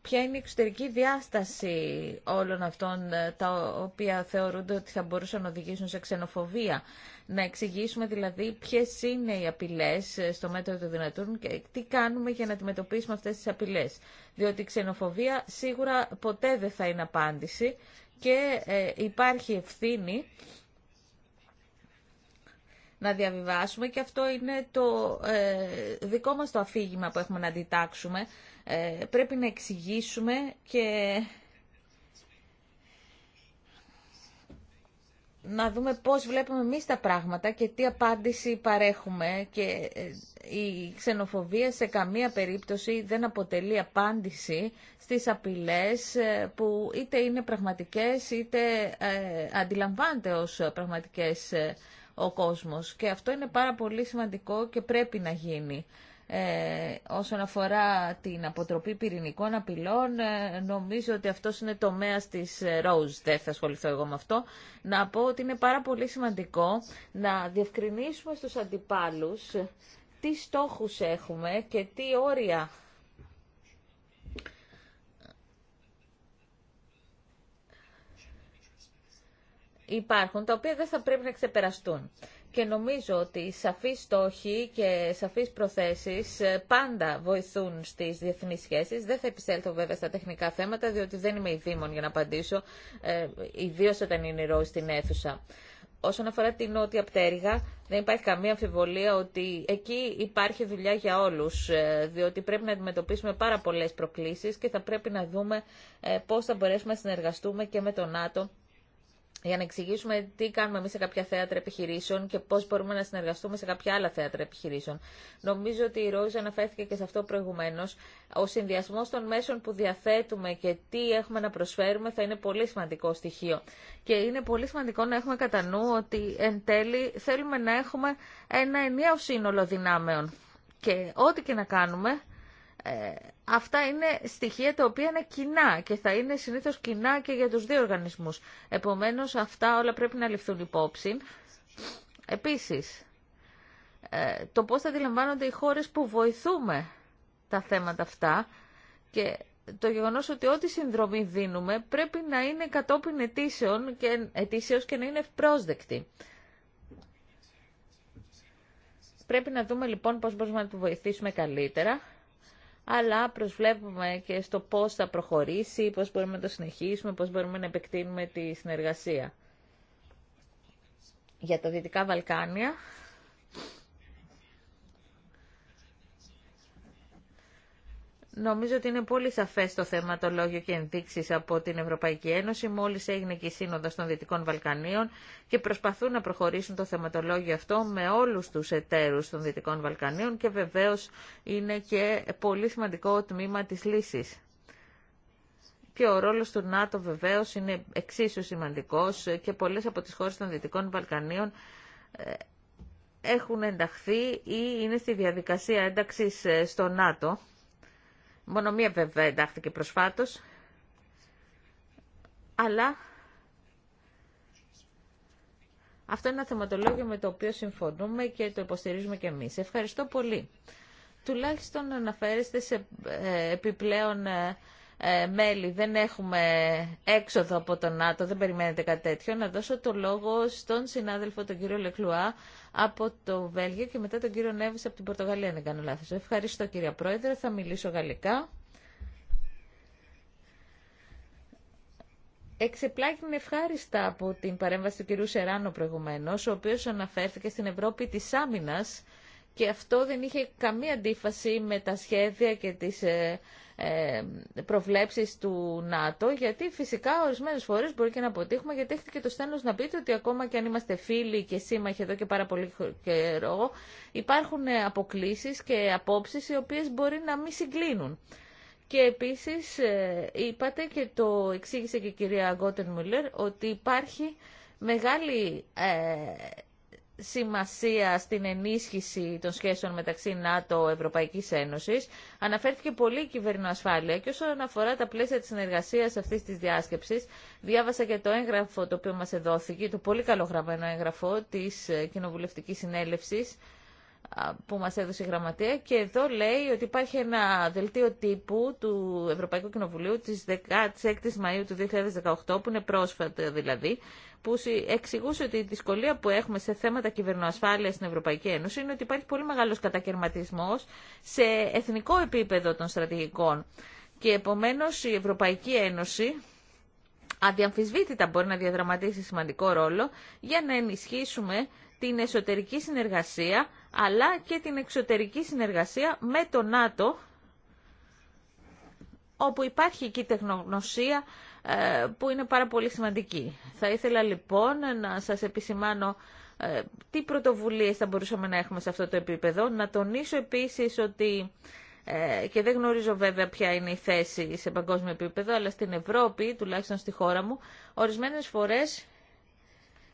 ποια είναι η εξωτερική διάσταση όλων αυτών ε, τα οποία θεωρούνται ότι θα μπορούσαν να οδηγήσουν σε ξενοφοβία. Να εξηγήσουμε δηλαδή ποιες είναι οι απειλές ε, στο μέτρο του δυνατούν και τι κάνουμε για να αντιμετωπίσουμε αυτές τις απειλές. Διότι η ξενοφοβία σίγουρα ποτέ δεν θα είναι απάντηση και ε, υπάρχει ευθύνη να διαβιβάσουμε και αυτό είναι το δικό μας το αφήγημα που έχουμε να αντιτάξουμε ε, πρέπει να εξηγήσουμε και να δούμε πώς βλέπουμε εμεί τα πράγματα και τι απάντηση παρέχουμε και ε, η ξενοφοβία σε καμία περίπτωση δεν αποτελεί απάντηση στις απειλές ε, που είτε είναι πραγματικές είτε αντιλαμβάνεται ως πραγματικές ο κόσμος και αυτό είναι πάρα πολύ σημαντικό και πρέπει να γίνει ε, όσον αφορά την αποτροπή πυρηνικών απειλών, ε, νομίζω ότι αυτό είναι τομέα τη ε, Rose. Δεν θα ασχοληθώ εγώ με αυτό. Να πω ότι είναι πάρα πολύ σημαντικό να διευκρινίσουμε στους αντιπάλους ε, τι στόχους έχουμε και τι όρια υπάρχουν, τα οποία δεν θα πρέπει να ξεπεραστούν και νομίζω ότι σαφείς στόχοι και σαφείς προθέσεις ε, πάντα βοηθούν στις διεθνείς σχέσεις. Δεν θα επισέλθω βέβαια στα τεχνικά θέματα, διότι δεν είμαι η δήμον για να απαντήσω, ε, ιδίως όταν είναι ροή στην αίθουσα. Όσον αφορά την νότια πτέρυγα, δεν υπάρχει καμία αμφιβολία ότι εκεί υπάρχει δουλειά για όλους, ε, διότι πρέπει να αντιμετωπίσουμε πάρα πολλές προκλήσεις και θα πρέπει να δούμε ε, πώς θα μπορέσουμε να συνεργαστούμε και με τον ΝΑΤΟ για να εξηγήσουμε τι κάνουμε εμεί σε κάποια θέατρα επιχειρήσεων και πώ μπορούμε να συνεργαστούμε σε κάποια άλλα θέατρα επιχειρήσεων. Νομίζω ότι η Ρόζα αναφέρθηκε και σε αυτό προηγουμένω. Ο συνδυασμό των μέσων που διαθέτουμε και τι έχουμε να προσφέρουμε θα είναι πολύ σημαντικό στοιχείο. Και είναι πολύ σημαντικό να έχουμε κατά νου ότι εν τέλει θέλουμε να έχουμε ένα ενιαίο σύνολο δυνάμεων. Και ό,τι και να κάνουμε, ε, αυτά είναι στοιχεία τα οποία είναι κοινά και θα είναι συνήθως κοινά και για τους δύο οργανισμούς. Επομένως, αυτά όλα πρέπει να ληφθούν υπόψη. Επίσης, ε, το πώς θα αντιλαμβάνονται οι χώρες που βοηθούμε τα θέματα αυτά και το γεγονός ότι ό,τι συνδρομή δίνουμε πρέπει να είναι κατόπιν αιτήσεων και, αιτήσεως και να είναι ευπρόσδεκτη. Πρέπει να δούμε λοιπόν πώς μπορούμε να του βοηθήσουμε καλύτερα αλλά προσβλέπουμε και στο πώς θα προχωρήσει, πώς μπορούμε να το συνεχίσουμε, πώς μπορούμε να επεκτείνουμε τη συνεργασία. Για τα Δυτικά Βαλκάνια, Νομίζω ότι είναι πολύ σαφές το θεματολόγιο και ενδείξεις από την Ευρωπαϊκή Ένωση. Μόλις έγινε και η Σύνοδος των Δυτικών Βαλκανίων και προσπαθούν να προχωρήσουν το θεματολόγιο αυτό με όλους τους εταίρους των Δυτικών Βαλκανίων και βεβαίως είναι και πολύ σημαντικό τμήμα της λύσης. Και ο ρόλος του ΝΑΤΟ βεβαίω είναι εξίσου σημαντικός και πολλές από τις χώρες των Δυτικών Βαλκανίων ε, έχουν ενταχθεί ή είναι στη διαδικασία ένταξης ε, στο ΝΑΤΟ Μόνο μία βέβαια εντάχθηκε προσφάτως. Αλλά αυτό είναι ένα θεματολόγιο με το οποίο συμφωνούμε και το υποστηρίζουμε και εμείς. Ευχαριστώ πολύ. Τουλάχιστον αναφέρεστε σε ε, επιπλέον ε, ε, μέλη δεν έχουμε έξοδο από τον ΝΑΤΟ, δεν περιμένετε κάτι τέτοιο, να δώσω το λόγο στον συνάδελφο τον κύριο Λεκλουά από το Βέλγιο και μετά τον κύριο Νέβης από την Πορτογαλία, αν δεν κάνω λάθος. Ευχαριστώ κύριε Πρόεδρε, θα μιλήσω γαλλικά. Εξεπλάγει ευχάριστα από την παρέμβαση του κυρίου Σεράνο προηγουμένως, ο οποίος αναφέρθηκε στην Ευρώπη της Άμυνας και αυτό δεν είχε καμία αντίφαση με τα σχέδια και τις ε, ε, προβλέψεις του ΝΑΤΟ, γιατί φυσικά ορισμένες φορές μπορεί και να αποτύχουμε, γιατί έχετε και το στένος να πείτε ότι ακόμα και αν είμαστε φίλοι και σύμμαχοι εδώ και πάρα πολύ καιρό, υπάρχουν ε, αποκλήσεις και απόψεις οι οποίες μπορεί να μην συγκλίνουν. Και επίσης ε, είπατε και το εξήγησε και η κυρία Γκότερ Μουλέρ ότι υπάρχει μεγάλη σημασία στην ενίσχυση των σχέσεων μεταξύ ΝΑΤΟ-Ευρωπαϊκής Ένωσης. Αναφέρθηκε πολύ η κυβερνοασφάλεια και όσον αφορά τα πλαίσια της συνεργασίας αυτής της διάσκεψης, διάβασα και το έγγραφο το οποίο μας εδόθηκε, το πολύ καλογραμμένο έγγραφο της ε, Κοινοβουλευτικής Συνέλευσης, που μας έδωσε η Γραμματεία και εδώ λέει ότι υπάρχει ένα δελτίο τύπου του Ευρωπαϊκού Κοινοβουλίου της 16 η Μαΐου του 2018 που είναι πρόσφατο δηλαδή που εξηγούσε ότι η δυσκολία που έχουμε σε θέματα κυβερνοασφάλειας στην Ευρωπαϊκή Ένωση είναι ότι υπάρχει πολύ μεγάλος κατακαιρματισμός σε εθνικό επίπεδο των στρατηγικών και επομένως η Ευρωπαϊκή Ένωση αδιαμφισβήτητα μπορεί να διαδραματίσει σημαντικό ρόλο για να ενισχύσουμε την εσωτερική συνεργασία αλλά και την εξωτερική συνεργασία με το ΝΑΤΟ όπου υπάρχει εκεί τεχνογνωσία ε, που είναι πάρα πολύ σημαντική. Θα ήθελα λοιπόν να σας επισημάνω ε, τι πρωτοβουλίες θα μπορούσαμε να έχουμε σε αυτό το επίπεδο. Να τονίσω επίσης ότι, ε, και δεν γνωρίζω βέβαια ποια είναι η θέση σε παγκόσμιο επίπεδο, αλλά στην Ευρώπη, τουλάχιστον στη χώρα μου, ορισμένες φορές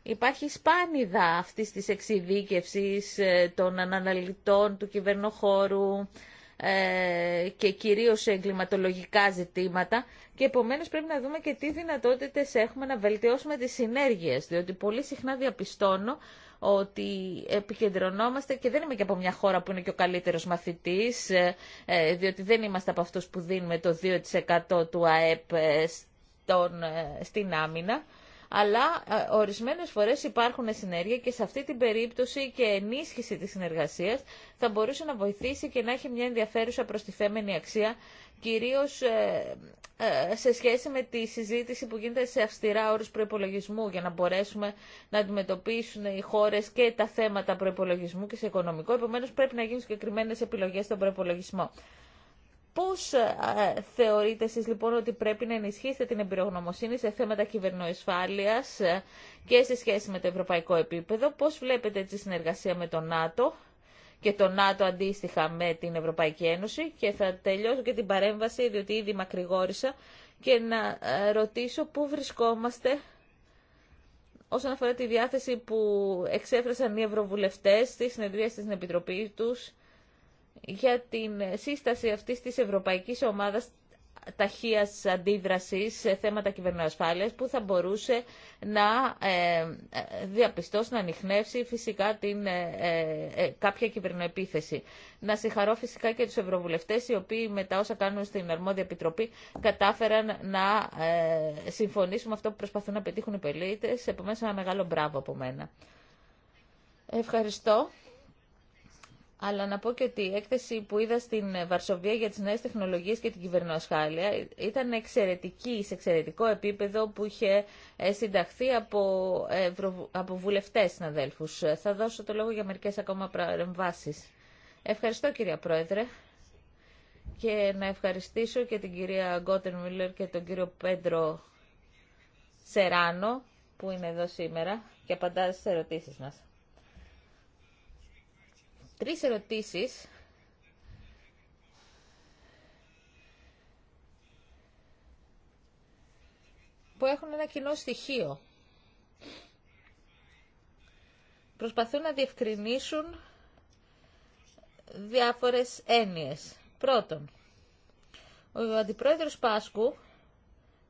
Υπάρχει σπάνιδα αυτής της εξειδίκευση ε, των αναλυτών του κυβερνοχώρου ε, και κυρίως σε εγκληματολογικά ζητήματα και επομένως πρέπει να δούμε και τι δυνατότητες έχουμε να βελτιώσουμε τις συνέργειες διότι πολύ συχνά διαπιστώνω ότι επικεντρωνόμαστε και δεν είμαι και από μια χώρα που είναι και ο καλύτερος μαθητής ε, διότι δεν είμαστε από αυτούς που δίνουμε το 2% του ΑΕΠ στην άμυνα αλλά ε, ορισμένες φορές υπάρχουν συνέργεια και σε αυτή την περίπτωση και ενίσχυση της συνεργασίας θα μπορούσε να βοηθήσει και να έχει μια ενδιαφέρουσα προστιθέμενη αξία, κυρίως ε, ε, σε σχέση με τη συζήτηση που γίνεται σε αυστηρά όρους προϋπολογισμού, για να μπορέσουμε να αντιμετωπίσουν οι χώρες και τα θέματα προϋπολογισμού και σε οικονομικό. Επομένως, πρέπει να γίνουν συγκεκριμένε επιλογές στον προϋπολογισμό. Πώς ε, θεωρείτε εσείς λοιπόν ότι πρέπει να ενισχύσετε την εμπειρογνωμοσύνη σε θέματα κυβερνοεσφάλειας ε, και σε σχέση με το ευρωπαϊκό επίπεδο, πώς βλέπετε τη συνεργασία με το ΝΑΤΟ και το ΝΑΤΟ αντίστοιχα με την Ευρωπαϊκή Ένωση και θα τελειώσω και την παρέμβαση διότι ήδη μακρηγόρησα και να ε, ρωτήσω πού βρισκόμαστε όσον αφορά τη διάθεση που εξέφρασαν οι ευρωβουλευτές στη συνεδρία στην Επιτροπή τους για την σύσταση αυτής της Ευρωπαϊκής Ομάδας ταχείας αντίδρασης σε θέματα κυβερνοασφάλειας που θα μπορούσε να ε, διαπιστώσει, να ανοιχνεύσει φυσικά την, ε, ε, κάποια κυβερνοεπίθεση. Να συγχαρώ φυσικά και τους ευρωβουλευτές οι οποίοι μετά όσα κάνουν στην Αρμόδια Επιτροπή κατάφεραν να συμφωνήσουν με αυτό που προσπαθούν να πετύχουν οι πελίτες. Επομένως ένα μεγάλο μπράβο από μένα. Ευχαριστώ αλλά να πω και ότι η έκθεση που είδα στην Βαρσοβία για τις νέες τεχνολογίες και την κυβερνοασφάλεια ήταν εξαιρετική, σε εξαιρετικό επίπεδο που είχε ε, συνταχθεί από, ε, από βουλευτές συναδέλφους. Θα δώσω το λόγο για μερικές ακόμα παρεμβάσεις. Ευχαριστώ κυρία Πρόεδρε και να ευχαριστήσω και την κυρία Γκότερ Μίλλερ και τον κύριο Πέντρο Σεράνο που είναι εδώ σήμερα και απαντά στις ερωτήσεις μας τρεις ερωτήσεις που έχουν ένα κοινό στοιχείο. Προσπαθούν να διευκρινίσουν διάφορες έννοιες. Πρώτον, ο Αντιπρόεδρος Πάσκου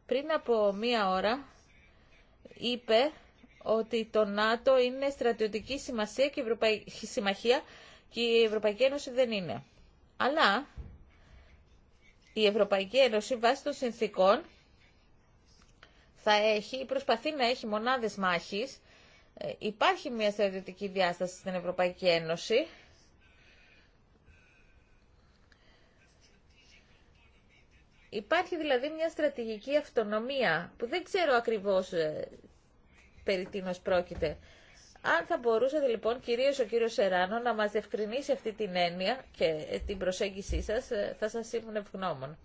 πριν από μία ώρα είπε ότι το ΝΑΤΟ είναι στρατιωτική σημασία και ευρωπαϊκή συμμαχία και η Ευρωπαϊκή Ένωση δεν είναι. Αλλά η Ευρωπαϊκή Ένωση βάσει των συνθήκων θα έχει, προσπαθεί να έχει μονάδες μάχης. Ε, υπάρχει μια στρατιωτική διάσταση στην Ευρωπαϊκή Ένωση. Υπάρχει δηλαδή μια στρατηγική αυτονομία που δεν ξέρω ακριβώς ε, περί τίνος πρόκειται. Αν θα μπορούσατε λοιπόν κυρίως ο κύριος Σεράνο να μας διευκρινίσει αυτή την έννοια και ε, την προσέγγισή σας, ε, θα σας ήμουν ευγνώμων.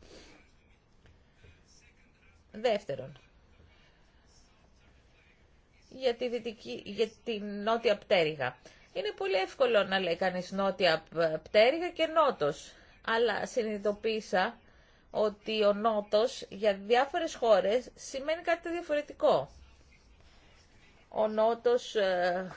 Δεύτερον, για, τη την νότια πτέρυγα. Είναι πολύ εύκολο να λέει κανείς νότια ε, πτέρυγα και νότος, αλλά συνειδητοποίησα ότι ο νότος για διάφορες χώρες σημαίνει κάτι διαφορετικό ο Νότος ε,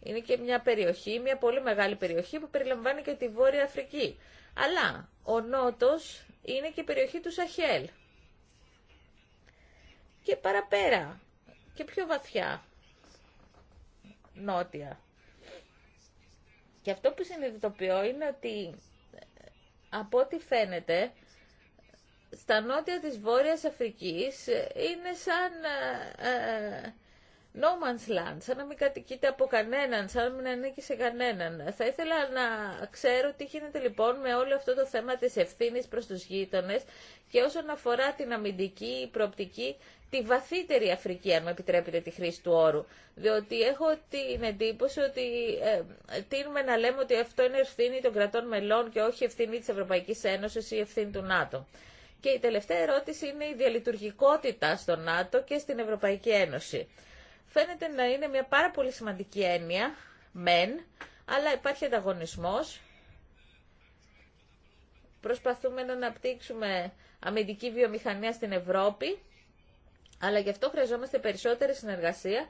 είναι και μια περιοχή, μια πολύ μεγάλη περιοχή που περιλαμβάνει και τη Βόρεια Αφρική. Αλλά ο Νότος είναι και η περιοχή του Σαχέλ. Και παραπέρα και πιο βαθιά νότια. Και αυτό που συνειδητοποιώ είναι ότι ε, από ό,τι φαίνεται στα νότια της Βόρειας Αφρικής ε, είναι σαν ε, ε, no man's land, σαν να μην κατοικείται από κανέναν, σαν να μην ανήκει σε κανέναν. Θα ήθελα να ξέρω τι γίνεται λοιπόν με όλο αυτό το θέμα της ευθύνης προς τους γείτονες και όσον αφορά την αμυντική προοπτική, τη βαθύτερη Αφρική, αν μου επιτρέπετε τη χρήση του όρου. Διότι έχω την εντύπωση ότι ε, τείνουμε να λέμε ότι αυτό είναι ευθύνη των κρατών μελών και όχι ευθύνη της Ευρωπαϊκής Ένωσης ή ευθύνη του ΝΑΤΟ. Και η τελευταία ερώτηση είναι η διαλειτουργικότητα στο ΝΑΤΟ και στην Ευρωπαϊκή Ένωση. Φαίνεται να είναι μια πάρα πολύ σημαντική έννοια, μεν, αλλά υπάρχει ανταγωνισμός. Προσπαθούμε να αναπτύξουμε αμυντική βιομηχανία στην Ευρώπη, αλλά γι' αυτό χρειαζόμαστε περισσότερη συνεργασία,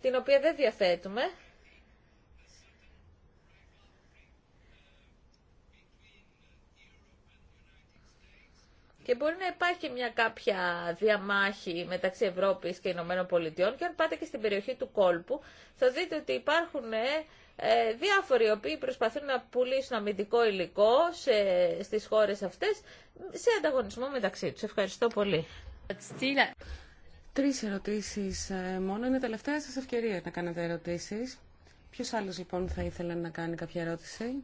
την οποία δεν διαθέτουμε και μπορεί να υπάρχει μια κάποια διαμάχη μεταξύ Ευρώπης και Ηνωμένων Πολιτειών και αν πάτε και στην περιοχή του κόλπου θα δείτε ότι υπάρχουν ε, ε, διάφοροι οι οποίοι προσπαθούν να πουλήσουν αμυντικό υλικό σε, στις χώρες αυτές σε ανταγωνισμό μεταξύ τους. Ευχαριστώ πολύ. Τρεις ερωτήσεις ε, μόνο. Είναι τελευταία σας ευκαιρία να κάνετε ερωτήσεις. Ποιος άλλος λοιπόν θα ήθελε να κάνει κάποια ερώτηση.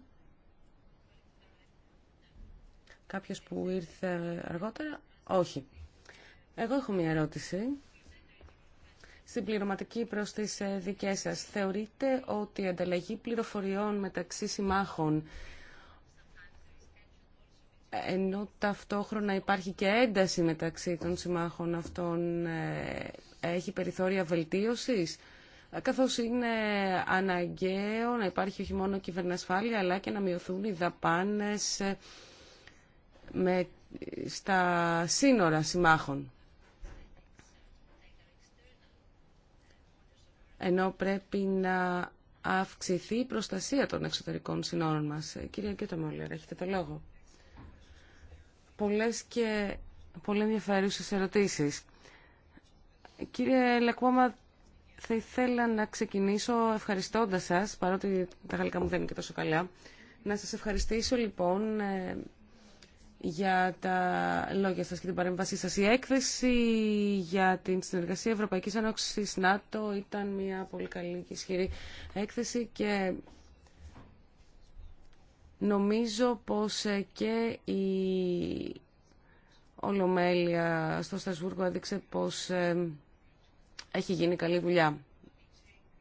Κάποιος που ήρθε αργότερα. Όχι. Εγώ έχω μια ερώτηση. Στην πληρωματική προς τις ε, δικές σας. Θεωρείτε ότι η ανταλλαγή πληροφοριών μεταξύ συμμάχων ενώ ταυτόχρονα υπάρχει και ένταση μεταξύ των συμμάχων αυτών, ε, έχει περιθώρια βελτίωσης, ε, καθώς είναι αναγκαίο να υπάρχει όχι μόνο κυβερνασφάλεια, αλλά και να μειωθούν οι δαπάνες με, στα σύνορα συμμάχων. Ενώ πρέπει να αυξηθεί η προστασία των εξωτερικών συνόρων μας. Κύριε Κιώτα έχετε το λόγο. Πολλές και πολύ ενδιαφέρουσες ερωτήσεις. Κύριε Λακουάμα, θα ήθελα να ξεκινήσω ευχαριστώντας σας, παρότι τα γαλλικά μου δεν είναι και τόσο καλά, να σας ευχαριστήσω λοιπόν ε, για τα λόγια σας και την παρέμβασή σας. Η έκθεση για την συνεργασία Ευρωπαϊκής Ένωσης ΝΑΤΟ ήταν μια πολύ καλή και ισχυρή έκθεση και νομίζω πως ε, και η Ολομέλεια στο Στασβούργο έδειξε πως ε, έχει γίνει καλή δουλειά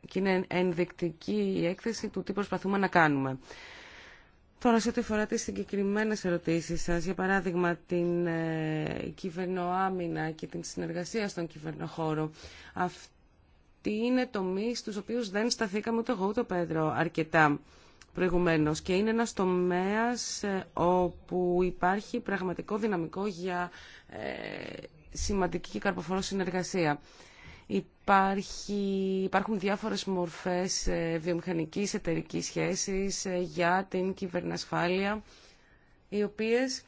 και είναι ενδεικτική η έκθεση του τι προσπαθούμε να κάνουμε. Τώρα σε ό,τι αφορά τις συγκεκριμένες ερωτήσεις σας, για παράδειγμα την ε, κυβερνοάμυνα και την συνεργασία στον κυβερνοχώρο, αυτοί είναι τομεί στους οποίους δεν σταθήκαμε ούτε εγώ ούτε ο Πέτρο αρκετά προηγουμένως και είναι ένας τομέας ε, όπου υπάρχει πραγματικό δυναμικό για ε, σημαντική και καρποφόρο συνεργασία. Υπάρχει, υπάρχουν διάφορες μορφές ε, βιομηχανικής εταιρικής σχέσης ε, για την κυβερνασφάλεια, οι οποίες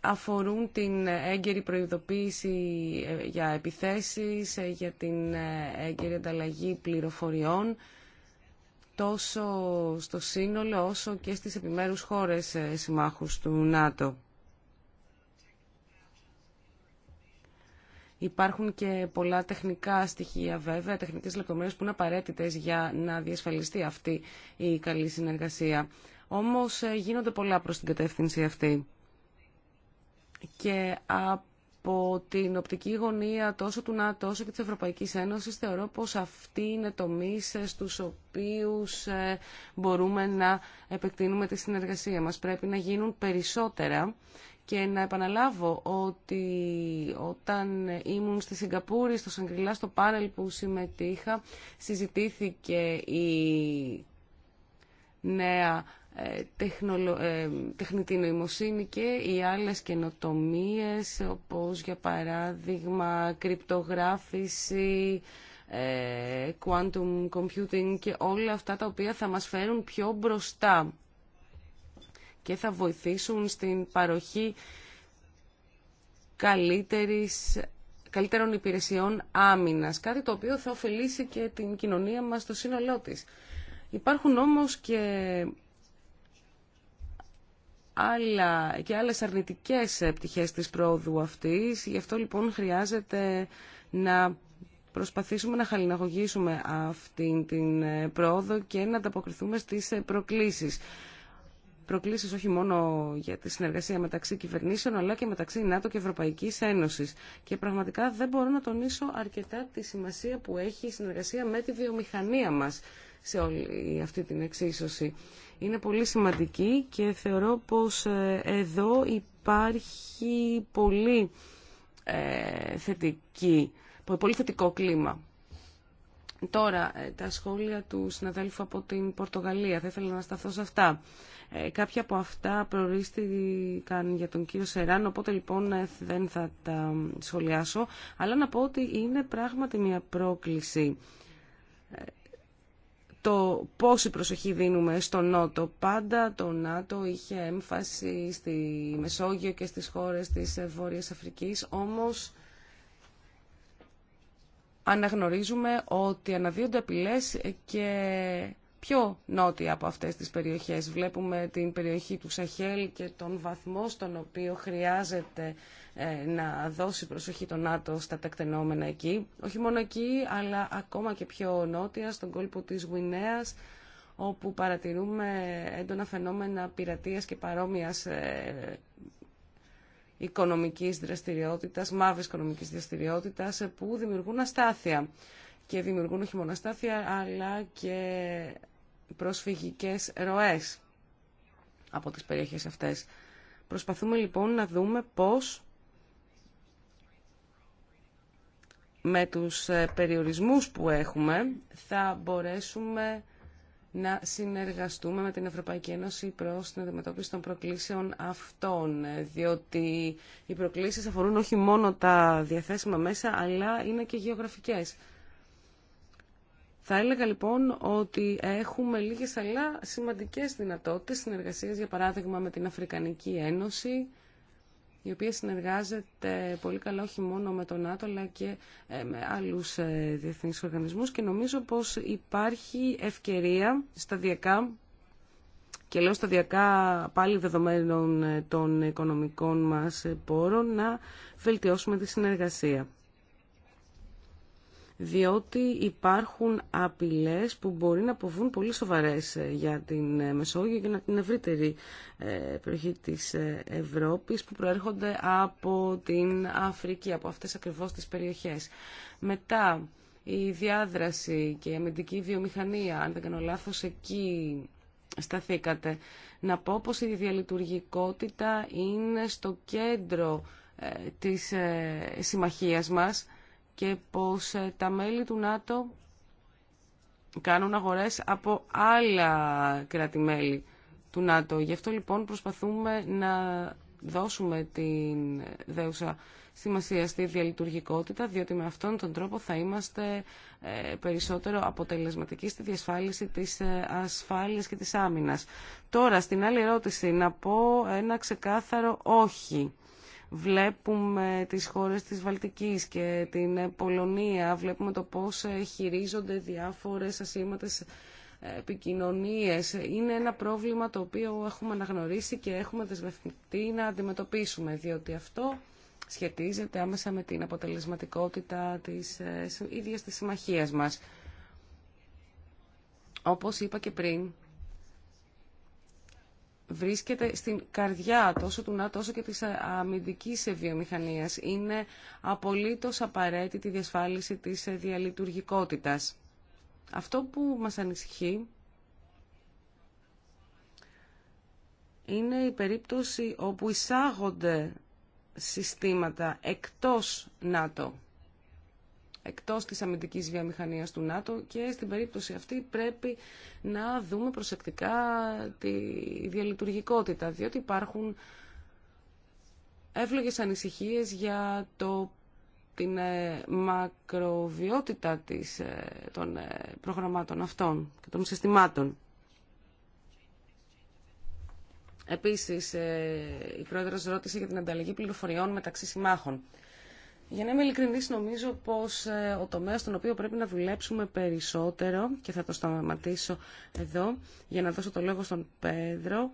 αφορούν την έγκαιρη προειδοποίηση ε, για επιθέσεις, για την έγκαιρη ανταλλαγή πληροφοριών, τόσο στο σύνολο όσο και στις επιμέρους χώρες συμμάχους του ΝΑΤΟ. Υπάρχουν και πολλά τεχνικά στοιχεία βέβαια, τεχνικές λεπτομέρειες που είναι απαραίτητες για να διασφαλιστεί αυτή η καλή συνεργασία. Όμως ε, γίνονται πολλά προς την κατεύθυνση αυτή. Και από την οπτική γωνία τόσο του ΝΑΤΟ όσο και της Ευρωπαϊκής Ένωσης θεωρώ πως αυτοί είναι τομείς στους οποίους ε, μπορούμε να επεκτείνουμε τη συνεργασία μας. Πρέπει να γίνουν περισσότερα και να επαναλάβω ότι όταν ήμουν στη Σιγκαπούρη, στο Σαγκριλά, στο πάνελ που συμμετείχα, συζητήθηκε η νέα ε, τεχνολο... Ε, τεχνητή νοημοσύνη και οι άλλες καινοτομίες, όπως για παράδειγμα κρυπτογράφηση, ε, quantum computing και όλα αυτά τα οποία θα μας φέρουν πιο μπροστά και θα βοηθήσουν στην παροχή καλύτερης, καλύτερων υπηρεσιών άμυνας, κάτι το οποίο θα ωφελήσει και την κοινωνία μας στο σύνολό της. Υπάρχουν όμως και, άλλα, και άλλες αρνητικές πτυχές της πρόοδου αυτής, γι' αυτό λοιπόν χρειάζεται να προσπαθήσουμε να χαλιναγωγήσουμε αυτήν την πρόοδο και να ανταποκριθούμε στις προκλήσεις προκλήσεις όχι μόνο για τη συνεργασία μεταξύ κυβερνήσεων αλλά και μεταξύ ΝΑΤΟ και Ευρωπαϊκής Ένωσης. Και πραγματικά δεν μπορώ να τονίσω αρκετά τη σημασία που έχει η συνεργασία με τη βιομηχανία μας σε όλη αυτή την εξίσωση. Είναι πολύ σημαντική και θεωρώ πως ε, εδώ υπάρχει πολύ, ε, θετική, πολύ θετικό κλίμα. Τώρα, ε, τα σχόλια του συναδέλφου από την Πορτογαλία. Θα ήθελα να σταθώ σε αυτά. Ε, κάποια από αυτά προορίστηκαν για τον κύριο Σεράν, οπότε λοιπόν ε, δεν θα τα σχολιάσω, αλλά να πω ότι είναι πράγματι μια πρόκληση ε, το πόση προσοχή δίνουμε στο Νότο. Πάντα το ΝΑΤΟ είχε έμφαση στη Μεσόγειο και στις χώρες της Βόρειας Αφρικής, όμως αναγνωρίζουμε ότι αναδύονται απειλές και πιο νότια από αυτές τις περιοχές. Βλέπουμε την περιοχή του Σαχέλ και τον βαθμό στον οποίο χρειάζεται ε, να δώσει προσοχή το ΝΑΤΟ στα τεκτενόμενα εκεί. Όχι μόνο εκεί, αλλά ακόμα και πιο νότια, στον κόλπο της Γουινέας, όπου παρατηρούμε έντονα φαινόμενα πειρατείας και παρόμοιας ε, οικονομικής δραστηριότητας, μαύρης οικονομικής δραστηριότητας, ε, που δημιουργούν αστάθεια και δημιουργούν όχι μόνο αλλά και προσφυγικές ροές από τις περιοχές αυτές. Προσπαθούμε λοιπόν να δούμε πώς με τους ε, περιορισμούς που έχουμε θα μπορέσουμε να συνεργαστούμε με την Ευρωπαϊκή Ένωση προς την αντιμετώπιση των προκλήσεων αυτών, ε, διότι οι προκλήσεις αφορούν όχι μόνο τα διαθέσιμα μέσα, αλλά είναι και γεωγραφικές. Θα έλεγα λοιπόν ότι έχουμε λίγες αλλά σημαντικές δυνατότητες συνεργασίας, για παράδειγμα με την Αφρικανική Ένωση, η οποία συνεργάζεται πολύ καλά όχι μόνο με τον ΝΑΤΟ αλλά και ε, με άλλους ε, διεθνείς οργανισμούς και νομίζω πως υπάρχει ευκαιρία σταδιακά και λέω σταδιακά πάλι δεδομένων ε, των οικονομικών μας πόρων να βελτιώσουμε τη συνεργασία διότι υπάρχουν απειλές που μπορεί να αποβούν πολύ σοβαρές ε, για την ε, Μεσόγειο και την ευρύτερη ε, περιοχή της Ευρώπης που προέρχονται από την Αφρική, από αυτές ακριβώς τις περιοχές. Μετά, η διάδραση και η αμυντική βιομηχανία, αν δεν κάνω λάθος, εκεί σταθήκατε. Να πω πως η διαλειτουργικότητα είναι στο κέντρο της συμμαχίας μας και πως ε, τα μέλη του ΝΑΤΟ κάνουν αγορές από άλλα κράτη-μέλη του ΝΑΤΟ. Γι' αυτό λοιπόν προσπαθούμε να δώσουμε την δέουσα σημασία στη διαλειτουργικότητα, διότι με αυτόν τον τρόπο θα είμαστε ε, περισσότερο αποτελεσματικοί στη διασφάλιση της ε, ασφάλειας και της άμυνας. Τώρα, στην άλλη ερώτηση, να πω ένα ξεκάθαρο όχι. Βλέπουμε τις χώρες της Βαλτικής και την Πολωνία, βλέπουμε το πώς ε, χειρίζονται διάφορες ασήμαντες ε, επικοινωνίες. Είναι ένα πρόβλημα το οποίο έχουμε αναγνωρίσει και έχουμε δεσμευτεί να αντιμετωπίσουμε, διότι αυτό σχετίζεται άμεσα με την αποτελεσματικότητα της ε, ίδιας της συμμαχίας μας. Όπως είπα και πριν, βρίσκεται στην καρδιά τόσο του ΝΑΤΟ όσο και της αμυντικής βιομηχανίας. Είναι απολύτως απαραίτητη η διασφάλιση της διαλειτουργικότητας. Αυτό που μας ανησυχεί είναι η περίπτωση όπου εισάγονται συστήματα εκτός ΝΑΤΟ εκτός της αμυντικής βιομηχανίας του ΝΑΤΟ και στην περίπτωση αυτή πρέπει να δούμε προσεκτικά τη διαλειτουργικότητα, διότι υπάρχουν εύλογες ανησυχίες για το την ε, μακροβιότητα της, ε, των ε, προγραμμάτων αυτών και των συστημάτων. Επίσης, η Πρόεδρος ρώτησε για την ανταλλαγή πληροφοριών μεταξύ συμμάχων. Για να είμαι ειλικρινής νομίζω πως ε, ο τομέας στον οποίο πρέπει να δουλέψουμε περισσότερο και θα το σταματήσω εδώ για να δώσω το λόγο στον Πέδρο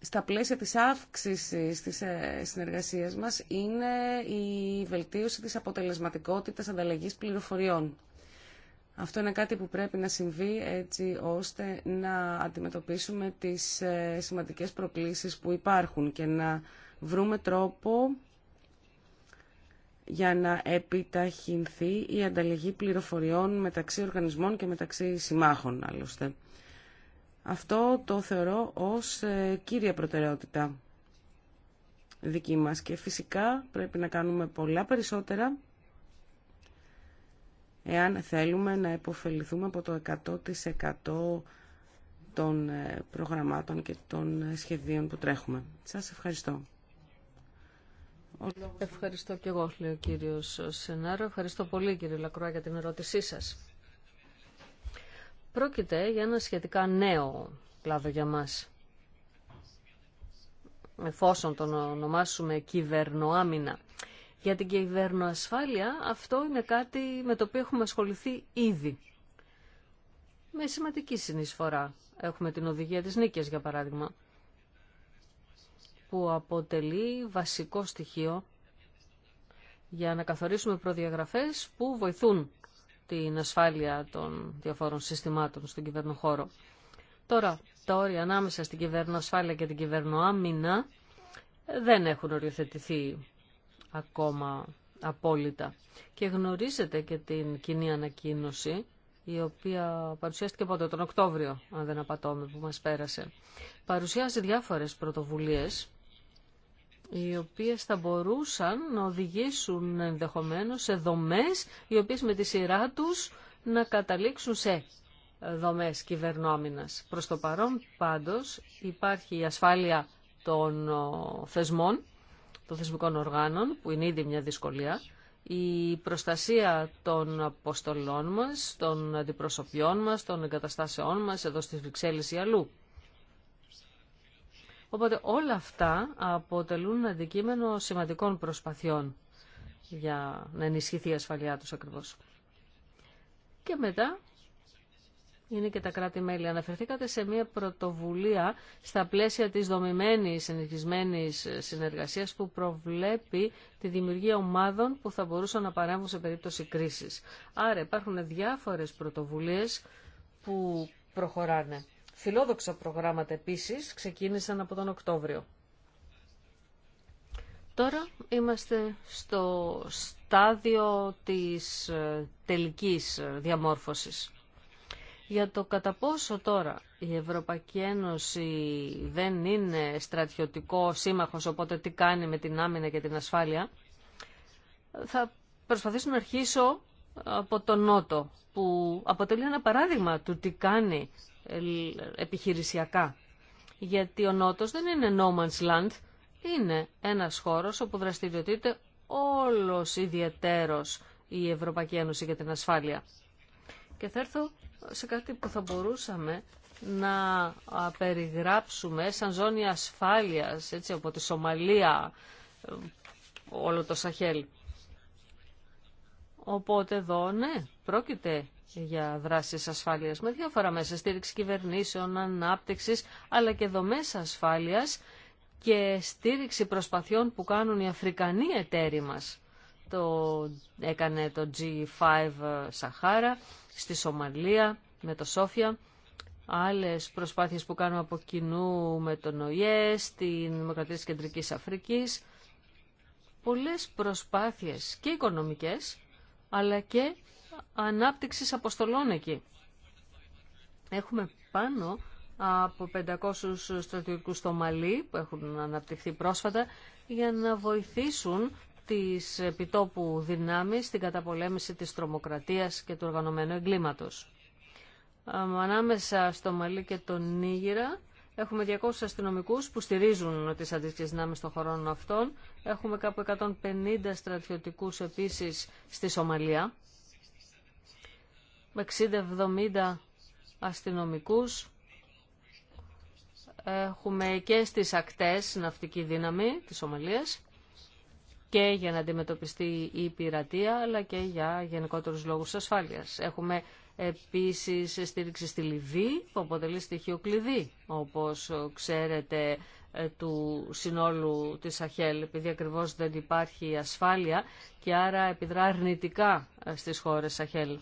στα πλαίσια της αύξησης της ε, συνεργασίας μας είναι η βελτίωση της αποτελεσματικότητας ανταλλαγής πληροφοριών. Αυτό είναι κάτι που πρέπει να συμβεί έτσι ώστε να αντιμετωπίσουμε τις ε, σημαντικές προκλήσεις που υπάρχουν και να βρούμε τρόπο για να επιταχυνθεί η ανταλλαγή πληροφοριών μεταξύ οργανισμών και μεταξύ συμμάχων, άλλωστε. Αυτό το θεωρώ ως ε, κύρια προτεραιότητα δική μας και φυσικά πρέπει να κάνουμε πολλά περισσότερα εάν θέλουμε να υποφεληθούμε από το 100% των ε, προγραμμάτων και των ε, σχεδίων που τρέχουμε. Σας ευχαριστώ. Ευχαριστώ και εγώ, λέει ο κύριος Σενάρο. Ευχαριστώ πολύ κύριε Λακροά, για την ερώτησή σας. Πρόκειται για ένα σχετικά νέο κλάδο για μας. Εφόσον τον ονομάσουμε κυβερνοάμυνα. Για την κυβερνοασφάλεια αυτό είναι κάτι με το οποίο έχουμε ασχοληθεί ήδη. Με σημαντική συνεισφορά. Έχουμε την οδηγία της νίκης για παράδειγμα που αποτελεί βασικό στοιχείο για να καθορίσουμε προδιαγραφές που βοηθούν την ασφάλεια των διαφόρων συστημάτων στον κυβερνοχώρο. Τώρα, τα όρια ανάμεσα στην κυβερνοασφάλεια και την κυβερνοάμυνα δεν έχουν οριοθετηθεί ακόμα απόλυτα. Και γνωρίζετε και την κοινή ανακοίνωση, η οποία παρουσιάστηκε πότε, τον Οκτώβριο, αν δεν απατώμε, που μας πέρασε. Παρουσιάζει διάφορες πρωτοβουλίες οι οποίες θα μπορούσαν να οδηγήσουν ενδεχομένως σε δομές οι οποίες με τη σειρά τους να καταλήξουν σε δομές κυβερνόμενας. Προς το παρόν πάντως υπάρχει η ασφάλεια των θεσμών, των θεσμικών οργάνων που είναι ήδη μια δυσκολία, η προστασία των αποστολών μας, των αντιπροσωπιών μας, των εγκαταστάσεών μας εδώ στις Βρυξέλλες ή αλλού. Οπότε όλα αυτά αποτελούν αντικείμενο σημαντικών προσπαθειών για να ενισχυθεί η ασφαλειά τους ακριβώς. Και μετά είναι και τα κράτη-μέλη. Αναφερθήκατε σε μια πρωτοβουλία στα πλαίσια της δομημένης συνεχισμένης συνεργασίας που προβλέπει τη δημιουργία ομάδων που θα μπορούσαν να παρέμβουν σε περίπτωση κρίσης. Άρα υπάρχουν διάφορες πρωτοβουλίες που προχωράνε. Φιλόδοξα προγράμματα επίσης ξεκίνησαν από τον Οκτώβριο. Τώρα είμαστε στο στάδιο της ε, τελικής ε, διαμόρφωσης. Για το κατά πόσο τώρα η Ευρωπαϊκή Ένωση δεν είναι στρατιωτικό σύμμαχος, οπότε τι κάνει με την άμυνα και την ασφάλεια, θα προσπαθήσω να αρχίσω από τον Νότο, που αποτελεί ένα παράδειγμα του τι κάνει επιχειρησιακά. Γιατί ο Νότος δεν είναι no man's land, είναι ένας χώρος όπου δραστηριοτείται όλος ιδιαιτέρως η Ευρωπαϊκή Ένωση για την ασφάλεια. Και θα έρθω σε κάτι που θα μπορούσαμε να περιγράψουμε σαν ζώνη ασφάλειας, έτσι, από τη Σομαλία, ε, όλο το Σαχέλ. Οπότε εδώ, ναι, πρόκειται για δράσεις ασφάλειας με διάφορα μέσα στήριξη κυβερνήσεων, ανάπτυξης, αλλά και δομές ασφάλειας και στήριξη προσπαθειών που κάνουν οι Αφρικανοί εταίροι μας. Το έκανε το G5 Σαχάρα, στη Σομαλία, με το Σόφια, άλλες προσπάθειες που κάνουμε από κοινού με τον ΟΙΕ, στην Δημοκρατία της Κεντρικής Αφρικής, πολλές προσπάθειες και οικονομικές αλλά και ανάπτυξης αποστολών εκεί. Έχουμε πάνω από 500 στρατιωτικούς στο Μαλί που έχουν αναπτυχθεί πρόσφατα για να βοηθήσουν τις επιτόπου δυνάμεις στην καταπολέμηση της τρομοκρατίας και του οργανωμένου εγκλήματος. Ανάμεσα στο Μαλί και τον Νίγηρα Έχουμε 200 αστυνομικού που στηρίζουν τι αντίστοιχε δυνάμει των χωρών αυτών. Έχουμε κάπου 150 στρατιωτικού επίση στη Σομαλία. 60-70 αστυνομικού. Έχουμε και στις ακτέ, ναυτική δύναμη της Σομαλίας και για να αντιμετωπιστεί η πειρατεία αλλά και για γενικότερους λόγους ασφάλειας. Έχουμε Επίσης στήριξη στη Λιβύη που αποτελεί στοιχείο κλειδί όπως ξέρετε ε, του συνόλου της Σαχέλ επειδή ακριβώς δεν υπάρχει ασφάλεια και άρα επιδρά αρνητικά ε, στις χώρες Σαχέλ.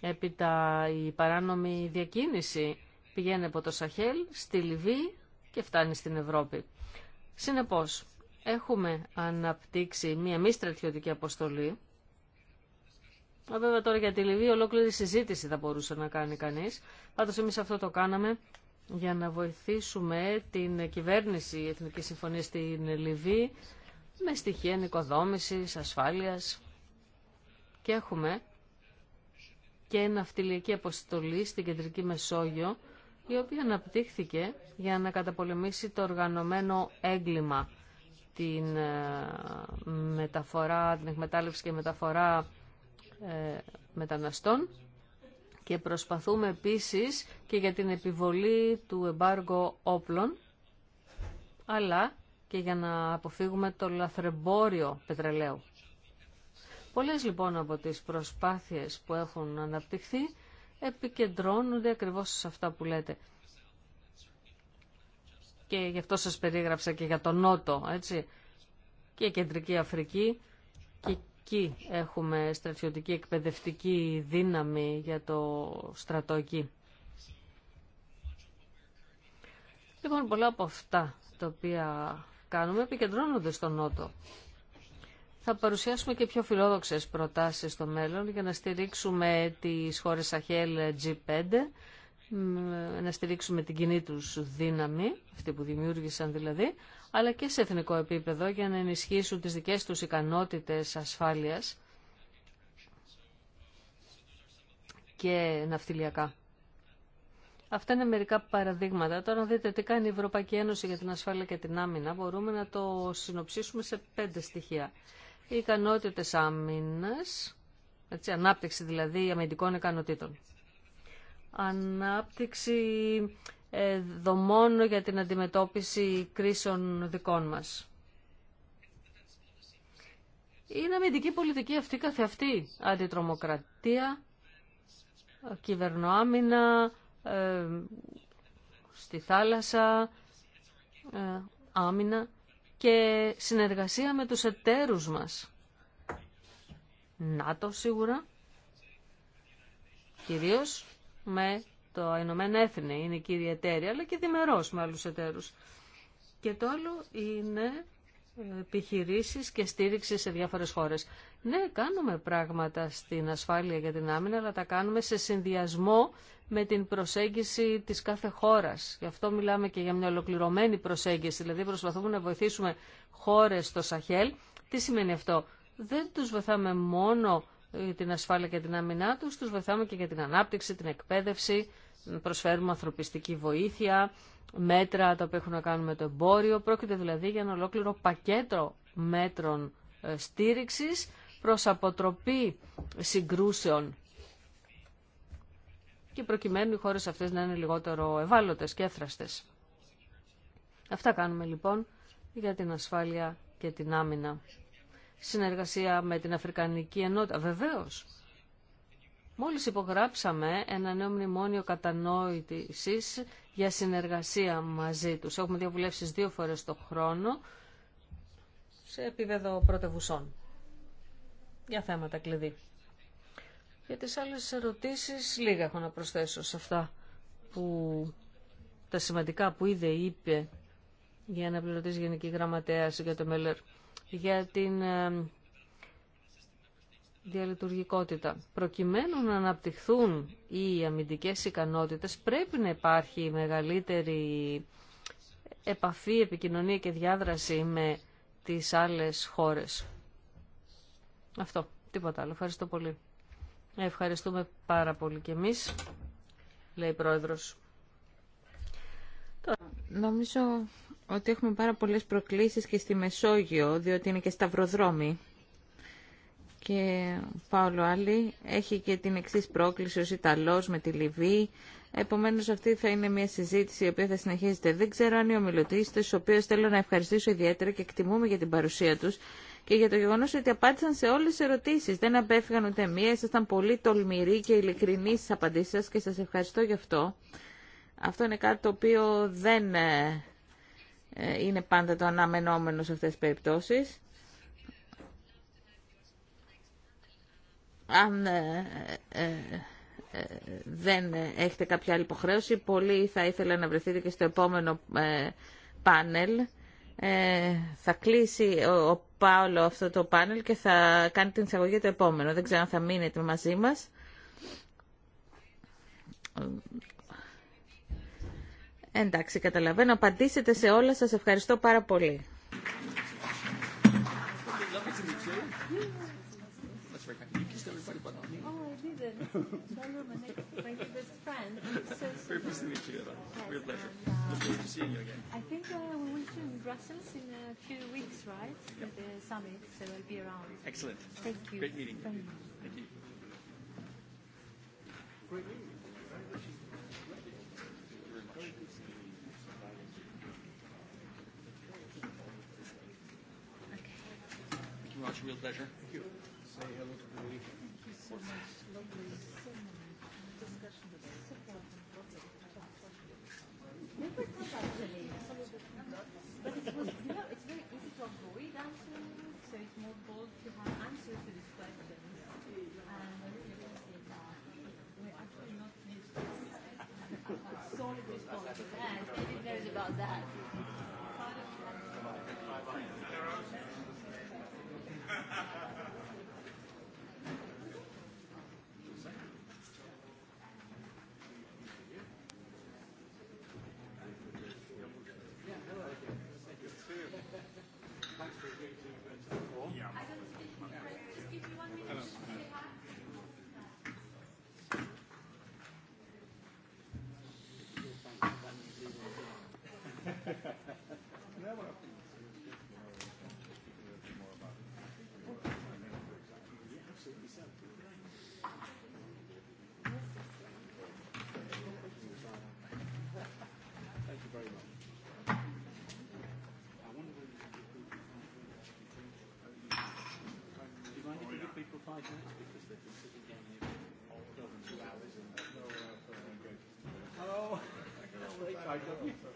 Έπειτα η παράνομη διακίνηση πηγαίνει από το Σαχέλ στη Λιβύη και φτάνει στην Ευρώπη. Συνεπώς, έχουμε αναπτύξει μία μη στρατιωτική αποστολή Βέβαια τώρα για τη Λιβύη ολόκληρη συζήτηση θα μπορούσε να κάνει κανείς. Πάντως εμείς αυτό το κάναμε για να βοηθήσουμε την κυβέρνηση εθνικής Εθνική Συμφωνία στην Λιβύη με στοιχεία νοικοδόμησης, ασφάλειας και έχουμε και ένα αυτιλιακή αποστολή στην Κεντρική Μεσόγειο η οποία αναπτύχθηκε για να καταπολεμήσει το οργανωμένο έγκλημα την ε, μεταφορά, την εκμετάλλευση και μεταφορά ε, μεταναστών και προσπαθούμε επίσης και για την επιβολή του εμπάργου όπλων αλλά και για να αποφύγουμε το λαθρεμπόριο πετρελαίου. Πολλές λοιπόν από τις προσπάθειες που έχουν αναπτυχθεί επικεντρώνονται ακριβώς σε αυτά που λέτε. Και γι' αυτό σας περίγραψα και για τον Νότο, έτσι, και η Κεντρική Αφρική εκεί έχουμε στρατιωτική εκπαιδευτική δύναμη για το στρατό εκεί. Λοιπόν, πολλά από αυτά τα οποία κάνουμε επικεντρώνονται στον Νότο. Θα παρουσιάσουμε και πιο φιλόδοξες προτάσεις στο μέλλον για να στηρίξουμε τις χώρες Σαχέλ G5, να στηρίξουμε την κοινή τους δύναμη, αυτή που δημιούργησαν δηλαδή, αλλά και σε εθνικό επίπεδο για να ενισχύσουν τις δικές τους ικανότητες ασφάλειας και ναυτιλιακά. Αυτά είναι μερικά παραδείγματα. Τώρα, δείτε τι κάνει η Ευρωπαϊκή Ένωση για την ασφάλεια και την άμυνα. Μπορούμε να το συνοψίσουμε σε πέντε στοιχεία. Οι ικανότητες άμυνας, ανάπτυξη δηλαδή αμυντικών ικανοτήτων. Ανάπτυξη ε, δομών για την αντιμετώπιση κρίσεων δικών μας. Είναι αμυντική πολιτική αυτή αυτή. Αντιτρομοκρατία, κυβερνοάμυνα, ε, στη θάλασσα, ε, άμυνα και συνεργασία με τους εταίρους μας. ΝΑΤΟ σίγουρα, κυρίως με το Ηνωμένο Έθνη είναι κύρια εταίρεια, αλλά και διμερός με άλλους εταίρους. Και το άλλο είναι επιχειρήσει και στήριξη σε διάφορες χώρες. Ναι, κάνουμε πράγματα στην ασφάλεια για την άμυνα, αλλά τα κάνουμε σε συνδυασμό με την προσέγγιση της κάθε χώρα. Γι' αυτό μιλάμε και για μια ολοκληρωμένη προσέγγιση, δηλαδή προσπαθούμε να βοηθήσουμε χώρε στο Σαχέλ. Τι σημαίνει αυτό. Δεν τους βοηθάμε μόνο την ασφάλεια και την άμυνά τους, τους βοηθάμε και για την ανάπτυξη, την εκπαίδευση, προσφέρουμε ανθρωπιστική βοήθεια, μέτρα τα οποία έχουν να κάνουν με το εμπόριο. Πρόκειται δηλαδή για ένα ολόκληρο πακέτο μέτρων ε, στήριξης προς αποτροπή συγκρούσεων και προκειμένου οι χώρες αυτές να είναι λιγότερο ευάλωτες και έφραστες. Αυτά κάνουμε λοιπόν για την ασφάλεια και την άμυνα συνεργασία με την Αφρικανική Ενότητα. Βεβαίως. Μόλις υπογράψαμε ένα νέο μνημόνιο κατανόητησης για συνεργασία μαζί τους. Έχουμε διαβουλεύσεις δύο φορές το χρόνο σε επίπεδο πρωτευουσών για θέματα κλειδί. Για τις άλλες ερωτήσεις λίγα έχω να προσθέσω σε αυτά που τα σημαντικά που ήδη είπε για να πληρωτήσει Γενική Γραμματέας για το Μελερ για την ε, διαλειτουργικότητα. Προκειμένου να αναπτυχθούν οι αμυντικές ικανότητες πρέπει να υπάρχει μεγαλύτερη επαφή, επικοινωνία και διάδραση με τις άλλες χώρες. Αυτό, τίποτα άλλο. Ευχαριστώ πολύ. Ευχαριστούμε πάρα πολύ και εμείς, λέει η Πρόεδρος. Νομίζω ότι έχουμε πάρα πολλές προκλήσεις και στη Μεσόγειο, διότι είναι και σταυροδρόμοι. Και ο Παόλο Άλλη έχει και την εξής πρόκληση ως Ιταλός με τη Λιβύη. Επομένως αυτή θα είναι μια συζήτηση η οποία θα συνεχίζεται. Δεν ξέρω αν οι ομιλωτές, τους οποίους θέλω να ευχαριστήσω ιδιαίτερα και εκτιμούμε για την παρουσία τους και για το γεγονό ότι απάντησαν σε όλε τι ερωτήσει. Δεν απέφυγαν ούτε μία, ήσασταν πολύ τολμηροί και ειλικρινοί στι απαντήσει σα και σα ευχαριστώ γι' αυτό. Αυτό είναι κάτι το οποίο δεν ε, ε, είναι πάντα το αναμενόμενο σε αυτές τις περιπτώσεις. Αν ε, ε, δεν έχετε κάποια άλλη υποχρέωση, πολύ θα ήθελα να βρεθείτε και στο επόμενο πάνελ. Θα κλείσει ο Πάολο αυτό το πάνελ και θα κάνει την εισαγωγή το επόμενο. Δεν ξέρω αν θα μείνετε μαζί μας. Εντάξει, καταλαβαίνω. Απαντήσετε σε όλα. Σας ευχαριστώ πάρα πολύ. Ευχαριστώ. Uh, Great meeting. Real pleasure. Thank you. Say hello to the lady. Thank you.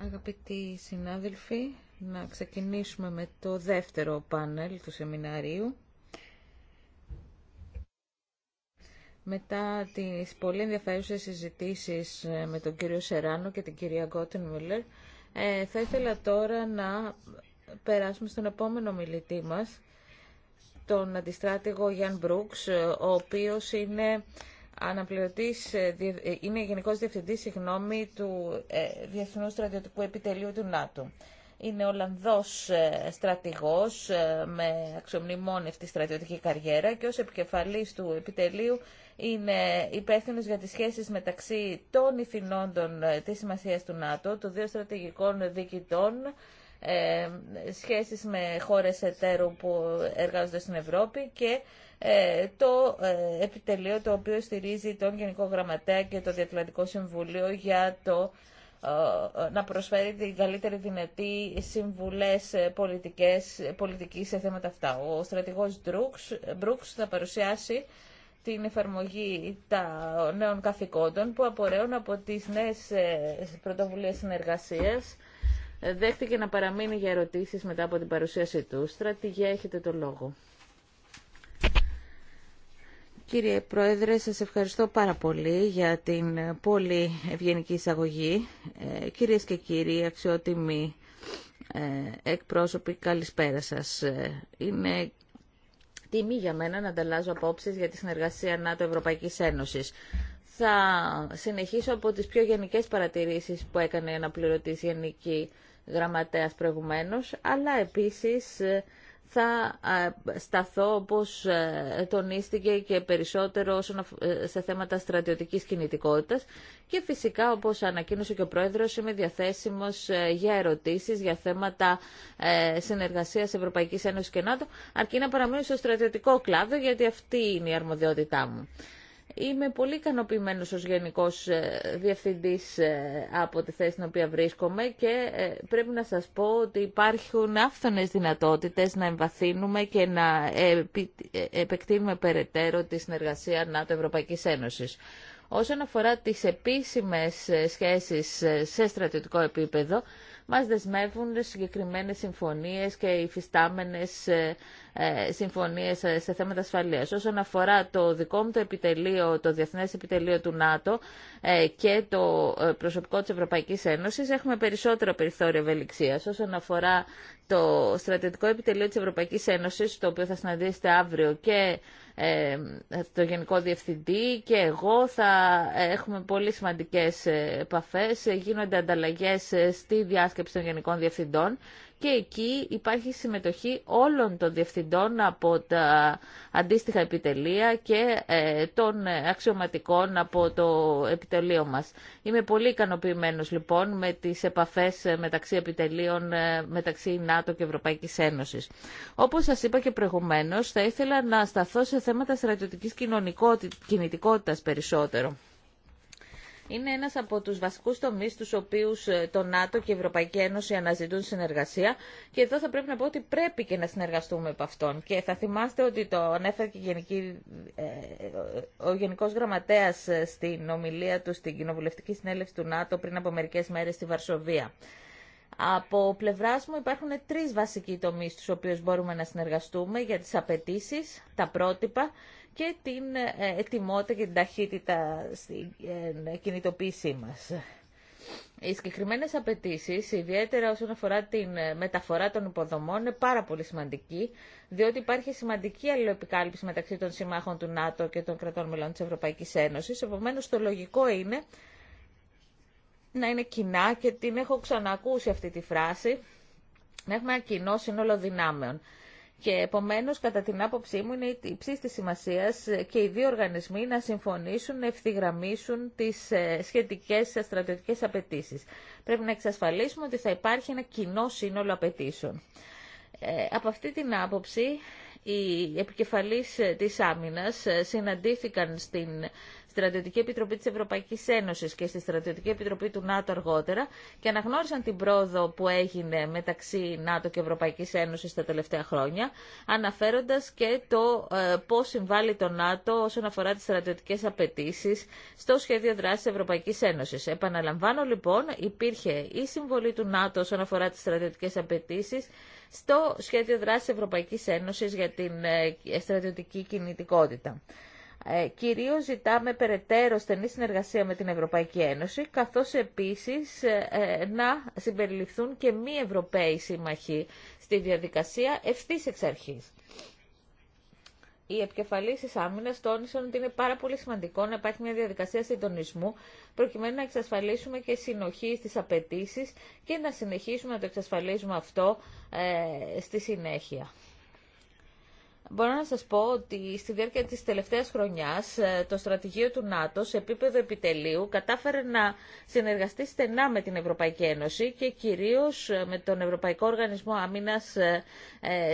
Αγαπητοί συνάδελφοι, να ξεκινήσουμε με το δεύτερο πάνελ του σεμιναρίου. Μετά τις πολύ ενδιαφέρουσες συζητήσεις ε, με τον κύριο Σεράνο και την κυρία Γκότεν ε, θα ήθελα τώρα να περάσουμε στον επόμενο μιλητή μας, τον αντιστράτηγο Γιάνν Μπρούξ, ο οποίος είναι αναπληρωτής, ε, ε, είναι γενικός διευθυντής συγγνώμη, του ε, Διεθνού Στρατιωτικού Επιτελείου του ΝΑΤΟ. Είναι Ολλανδός στρατηγός με αξιομνημόνευτη στρατιωτική καριέρα και ως επικεφαλής του επιτελείου είναι υπεύθυνο για τις σχέσεις μεταξύ των ηθινόντων της σημασίας του ΝΑΤΟ, των δύο στρατηγικών διοικητών, σχέσεις με χώρες εταίρου που εργάζονται στην Ευρώπη και ε, το ε, επιτελείο το οποίο στηρίζει τον Γενικό Γραμματέα και το Διατλαντικό Συμβουλίο για το ε, να προσφέρει την καλύτερη δυνατή συμβουλές πολιτικές, πολιτικής σε θέματα αυτά. Ο στρατηγός Μπρούξ θα παρουσιάσει την εφαρμογή των νέων καθηκόντων που απορρέουν από τις νέες πρωτοβουλίες συνεργασίας. Δέχτηκε να παραμείνει για ερωτήσεις μετά από την παρουσίαση του. Στρατηγέ, έχετε το λόγο. Κύριε Πρόεδρε, σας ευχαριστώ πάρα πολύ για την πολύ ευγενική εισαγωγή. Ε, κυρίες και κύριοι, αξιότιμοι ε, εκπρόσωποι, καλησπέρα σας. Ε, είναι τιμή για μένα να ανταλλάζω απόψεις για τη συνεργασία ΝΑΤΟ-Ευρωπαϊκής Ένωσης. Θα συνεχίσω από τις πιο γενικές παρατηρήσεις που έκανε η αναπληρωτής Γενική Γραμματέας προηγουμένως, αλλά επίσης θα σταθώ όπως ε, τονίστηκε και περισσότερο ε, σε θέματα στρατιωτικής κινητικότητας και φυσικά όπως ανακοίνωσε και ο Πρόεδρος είμαι διαθέσιμος ε, για ερωτήσεις για θέματα συνεργασίας Ευρωπαϊκής Ένωσης και ΝΑΤΟ αρκεί να παραμείνω στο στρατιωτικό κλάδο γιατί αυτή είναι η αρμοδιότητά μου. Είμαι πολύ ικανοποιημένο ως Γενικός ε, Διευθυντής ε, από τη θέση στην οποία βρίσκομαι και ε, πρέπει να σας πω ότι υπάρχουν άφθονες δυνατότητες να εμβαθύνουμε και να επεκτείνουμε περαιτέρω τη συνεργασία ΝΑΤΟ-Ευρωπαϊκής Ένωσης. Όσον αφορά τις επίσημες σχέσεις σε στρατιωτικό επίπεδο, μας δεσμεύουν συγκεκριμένες συμφωνίες και υφιστάμενες ε, συμφωνίε ε, σε θέματα ασφαλεία. Όσον αφορά το δικό μου το επιτελείο, το Διεθνέ Επιτελείο του ΝΑΤΟ ε, και το προσωπικό της Ευρωπαϊκής Ένωσης, έχουμε περισσότερο περιθώριο ευελιξία. Όσον αφορά το στρατιωτικό επιτελείο της Ευρωπαϊκής Ένωσης, το οποίο θα συναντήσετε αύριο και το Γενικό Διευθυντή και εγώ θα έχουμε πολύ σημαντικές επαφές. Γίνονται ανταλλαγές στη διάσκεψη των Γενικών Διευθυντών και εκεί υπάρχει συμμετοχή όλων των διευθυντών από τα αντίστοιχα επιτελεία και ε, των αξιωματικών από το επιτελείο μας. Είμαι πολύ ικανοποιημένο λοιπόν με τις επαφές ε, μεταξύ επιτελείων ε, μεταξύ ΝΑΤΟ και Ευρωπαϊκής Ένωσης. Όπως σας είπα και προηγουμένως, θα ήθελα να σταθώ σε θέματα στρατιωτικής κινητικότητας περισσότερο είναι ένας από τους βασικούς τομείς τους οποίους ε, το ΝΑΤΟ και η Ευρωπαϊκή Ένωση αναζητούν συνεργασία και εδώ θα πρέπει να πω ότι πρέπει και να συνεργαστούμε από αυτόν και θα θυμάστε ότι το ανέφερε και ε, ο Γενικός Γραμματέας ε, στην ομιλία του στην Κοινοβουλευτική Συνέλευση του ΝΑΤΟ πριν από μερικές μέρες στη Βαρσοβία. Από πλευρά μου υπάρχουν τρεις βασικοί τομείς στους οποίους μπορούμε να συνεργαστούμε για τις απαιτήσει, τα πρότυπα και την ε, ετοιμότητα και την ταχύτητα στην ε, κινητοποίησή μας. Οι συγκεκριμένε απαιτήσει, ιδιαίτερα όσον αφορά την ε, μεταφορά των υποδομών, είναι πάρα πολύ σημαντική, διότι υπάρχει σημαντική αλληλοεπικάλυψη μεταξύ των συμμάχων του ΝΑΤΟ και των κρατών μελών τη Ευρωπαϊκή Ένωση. Επομένω, το λογικό είναι να είναι κοινά και την έχω ξανακούσει αυτή τη φράση, να έχουμε ένα κοινό σύνολο δυνάμεων. Και επομένως, κατά την άποψή μου, είναι υψή της σημασίας και οι δύο οργανισμοί να συμφωνήσουν, να ευθυγραμμίσουν τις ε, σχετικές στρατιωτικέ απαιτήσει. Πρέπει να εξασφαλίσουμε ότι θα υπάρχει ένα κοινό σύνολο απαιτήσεων. Ε, από αυτή την άποψη, οι επικεφαλής ε, της άμυνας συναντήθηκαν στην Στρατιωτική Επιτροπή τη Ευρωπαϊκή Ένωση και στη Στρατιωτική Επιτροπή του ΝΑΤΟ αργότερα και αναγνώρισαν την πρόοδο που έγινε μεταξύ ΝΑΤΟ και Ευρωπαϊκή Ένωση τα τελευταία χρόνια, αναφέροντα και το ε, πώς συμβάλλει το ΝΑΤΟ όσον αφορά τι στρατιωτικέ απαιτήσει στο σχέδιο δράσης Ευρωπαϊκή Ένωση. Επαναλαμβάνω λοιπόν, υπήρχε η συμβολή του ΝΑΤΟ όσον αφορά τι στρατιωτικέ απαιτήσει στο σχέδιο δράσης Ευρωπαϊκή Ένωση για την ε, στρατιωτική κινητικότητα. Ε, κυρίως ζητάμε περαιτέρω στενή συνεργασία με την Ευρωπαϊκή Ένωση, καθώς επίσης ε, ε, να συμπεριληφθούν και μη Ευρωπαίοι σύμμαχοι στη διαδικασία ευθύς εξ αρχής. Οι επικεφαλεί τη άμυνα τόνισαν ότι είναι πάρα πολύ σημαντικό να υπάρχει μια διαδικασία συντονισμού προκειμένου να εξασφαλίσουμε και συνοχή στι απαιτήσει και να συνεχίσουμε να το εξασφαλίζουμε αυτό στη συνέχεια. Μπορώ να σας πω ότι στη διάρκεια της τελευταίας χρονιάς ε, το στρατηγείο του ΝΑΤΟ σε επίπεδο επιτελείου κατάφερε να συνεργαστεί στενά με την Ευρωπαϊκή Ένωση και κυρίως ε, με τον Ευρωπαϊκό Οργανισμό Αμήνας ε,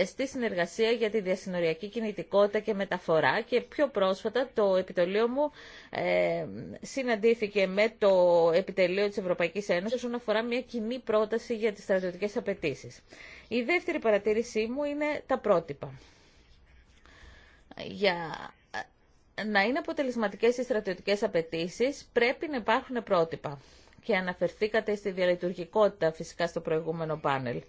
στη συνεργασία για τη διασυνοριακή κινητικότητα και μεταφορά και πιο πρόσφατα το επιτελείο μου συναντήθηκε με το επιτελείο της Ευρωπαϊκής Ένωσης όσον αφορά μια κοινή πρόταση για τις στρατιωτικές απαιτήσει. Η δεύτερη παρατήρησή μου είναι τα πρότυπα για ε, να είναι αποτελεσματικές οι στρατιωτικές απαιτήσει, πρέπει να υπάρχουν πρότυπα και αναφερθήκατε στη διαλειτουργικότητα φυσικά στο προηγούμενο πάνελ.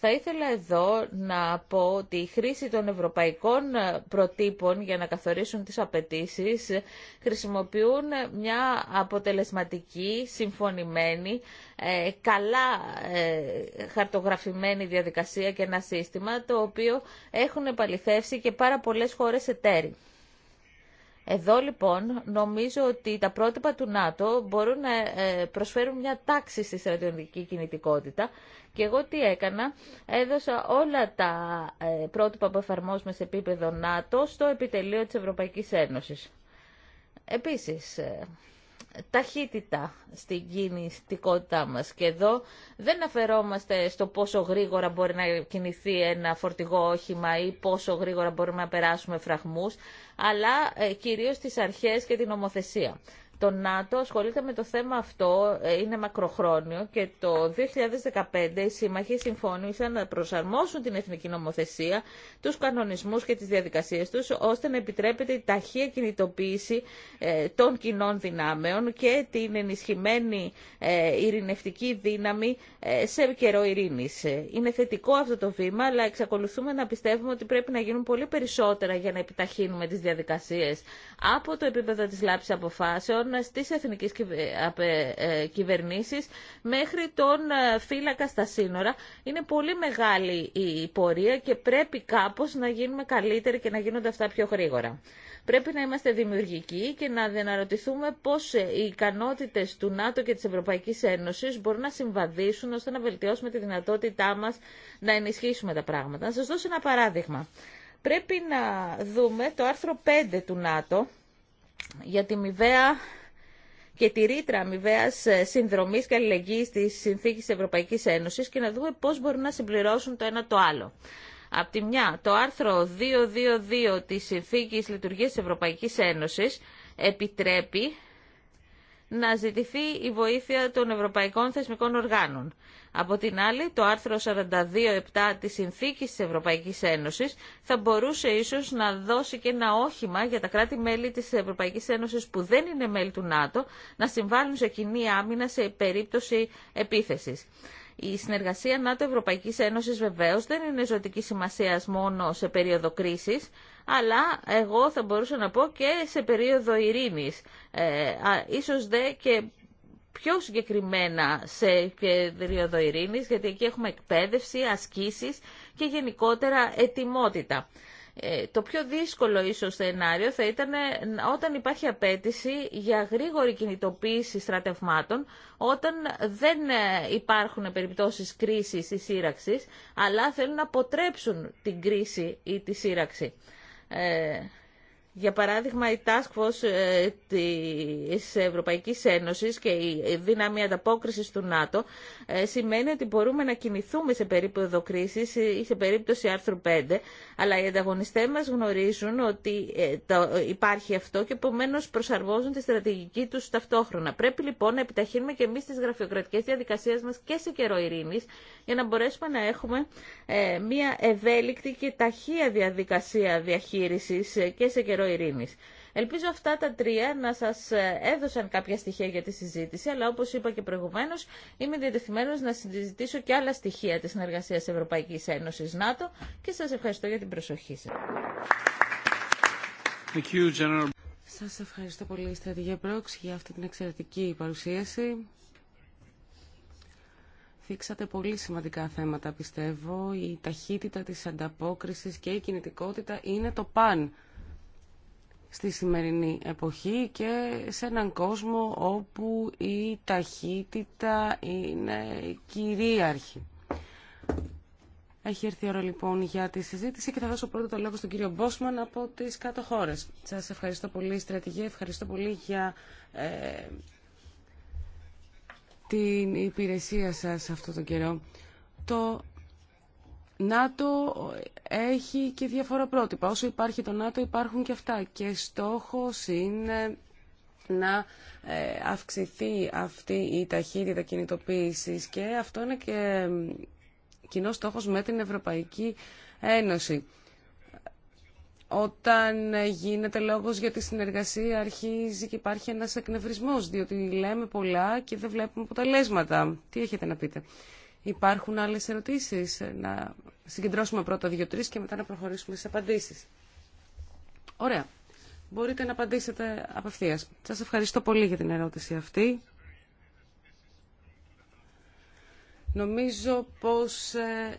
Θα ήθελα εδώ να πω ότι η χρήση των ευρωπαϊκών ε, προτύπων για να καθορίσουν τις απαιτήσεις ε, χρησιμοποιούν ε, μια αποτελεσματική, συμφωνημένη, καλά χαρτογραφημένη διαδικασία και ένα σύστημα το οποίο έχουν επαληθεύσει και πάρα πολλές χώρες εταίρει. Εδώ λοιπόν νομίζω ότι τα πρότυπα του ΝΑΤΟ μπορούν να ε, προσφέρουν μια τάξη στη στρατιωτική κινητικότητα και εγώ τι έκανα, έδωσα όλα τα ε, πρότυπα που εφαρμόζουμε σε επίπεδο ΝΑΤΟ στο επιτελείο της Ευρωπαϊκής Ένωσης. Επίσης, ε, ταχύτητα στην κινητικότητά μας. Και εδώ δεν αφαιρόμαστε στο πόσο γρήγορα μπορεί να κινηθεί ένα φορτηγό όχημα ή πόσο γρήγορα μπορούμε να περάσουμε φραγμούς, αλλά ε, κυρίως τις αρχές και την ομοθεσία. Το ΝΑΤΟ ασχολείται με το θέμα αυτό, ε, είναι μακροχρόνιο και το 2015 οι σύμμαχοι συμφώνησαν να προσαρμόσουν την εθνική νομοθεσία, τους κανονισμούς και τις διαδικασίες τους, ώστε να επιτρέπεται η ταχεία κινητοποίηση ε, των κοινών δυνάμεων και την ενισχυμένη ε, ειρηνευτική δύναμη σε καιρό ειρήνης. Είναι θετικό αυτό το βήμα, αλλά εξακολουθούμε να πιστεύουμε ότι πρέπει να γίνουν πολύ περισσότερα για να επιταχύνουμε τις διαδικασίες από το επίπεδο της λάψης αποφάσεων ε, στις εθνικές ε, κυβερνήσεις μέχρι τον ε, φύλακα στα σύνορα. Είναι πολύ μεγάλη η πορεία και πρέπει κάπως να γίνουμε καλύτεροι και να γίνονται αυτά πιο γρήγορα. Πρέπει να είμαστε δημιουργικοί και να αναρωτηθούμε πώς οι ικανότητες του ΝΑΤΟ και της Ευρωπαϊκής Ένωσης μπορούν να συμβαδίσουν ώστε να βελτιώσουμε τη δυνατότητά μας να ενισχύσουμε τα πράγματα. Να σας δώσω ένα παράδειγμα. Πρέπει να δούμε το άρθρο 5 του ΝΑΤΟ για τη μηβαία και τη ρήτρα αμοιβαία ε, συνδρομή και αλληλεγγύη τη Συνθήκη Ευρωπαϊκή Ένωση και να δούμε πώ μπορούν να συμπληρώσουν το ένα το άλλο. Απ' τη μια, το άρθρο 222 της Συνθήκης Λειτουργίας τη Ευρωπαϊκής Ένωσης επιτρέπει να ζητηθεί η βοήθεια των ευρωπαϊκών θεσμικών οργάνων. Από την άλλη, το άρθρο 42.7 της Συνθήκης της Ευρωπαϊκής Ένωσης θα μπορούσε ίσως να δώσει και ένα όχημα για τα κράτη-μέλη της Ευρωπαϊκής Ένωσης που δεν είναι μέλη του ΝΑΤΟ να συμβάλλουν σε κοινή άμυνα σε περίπτωση επίθεσης. Η συνεργασία ΝΑΤΟ-Ευρωπαϊκής Ένωσης βεβαίως δεν είναι ζωτική σημασία μόνο σε περίοδο κρίσης, αλλά εγώ θα μπορούσα να πω και σε περίοδο ειρήνης. Ε, ίσως δε και πιο συγκεκριμένα σε κέντριο γιατί εκεί έχουμε εκπαίδευση, ασκήσεις και γενικότερα ετοιμότητα. Ε, το πιο δύσκολο ίσως σενάριο θα ήταν όταν υπάρχει απέτηση για γρήγορη κινητοποίηση στρατευμάτων, όταν δεν υπάρχουν περιπτώσεις κρίσης ή σύραξης, αλλά θέλουν να αποτρέψουν την κρίση ή τη σύραξη. Ε, για παράδειγμα, η Task Force ε, της Ευρωπαϊκής Ένωσης και η δύναμη ανταπόκρισης του ΝΑΤΟ ε, σημαίνει ότι μπορούμε να κινηθούμε σε περίπτωση κρίσης ή σε περίπτωση άρθρου 5, αλλά οι ανταγωνιστές μας γνωρίζουν ότι ε, υπάρχει αυτό και επομένω προσαρμόζουν τη στρατηγική τους ταυτόχρονα. Πρέπει λοιπόν να επιταχύνουμε και εμείς τις γραφειοκρατικές διαδικασίες μας και σε καιρό ειρήνης, για να μπορέσουμε να έχουμε μια ευέλικτη και ταχεία διαδικασία διαχείρισης και σε καιρό Ελπίζω αυτά τα τρία να σας ε, έδωσαν κάποια στοιχεία για τη συζήτηση, αλλά όπως είπα και προηγουμένως, είμαι διατεθειμένο να συζητήσω και άλλα στοιχεία της συνεργασίας Ευρωπαϊκής Ένωσης ΝΑΤΟ και σας ευχαριστώ για την προσοχή σας. Σα Σας ευχαριστώ πολύ, Στρατηγέ Πρόξ, για αυτή την εξαιρετική παρουσίαση. Δείξατε πολύ σημαντικά θέματα, πιστεύω. Η ταχύτητα της ανταπόκρισης και η κινητικότητα είναι το παν στη σημερινή εποχή και σε έναν κόσμο όπου η ταχύτητα είναι κυρίαρχη. Έχει έρθει η ώρα λοιπόν για τη συζήτηση και θα δώσω πρώτα το λόγο στον κύριο Μπόσμαν από τις κάτω χώρες. Σας ευχαριστώ πολύ στρατηγία, ευχαριστώ πολύ για ε, την υπηρεσία σας αυτό τον καιρό. Το ΝΑΤΟ έχει και διάφορα πρότυπα. Όσο υπάρχει το ΝΑΤΟ υπάρχουν και αυτά. Και στόχος είναι να ε, αυξηθεί αυτή η ταχύτητα κινητοποίησης και αυτό είναι και κοινό στόχος με την Ευρωπαϊκή Ένωση. Όταν γίνεται λόγος για τη συνεργασία αρχίζει και υπάρχει ένας εκνευρισμός, διότι λέμε πολλά και δεν βλέπουμε αποτελέσματα. Τι έχετε να πείτε. Υπάρχουν άλλες ερωτήσεις. Να συγκεντρώσουμε πρώτα δύο-τρεις και μετά να προχωρήσουμε στις απαντήσεις. Ωραία. Μπορείτε να απαντήσετε απευθείας. Σας ευχαριστώ πολύ για την ερώτηση αυτή. Νομίζω πως ε,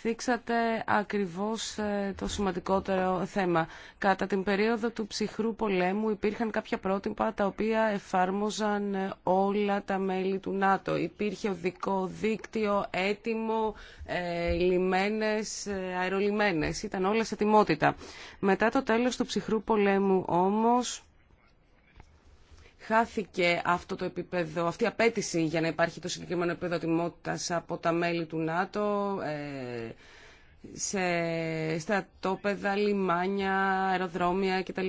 θίξατε ακριβώς ε, το σημαντικότερο θέμα. Κατά την περίοδο του ψυχρού πολέμου υπήρχαν κάποια πρότυπα τα οποία εφάρμοζαν ε, όλα τα μέλη του ΝΑΤΟ. Υπήρχε οδικό δίκτυο, έτοιμο, ε, λιμένες, ε, αερολιμένες. Ήταν όλα σε τιμότητα. Μετά το τέλος του ψυχρού πολέμου όμως χάθηκε αυτό το επίπεδο, αυτή η απέτηση για να υπάρχει το συγκεκριμένο επίπεδο τιμότητας από τα μέλη του ΝΑΤΟ ε, σε στρατόπεδα, λιμάνια, αεροδρόμια κτλ.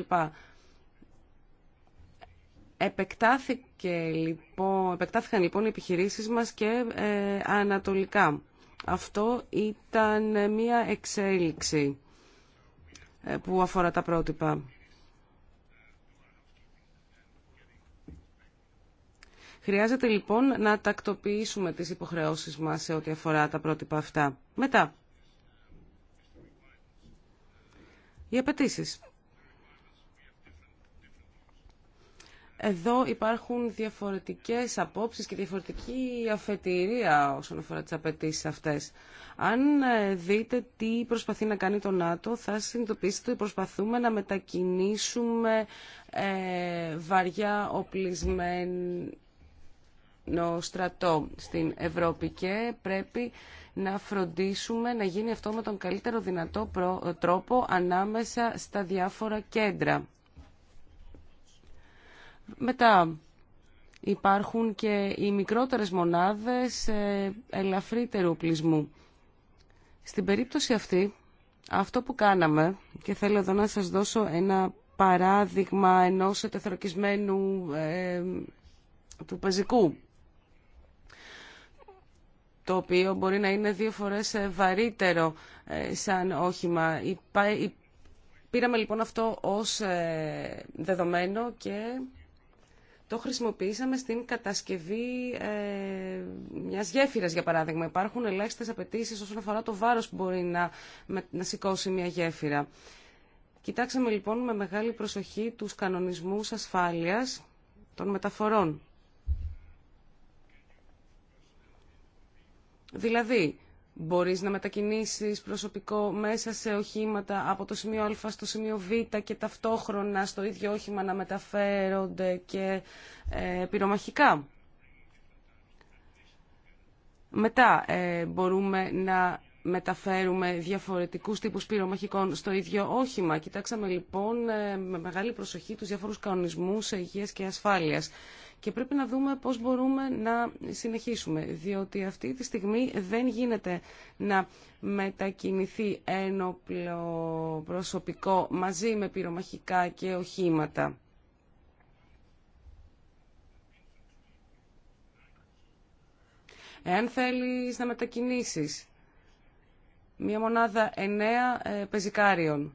Επεκτάθηκε, λοιπόν, επεκτάθηκαν λοιπόν οι επιχειρήσεις μας και ε, ανατολικά. Αυτό ήταν μια εξέλιξη ε, που αφορά τα πρότυπα. Χρειάζεται λοιπόν να τακτοποιήσουμε τις υποχρεώσεις μας σε ό,τι αφορά τα πρότυπα αυτά. Μετά, οι απαιτήσει. Εδώ υπάρχουν διαφορετικές απόψεις και διαφορετική αφετηρία όσον αφορά τις απαιτήσει αυτές. Αν ε, δείτε τι προσπαθεί να κάνει το ΝΑΤΟ, θα συνειδητοποιήσετε ότι προσπαθούμε να μετακινήσουμε ε, βαριά οπλισμένη στρατό στην Ευρώπη και πρέπει να φροντίσουμε να γίνει αυτό με τον καλύτερο δυνατό τρόπο ανάμεσα στα διάφορα κέντρα. Μετά υπάρχουν και οι μικρότερες μονάδες ε, ελαφρύτερου οπλισμού. Στην περίπτωση αυτή, αυτό που κάναμε, και θέλω εδώ να σας δώσω ένα παράδειγμα ενός τεθροκισμένου ε, του πεζικού το οποίο μπορεί να είναι δύο φορές ε, βαρύτερο ε, σαν όχημα. Πήραμε λοιπόν αυτό ως ε, δεδομένο και το χρησιμοποιήσαμε στην κατασκευή μιας γέφυρας, για παράδειγμα. Υπάρχουν ελάχιστες απαιτήσεις όσον αφορά το βάρος που μπορεί να, να σηκώσει μια γέφυρα. Κοιτάξαμε λοιπόν με μεγάλη προσοχή τους κανονισμούς ασφάλειας των μεταφορών. Δηλαδή, μπορείς να μετακινήσεις προσωπικό μέσα σε οχήματα από το σημείο Α στο σημείο Β και ταυτόχρονα στο ίδιο όχημα να μεταφέρονται και ε, πυρομαχικά. Μετά ε, μπορούμε να μεταφέρουμε διαφορετικούς τύπους πυρομαχικών στο ίδιο όχημα. Κοιτάξαμε λοιπόν ε, με μεγάλη προσοχή τους διαφορούς κανονισμούς υγείας και ασφάλειας. Και πρέπει να δούμε πώς μπορούμε να συνεχίσουμε, διότι αυτή τη στιγμή δεν γίνεται να μετακινηθεί ένοπλο προσωπικό μαζί με πυρομαχικά και οχήματα. Εάν θέλεις να μετακινήσεις μία μονάδα εννέα ε, πεζικάριων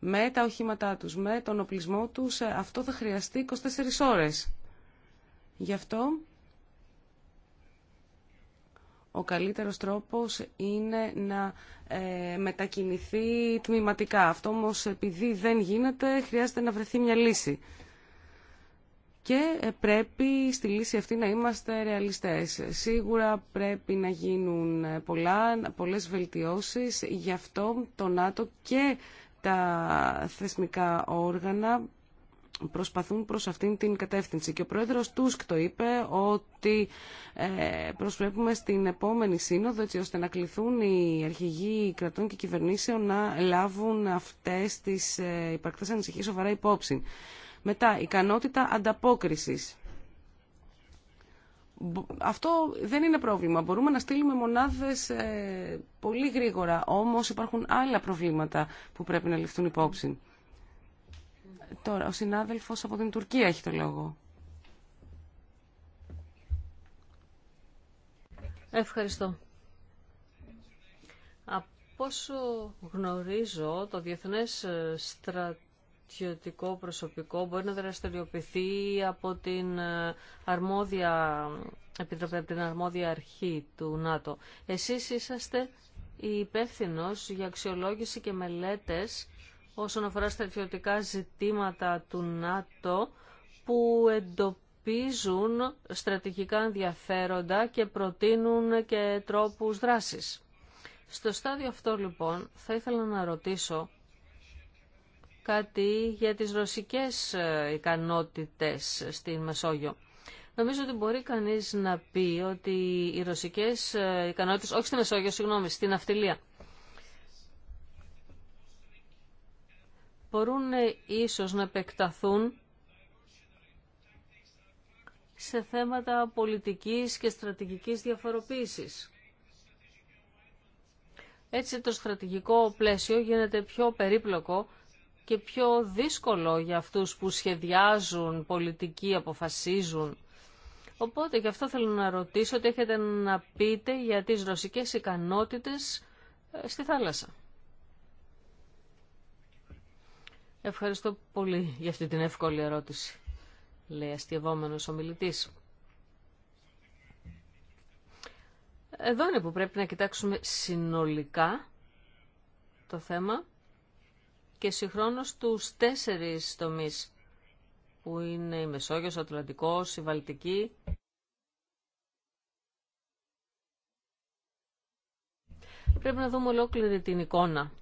με τα οχήματά τους, με τον οπλισμό τους, ε, αυτό θα χρειαστεί 24 ώρες. Γι' αυτό ο καλύτερος τρόπος είναι να ε, μετακινηθεί τμηματικά. Αυτό όμως επειδή δεν γίνεται χρειάζεται να βρεθεί μια λύση. Και ε, πρέπει στη λύση αυτή να είμαστε ρεαλιστές. Σίγουρα πρέπει να γίνουν ε, πολλά, πολλές βελτιώσεις. Γι' αυτό το ΝΑΤΟ και τα θεσμικά όργανα προσπαθούν προς αυτήν την κατεύθυνση. Και ο πρόεδρος Τούσκ το είπε ότι ε, προσπέπουμε στην επόμενη σύνοδο έτσι ώστε να κληθούν οι αρχηγοί κρατών και κυβερνήσεων να λάβουν αυτές τις ε, υπαρκτές ανησυχίες σοβαρά υπόψη. Μετά, ικανότητα ανταπόκρισης. Αυτό δεν είναι πρόβλημα. Μπορούμε να στείλουμε μονάδες ε, πολύ γρήγορα, όμως υπάρχουν άλλα προβλήματα που πρέπει να ληφθούν υπόψη. Τώρα, ο συνάδελφος από την Τουρκία έχει το λόγο. Ευχαριστώ. Από όσο γνωρίζω, το Διεθνές ε, Στρατιωτικό Προσωπικό μπορεί να δραστηριοποιηθεί από την ε, αρμόδια, επιτροπή, την αρμόδια αρχή του ΝΑΤΟ. Εσείς είσαστε υπεύθυνο για αξιολόγηση και μελέτες όσον αφορά στρατιωτικά ζητήματα του ΝΑΤΟ που εντοπίζουν στρατηγικά ενδιαφέροντα και προτείνουν και τρόπους δράσης. Στο στάδιο αυτό λοιπόν θα ήθελα να ρωτήσω κάτι για τις ρωσικές ε, ικανότητες στην Μεσόγειο. Νομίζω ότι μπορεί κανείς να πει ότι οι ρωσικές ε, ικανότητες, όχι στη Μεσόγειο, συγγνώμη, στην Αυτιλία, μπορούν ε, ίσως να επεκταθούν σε θέματα πολιτικής και στρατηγικής διαφοροποίησης. Έτσι το στρατηγικό πλαίσιο γίνεται πιο περίπλοκο και πιο δύσκολο για αυτούς που σχεδιάζουν, πολιτική, αποφασίζουν. Οπότε γι' αυτό θέλω να ρωτήσω ότι έχετε να πείτε για τις ρωσικές ικανότητες ε, στη θάλασσα. Ευχαριστώ πολύ για αυτή την εύκολη ερώτηση, λέει αστευόμενος ο μιλητής. Εδώ είναι που πρέπει να κοιτάξουμε συνολικά το θέμα και συγχρόνως τους τέσσερις τομείς που είναι η Μεσόγειος, ο Ατλαντικός, η Βαλτική. Πρέπει να δούμε ολόκληρη την εικόνα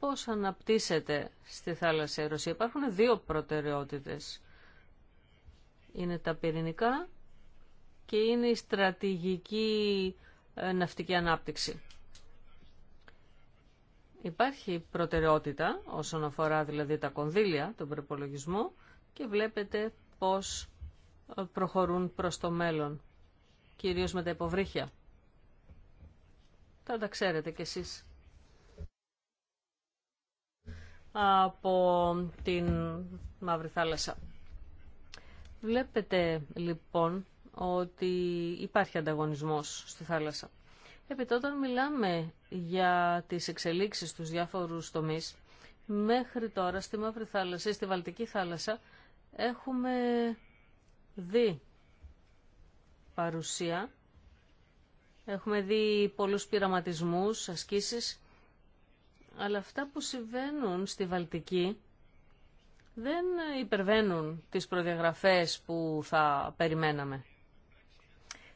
πώς αναπτύσσεται στη θάλασσα η Ρωσία. Υπάρχουν δύο προτεραιότητες. Είναι τα πυρηνικά και είναι η στρατηγική ε, ναυτική ανάπτυξη. Υπάρχει προτεραιότητα όσον αφορά δηλαδή τα κονδύλια, τον προπολογισμό και βλέπετε πώς ε, προχωρούν προς το μέλλον, κυρίως με τα υποβρύχια. τα ξέρετε κι εσείς από την Μαύρη Θάλασσα. Βλέπετε λοιπόν ότι υπάρχει ανταγωνισμός στη θάλασσα. Επειδή όταν μιλάμε για τις εξελίξεις στους διάφορους τομείς, μέχρι τώρα στη Μαύρη Θάλασσα ή στη Βαλτική Θάλασσα έχουμε δει παρουσία, έχουμε δει πολλούς πειραματισμούς, ασκήσεις αλλά αυτά που συμβαίνουν στη Βαλτική δεν υπερβαίνουν τις προδιαγραφές που θα περιμέναμε.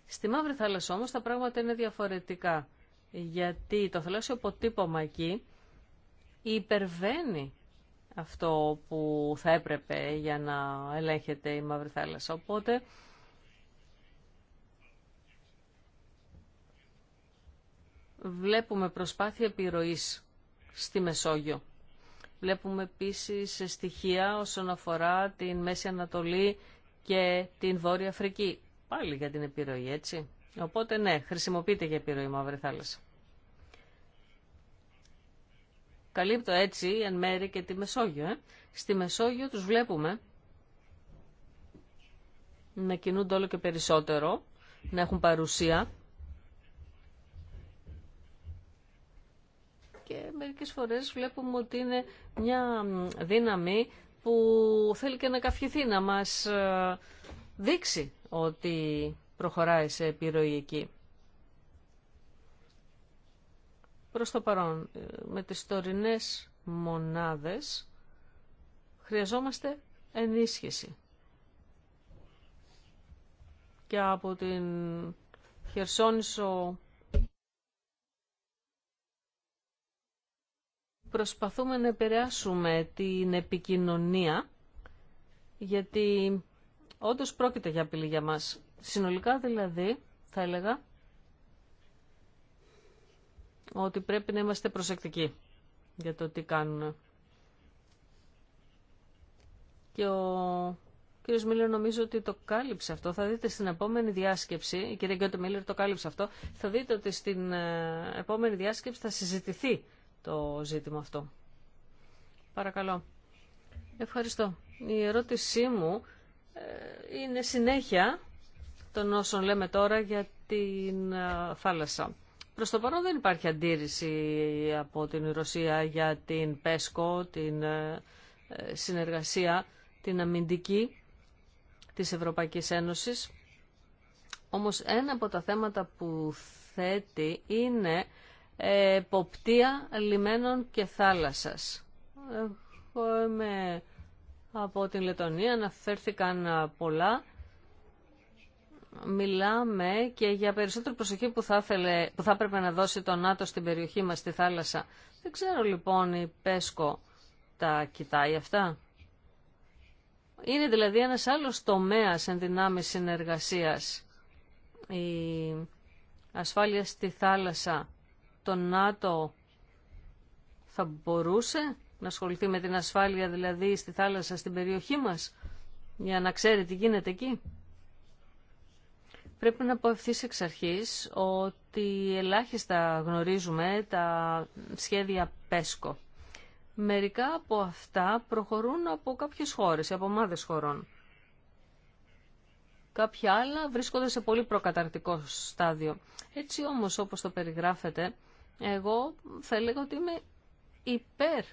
Στη Μαύρη Θάλασσα όμως τα πράγματα είναι διαφορετικά, γιατί το θαλάσσιο αποτύπωμα εκεί υπερβαίνει αυτό που θα έπρεπε για να ελέγχεται η Μαύρη Θάλασσα. Οπότε βλέπουμε προσπάθεια επιρροής στη Μεσόγειο. Βλέπουμε επίσης στοιχεία όσον αφορά την Μέση Ανατολή και την Βόρεια Αφρική. Πάλι για την επιρροή, έτσι. Οπότε ναι, χρησιμοποιείται για επιρροή Μαύρη Θάλασσα. Καλύπτω έτσι εν μέρη και τη Μεσόγειο. Ε. Στη Μεσόγειο τους βλέπουμε να κινούνται όλο και περισσότερο, να έχουν παρουσία μερικές φορές βλέπουμε ότι είναι μια δύναμη που θέλει και να καυχηθεί, να μας ε, δείξει ότι προχωράει σε επιρροή εκεί. Προς το παρόν, ε, με τις τωρινές μονάδες χρειαζόμαστε ενίσχυση. Και από την Χερσόνησο προσπαθούμε να επηρεάσουμε την επικοινωνία, γιατί όντως πρόκειται για απειλή για μας. Συνολικά δηλαδή, θα έλεγα, ότι πρέπει να είμαστε προσεκτικοί για το τι κάνουν. Και ο κύριο Μίλλερ νομίζω ότι το κάλυψε αυτό. Θα δείτε στην επόμενη διάσκεψη, η κυρία Γκέντε Μίλλερ το κάλυψε αυτό, θα δείτε ότι στην ε, επόμενη διάσκεψη θα συζητηθεί το ζήτημα αυτό. Παρακαλώ. Ευχαριστώ. Η ερώτησή μου ε, είναι συνέχεια των όσων λέμε τώρα για την ε, θάλασσα. Προς το παρόν δεν υπάρχει αντίρρηση από την Ρωσία για την ΠΕΣΚΟ, την ε, συνεργασία, την αμυντική της Ευρωπαϊκής Ένωσης. Όμως ένα από τα θέματα που θέτει είναι εποπτεία λιμένων και θάλασσας. Εγώ είμαι από την Λετωνία, αναφέρθηκαν πολλά. Μιλάμε και για περισσότερη προσοχή που θα, θέλε, θα έπρεπε να δώσει το ΝΑΤΟ στην περιοχή μας, στη θάλασσα. Δεν ξέρω λοιπόν η ΠΕΣΚΟ τα κοιτάει αυτά. Είναι δηλαδή ένας άλλος τομέας ενδυνάμεις συνεργασίας. Η ασφάλεια στη θάλασσα το ΝΑΤΟ θα μπορούσε να ασχοληθεί με την ασφάλεια δηλαδή στη θάλασσα στην περιοχή μας για να ξέρει τι γίνεται εκεί. Πρέπει να πω ευθύς εξ αρχής ότι ελάχιστα γνωρίζουμε τα σχέδια ΠΕΣΚΟ. Μερικά από αυτά προχωρούν από κάποιες χώρες, από ομάδες χωρών. Κάποια άλλα βρίσκονται σε πολύ προκαταρτικό στάδιο. Έτσι όμως όπως το περιγράφεται, εγώ θα έλεγα ότι είμαι υπέρ,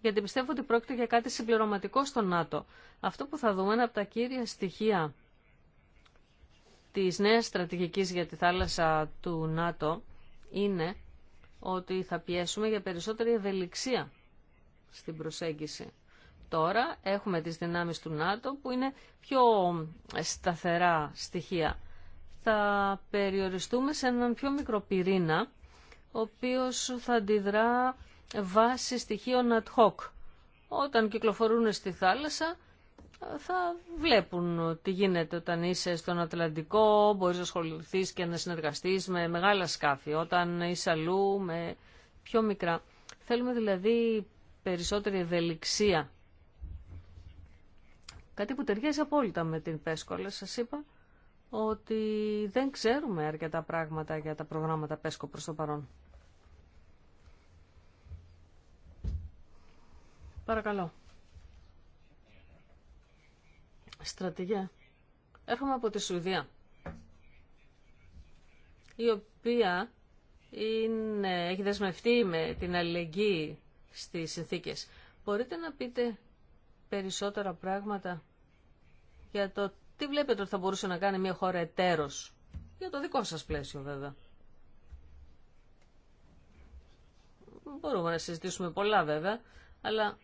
γιατί πιστεύω ότι πρόκειται για κάτι συμπληρωματικό στο ΝΑΤΟ. Αυτό που θα δούμε είναι από τα κύρια στοιχεία της νέας στρατηγικής για τη θάλασσα του ΝΑΤΟ είναι ότι θα πιέσουμε για περισσότερη ευελιξία στην προσέγγιση. Τώρα έχουμε τις δυνάμεις του ΝΑΤΟ που είναι πιο σταθερά στοιχεία. Θα περιοριστούμε σε έναν πιο μικρό ο οποίος θα αντιδρά βάσει στοιχείων ad hoc. Όταν κυκλοφορούν στη θάλασσα θα βλέπουν τι γίνεται όταν είσαι στον Ατλαντικό, μπορείς να ασχοληθεί και να συνεργαστείς με μεγάλα σκάφη, όταν είσαι αλλού με πιο μικρά. Θέλουμε δηλαδή περισσότερη ευελιξία. Κάτι που ταιριάζει απόλυτα με την ΠΕΣΚΟ, αλλά σας είπα ότι δεν ξέρουμε αρκετά πράγματα για τα προγράμματα ΠΕΣΚΟ προς το παρόν. Παρακαλώ. Στρατηγέ. Έρχομαι από τη Σουηδία, η οποία είναι, έχει δεσμευτεί με την αλληλεγγύη στις συνθήκες. Μπορείτε να πείτε περισσότερα πράγματα για το τι βλέπετε ότι θα μπορούσε να κάνει μια χώρα εταίρος. Για το δικό σας πλαίσιο βέβαια. Μπορούμε να συζητήσουμε πολλά βέβαια, αλλά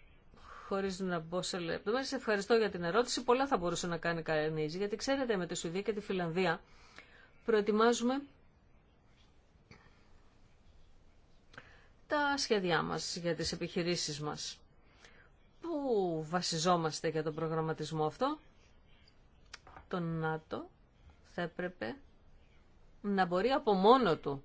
χωρί να μπω σε ευχαριστώ για την ερώτηση. Πολλά θα μπορούσε να κάνει κανεί. Γιατί ξέρετε, με τη Σουηδία και τη Φιλανδία προετοιμάζουμε τα σχέδιά μας για τις επιχειρήσεις μας. Πού βασιζόμαστε για τον προγραμματισμό αυτό. Το ΝΑΤΟ θα έπρεπε να μπορεί από μόνο του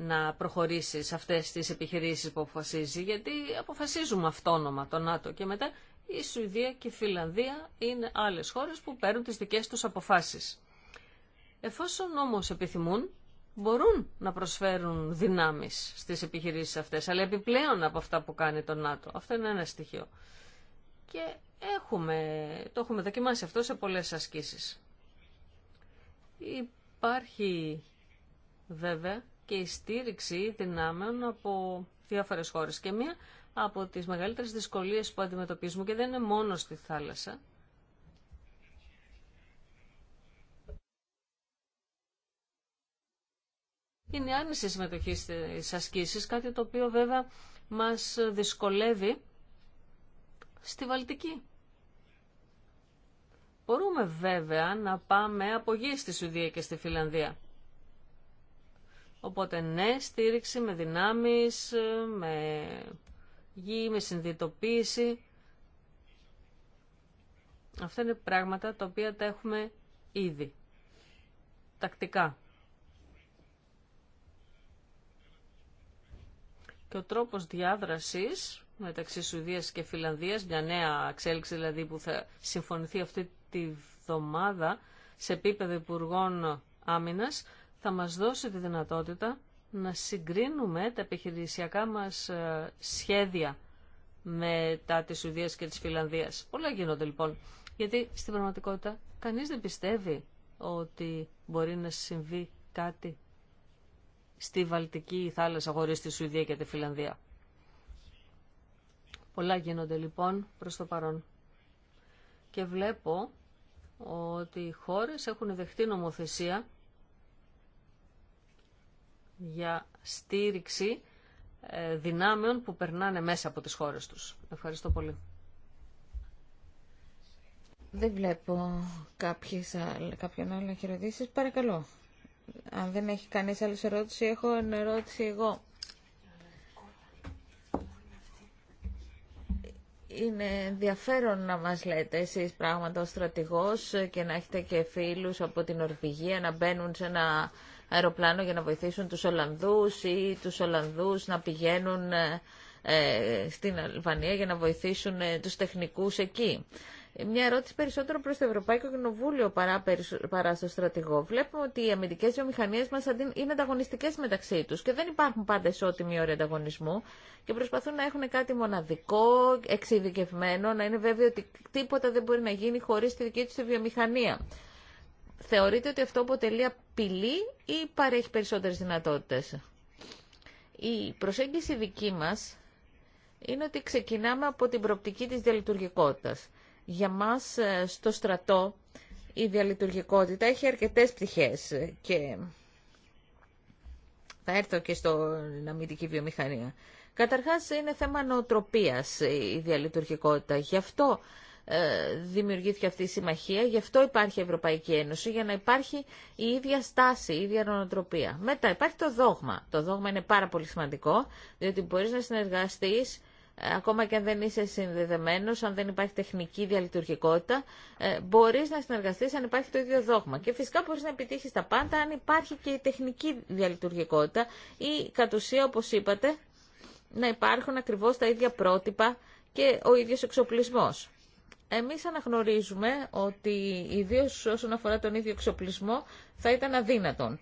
να προχωρήσει σε αυτές τις επιχειρήσεις που αποφασίζει, γιατί αποφασίζουμε αυτόνομα το ΝΑΤΟ και μετά η Σουηδία και η Φιλανδία είναι άλλες χώρες που παίρνουν τις δικές τους αποφάσεις. Εφόσον όμως επιθυμούν, μπορούν να προσφέρουν δυνάμεις στις επιχειρήσεις αυτές, αλλά επιπλέον από αυτά που κάνει το ΝΑΤΟ. Αυτό είναι ένα στοιχείο. Και έχουμε, το έχουμε δοκιμάσει αυτό σε πολλές ασκήσεις. Υπάρχει βέβαια και η στήριξη δυνάμεων από διάφορες χώρες. Και μία από τις μεγαλύτερες δυσκολίες που αντιμετωπίζουμε και δεν είναι μόνο στη θάλασσα. Είναι η άρνηση συμμετοχή στις ασκήσεις, κάτι το οποίο βέβαια μας δυσκολεύει στη Βαλτική. Μπορούμε βέβαια να πάμε από γη στη Σουηδία και στη Φιλανδία. Οπότε ναι, στήριξη με δυνάμεις, με γη, με συνδυτοποίηση. Αυτά είναι πράγματα τα οποία τα έχουμε ήδη. Τακτικά. Και ο τρόπος διάδρασης μεταξύ Σουηδίας και Φιλανδίας, μια νέα εξέλιξη δηλαδή που θα συμφωνηθεί αυτή τη βδομάδα σε επίπεδο Υπουργών Άμυνας, θα μας δώσει τη δυνατότητα να συγκρίνουμε τα επιχειρησιακά μας ε, σχέδια με τα της Σουηδίας και της Φιλανδίας. Πολλά γίνονται λοιπόν, γιατί στην πραγματικότητα κανείς δεν πιστεύει ότι μπορεί να συμβεί κάτι στη Βαλτική θάλασσα χωρίς τη Σουηδία και τη Φιλανδία. Πολλά γίνονται λοιπόν προς το παρόν. Και βλέπω ότι οι χώρες έχουν δεχτεί νομοθεσία για στήριξη ε, δυνάμεων που περνάνε μέσα από τις χώρες τους. Ευχαριστώ πολύ. Δεν βλέπω κάποιες, κάποιον άλλο να Παρακαλώ. Αν δεν έχει κάνει άλλη ερώτηση, έχω ερώτηση εγώ. είναι ενδιαφέρον να μας λέτε εσείς πράγματα ως στρατηγός και να έχετε και φίλους από την Ορβηγία να μπαίνουν σε ένα αεροπλάνο για να βοηθήσουν τους Ολλανδούς ή τους Ολλανδούς να πηγαίνουν ε, ε, στην Αλβανία για να βοηθήσουν ε, τους τεχνικούς εκεί. Μια ερώτηση περισσότερο προς το Ευρωπαϊκό Κοινοβούλιο παρά, παρά στο στρατηγό. Βλέπουμε ότι οι αμυντικές βιομηχανίε μας είναι ανταγωνιστικές μεταξύ τους και δεν υπάρχουν πάντα ισότιμοι όροι ανταγωνισμού και προσπαθούν να έχουν κάτι μοναδικό, εξειδικευμένο, να είναι βέβαιο ότι τίποτα δεν μπορεί να γίνει χωρίς τη δική τους βιομηχανία θεωρείτε ότι αυτό αποτελεί απειλή ή παρέχει περισσότερες δυνατότητες. Η προσέγγιση δική μας είναι ότι ξεκινάμε από την προοπτική της διαλειτουργικότητας. Για μας ε, στο στρατό η διαλειτουργικότητα έχει αρκετές πτυχές και θα έρθω και στην αμυντική βιομηχανία. Καταρχάς είναι θέμα νοοτροπίας η διαλειτουργικότητα. Γι' αυτό ε, δημιουργήθηκε αυτή η συμμαχία. Γι' αυτό υπάρχει η Ευρωπαϊκή Ένωση, για να υπάρχει η ίδια στάση, η ίδια νοοτροπία. Μετά υπάρχει το δόγμα. Το δόγμα είναι πάρα πολύ σημαντικό, διότι μπορεί να συνεργαστεί ε, ακόμα και αν δεν είσαι συνδεδεμένος, αν δεν υπάρχει τεχνική διαλειτουργικότητα, ε, μπορείς να συνεργαστείς αν υπάρχει το ίδιο δόγμα. Και φυσικά μπορείς να επιτύχεις τα πάντα αν υπάρχει και η τεχνική διαλειτουργικότητα ή κατ' ουσία, όπως είπατε, να υπάρχουν ακριβώς τα ίδια πρότυπα και ο ίδιος εξοπλισμός. Εμείς αναγνωρίζουμε ότι ιδίω όσον αφορά τον ίδιο εξοπλισμό θα ήταν αδύνατον.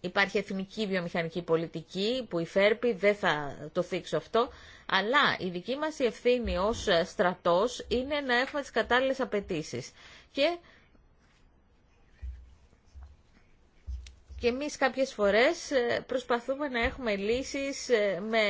Υπάρχει εθνική βιομηχανική πολιτική που υφέρπει, δεν θα το θίξω αυτό, αλλά η δική μας ευθύνη ως στρατός είναι να έχουμε τις κατάλληλες απαιτήσεις. Και και εμείς κάποιες φορές ε, προσπαθούμε να έχουμε λύσεις ε, με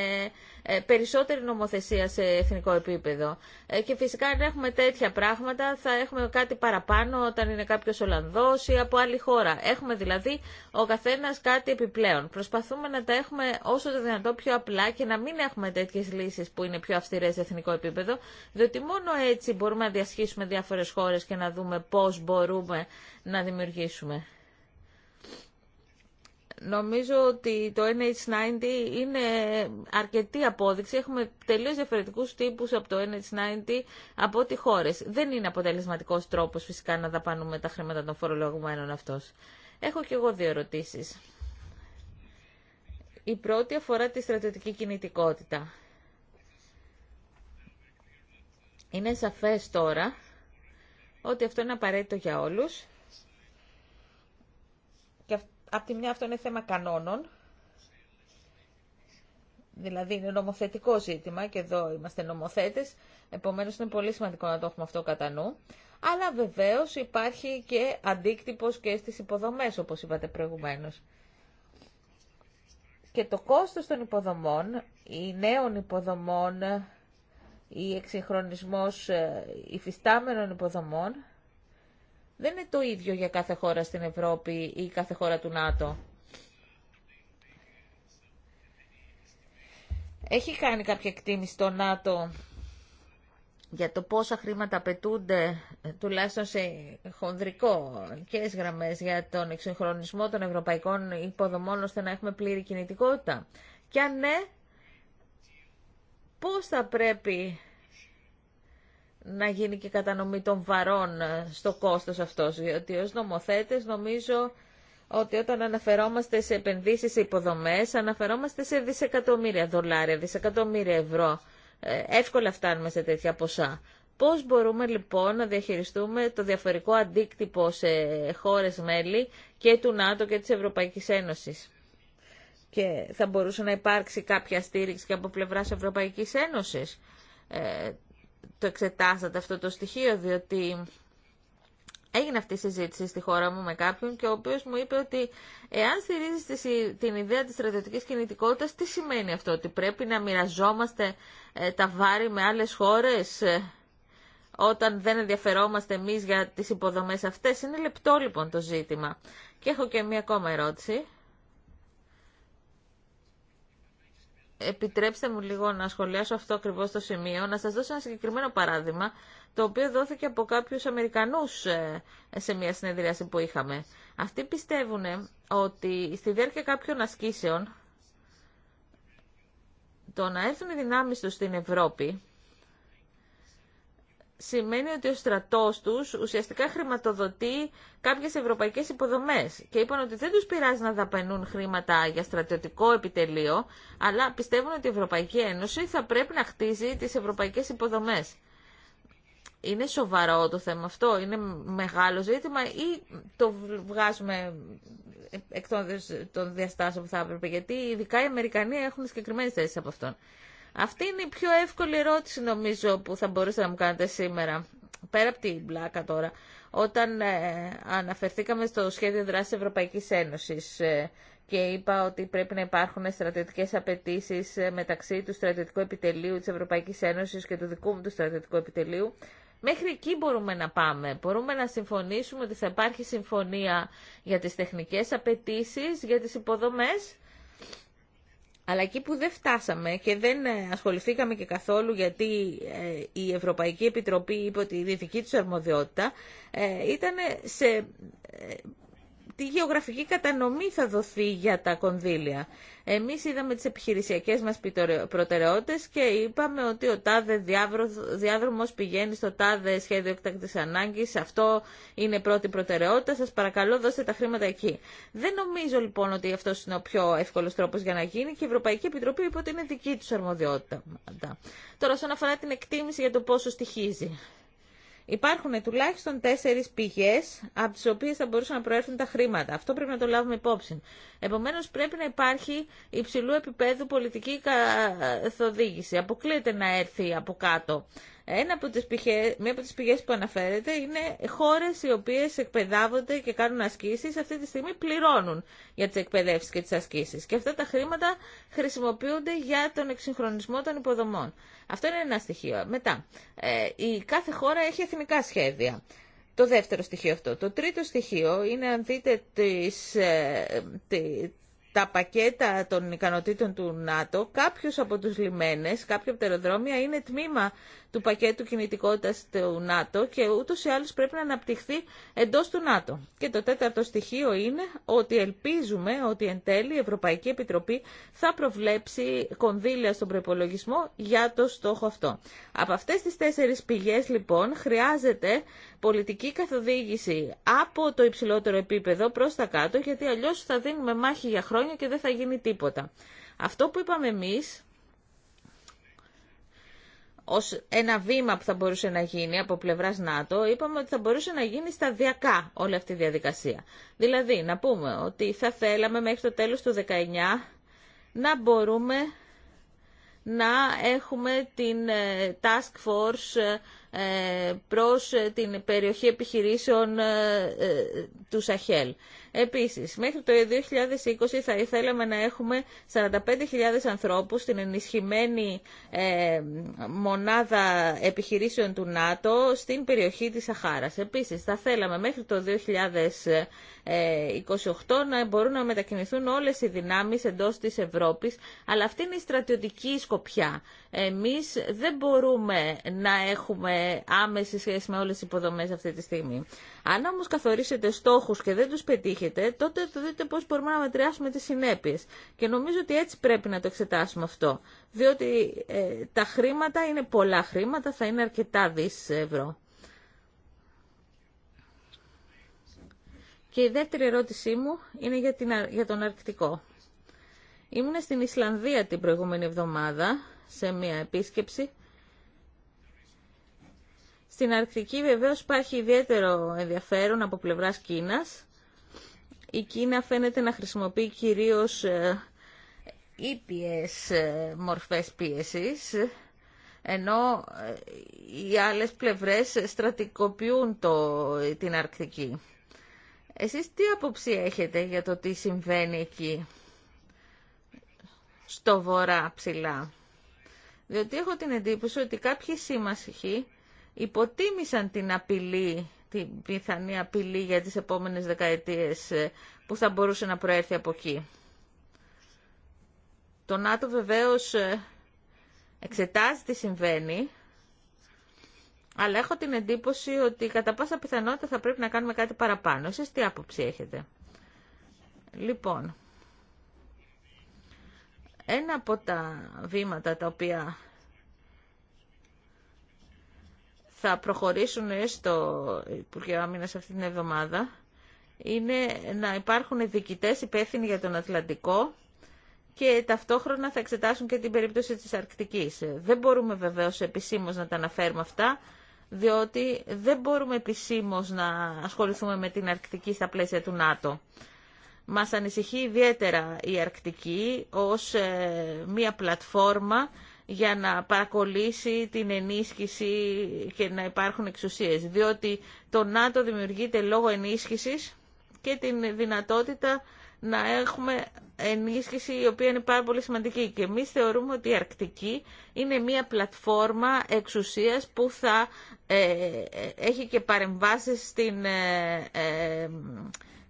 ε, περισσότερη νομοθεσία σε εθνικό επίπεδο. Ε, και φυσικά αν έχουμε τέτοια πράγματα θα έχουμε κάτι παραπάνω όταν είναι κάποιος Ολλανδός ή από άλλη χώρα. Έχουμε δηλαδή ο καθένας κάτι επιπλέον. Προσπαθούμε να τα έχουμε όσο το δυνατό πιο απλά και να μην έχουμε τέτοιες λύσεις που είναι πιο αυστηρές σε εθνικό επίπεδο, διότι μόνο έτσι μπορούμε να διασχίσουμε διάφορες χώρες και να δούμε πώς μπορούμε να δημιουργήσουμε. Νομίζω ότι το NH90 είναι αρκετή απόδειξη. Έχουμε τελείως διαφορετικούς τύπους από το NH90 από ό,τι χώρες. Δεν είναι αποτελεσματικός τρόπος φυσικά να δαπανούμε τα χρήματα των φορολογουμένων αυτός. Έχω και εγώ δύο ερωτήσεις. Η πρώτη αφορά τη στρατιωτική κινητικότητα. Είναι σαφές τώρα ότι αυτό είναι απαραίτητο για όλους Απ' τη μια αυτό είναι θέμα κανόνων, δηλαδή είναι νομοθετικό ζήτημα και εδώ είμαστε νομοθέτες, επομένως είναι πολύ σημαντικό να το έχουμε αυτό κατά νου. Αλλά βεβαίως υπάρχει και αντίκτυπος και στις υποδομές, όπως είπατε προηγουμένως. Και το κόστος των υποδομών, οι νέων υποδομών, ή εξυγχρονισμός ε, υφιστάμενων υποδομών, δεν είναι το ίδιο για κάθε χώρα στην Ευρώπη ή κάθε χώρα του ΝΑΤΟ. Έχει κάνει κάποια εκτίμηση το ΝΑΤΟ για το πόσα χρήματα απαιτούνται, τουλάχιστον σε χονδρικό και γραμμές, για τον εξυγχρονισμό των ευρωπαϊκών υποδομών, ώστε να έχουμε πλήρη κινητικότητα. Και αν ναι, πώς θα πρέπει να γίνει και κατανομή των βαρών ε, στο κόστος αυτός. Διότι ως νομοθέτες νομίζω ότι όταν αναφερόμαστε σε επενδύσεις σε υποδομές, αναφερόμαστε σε δισεκατομμύρια δολάρια, δισεκατομμύρια ευρώ. Ε, εύκολα φτάνουμε σε τέτοια ποσά. Πώς μπορούμε λοιπόν να διαχειριστούμε το διαφορικό αντίκτυπο σε χώρες μέλη και του ΝΑΤΟ και της Ευρωπαϊκής Ένωσης. Και θα μπορούσε να υπάρξει κάποια στήριξη και από πλευράς Ευρωπαϊκής Ένωσης. Ε, το εξετάσατε αυτό το στοιχείο, διότι έγινε αυτή η συζήτηση στη χώρα μου με κάποιον και ο οποίος μου είπε ότι εάν στηρίζει την ιδέα της στρατιωτική κινητικότητας, τι σημαίνει αυτό, ότι πρέπει να μοιραζόμαστε ε, τα βάρη με άλλες χώρες ε, όταν δεν ενδιαφερόμαστε εμεί για τις υποδομές αυτές. Είναι λεπτό λοιπόν το ζήτημα. Και έχω και μία ακόμα ερώτηση. επιτρέψτε μου λίγο να σχολιάσω αυτό ακριβώς το σημείο, να σας δώσω ένα συγκεκριμένο παράδειγμα, το οποίο δόθηκε από κάποιους Αμερικανούς ε, σε μια συνεδρίαση που είχαμε. Αυτοί πιστεύουν ότι στη διάρκεια κάποιων ασκήσεων, το να έρθουν οι δυνάμεις τους στην Ευρώπη σημαίνει ότι ο στρατός τους ουσιαστικά χρηματοδοτεί κάποιες ευρωπαϊκές υποδομές και είπαν ότι δεν τους πειράζει να δαπανούν χρήματα για στρατιωτικό επιτελείο, αλλά πιστεύουν ότι η Ευρωπαϊκή Ένωση θα πρέπει να χτίζει τις ευρωπαϊκές υποδομές. Είναι σοβαρό το θέμα αυτό, είναι μεγάλο ζήτημα ή το βγάζουμε εκ των διαστάσεων που θα έπρεπε, γιατί ειδικά οι Αμερικανοί έχουν συγκεκριμένε θέσει από αυτόν. Αυτή είναι η πιο εύκολη ερώτηση νομίζω που θα μπορούσατε να μου κάνετε σήμερα. Πέρα από την πλάκα τώρα, όταν ε, αναφερθήκαμε στο σχέδιο δράσης Ευρωπαϊκής Ένωσης ε, και είπα ότι πρέπει να υπάρχουν στρατιωτικές απαιτήσει ε, μεταξύ του στρατιωτικού επιτελείου της Ευρωπαϊκής Ένωσης και του δικού μου του στρατιωτικού επιτελείου, Μέχρι εκεί μπορούμε να πάμε. Μπορούμε να συμφωνήσουμε ότι θα υπάρχει συμφωνία για τις τεχνικές απαιτήσει, για τις υποδομές αλλά εκεί που δεν φτάσαμε και δεν ε, ασχοληθήκαμε και καθόλου γιατί ε, η Ευρωπαϊκή Επιτροπή είπε ότι η δική τους αρμοδιότητα ε, ήταν σε τι γεωγραφική κατανομή θα δοθεί για τα κονδύλια. Εμείς είδαμε τις επιχειρησιακές μας προτεραιότητες και είπαμε ότι ο τάδε διάδρομος πηγαίνει στο τάδε σχέδιο εκτακτής ανάγκης, αυτό είναι πρώτη προτεραιότητα, σας παρακαλώ δώστε τα χρήματα εκεί. Δεν νομίζω λοιπόν ότι αυτός είναι ο πιο εύκολος τρόπος για να γίνει και η Ευρωπαϊκή Επιτροπή είπε ότι είναι δική τους αρμοδιότητα. Τώρα, όσον αφορά την εκτίμηση για το πόσο στοιχίζει. Υπάρχουν τουλάχιστον τέσσερι πηγές από τις οποίες θα μπορούσαν να προέρχονται τα χρήματα. Αυτό πρέπει να το λάβουμε υπόψη. Επομένως πρέπει να υπάρχει υψηλού επίπεδου πολιτική καθοδήγηση. Αποκλείεται να έρθει από κάτω. Ένα από τις πηγές, μία από τις πηγές που αναφέρεται είναι χώρες οι οποίες εκπαιδεύονται και κάνουν ασκήσεις. Αυτή τη στιγμή πληρώνουν για τις εκπαιδεύσεις και τις ασκήσεις. Και αυτά τα χρήματα χρησιμοποιούνται για τον εξυγχρονισμό των υποδομών. Αυτό είναι ένα στοιχείο. Μετά, ε, η κάθε χώρα έχει εθνικά σχέδια. Το δεύτερο στοιχείο αυτό. Το τρίτο στοιχείο είναι, αν δείτε, ε, τα πακέτα των ικανοτήτων του ΝΑΤΟ, κάποιος από τους λιμένες, κάποια από τα αεροδρόμια είναι τμήμα του πακέτου κινητικότητας του ΝΑΤΟ και ούτως ή άλλως πρέπει να αναπτυχθεί εντός του ΝΑΤΟ. Και το τέταρτο στοιχείο είναι ότι ελπίζουμε ότι εν τέλει η Ευρωπαϊκή Επιτροπή θα προβλέψει κονδύλια στον προπολογισμό για το στόχο αυτό. Από αυτές τις τέσσερις πηγές λοιπόν χρειάζεται πολιτική καθοδήγηση από το υψηλότερο επίπεδο προς τα κάτω γιατί αλλιώς θα δίνουμε μάχη για χρόνια και δεν θα γίνει τίποτα. Αυτό που είπαμε εμείς ως ένα βήμα που θα μπορούσε να γίνει από πλευράς ΝΑΤΟ, είπαμε ότι θα μπορούσε να γίνει σταδιακά όλη αυτή η διαδικασία. Δηλαδή, να πούμε ότι θα θέλαμε μέχρι το τέλος του 19 να μπορούμε να έχουμε την ε, Task Force ε, ε, προς την περιοχή επιχειρήσεων του Σαχέλ. Επίσης, μέχρι το 2020 θα ήθελαμε να έχουμε 45.000 ανθρώπους στην ενισχυμένη ε, μονάδα επιχειρήσεων του ΝΑΤΟ στην περιοχή της Σαχάρας. Επίσης, θα θέλαμε μέχρι το 2028 να μπορούν να μετακινηθούν όλες οι δυνάμεις εντός της Ευρώπης, αλλά αυτή είναι η στρατιωτική σκοπιά. Εμείς δεν μπορούμε να έχουμε άμεση σχέση με όλες τις υποδομές αυτή τη στιγμή. Αν όμως καθορίσετε στόχους και δεν τους πετύχετε, τότε θα δείτε πώς μπορούμε να μετριάσουμε τις συνέπειες. Και νομίζω ότι έτσι πρέπει να το εξετάσουμε αυτό. Διότι ε, τα χρήματα είναι πολλά χρήματα, θα είναι αρκετά δις ευρώ. Και η δεύτερη ερώτησή μου είναι για, για τον Αρκτικό. Ήμουν στην Ισλανδία την προηγούμενη εβδομάδα σε μια επίσκεψη. Στην Αρκτική βεβαίως υπάρχει ιδιαίτερο ενδιαφέρον από πλευράς Κίνας η Κίνα φαίνεται να χρησιμοποιεί κυρίως ε, ήπιες ε, μορφές πίεσης, ενώ ε, οι άλλες πλευρές στρατικοποιούν το, την Αρκτική. Εσείς τι άποψη έχετε για το τι συμβαίνει εκεί, στο βορρά ψηλά. Διότι έχω την εντύπωση ότι κάποιοι σύμμασχοι υποτίμησαν την απειλή την πιθανή απειλή για τις επόμενες δεκαετίες ε, που θα μπορούσε να προέρθει από εκεί. Το ΝΑΤΟ βεβαίως ε, εξετάζει τι συμβαίνει, αλλά έχω την εντύπωση ότι κατά πάσα πιθανότητα θα πρέπει να κάνουμε κάτι παραπάνω. Εσείς τι άποψη έχετε. Λοιπόν, ένα από τα βήματα τα οποία θα προχωρήσουν στο Υπουργείο Άμυνα αυτήν την εβδομάδα είναι να υπάρχουν διοικητές υπεύθυνοι για τον Ατλαντικό και ταυτόχρονα θα εξετάσουν και την περίπτωση της Αρκτικής. Δεν μπορούμε βεβαίως επισήμως να τα αναφέρουμε αυτά, διότι δεν μπορούμε επισήμως να ασχοληθούμε με την Αρκτική στα πλαίσια του ΝΑΤΟ. Μας ανησυχεί ιδιαίτερα η Αρκτική ως ε, μία πλατφόρμα για να παρακολύσει την ενίσχυση και να υπάρχουν εξουσίες. Διότι το ΝΑΤΟ δημιουργείται λόγω ενίσχυσης και την δυνατότητα να έχουμε ενίσχυση η οποία είναι πάρα πολύ σημαντική. Και εμεί θεωρούμε ότι η Αρκτική είναι μια πλατφόρμα εξουσίας που θα ε, ε, έχει και παρεμβάσεις στην ε,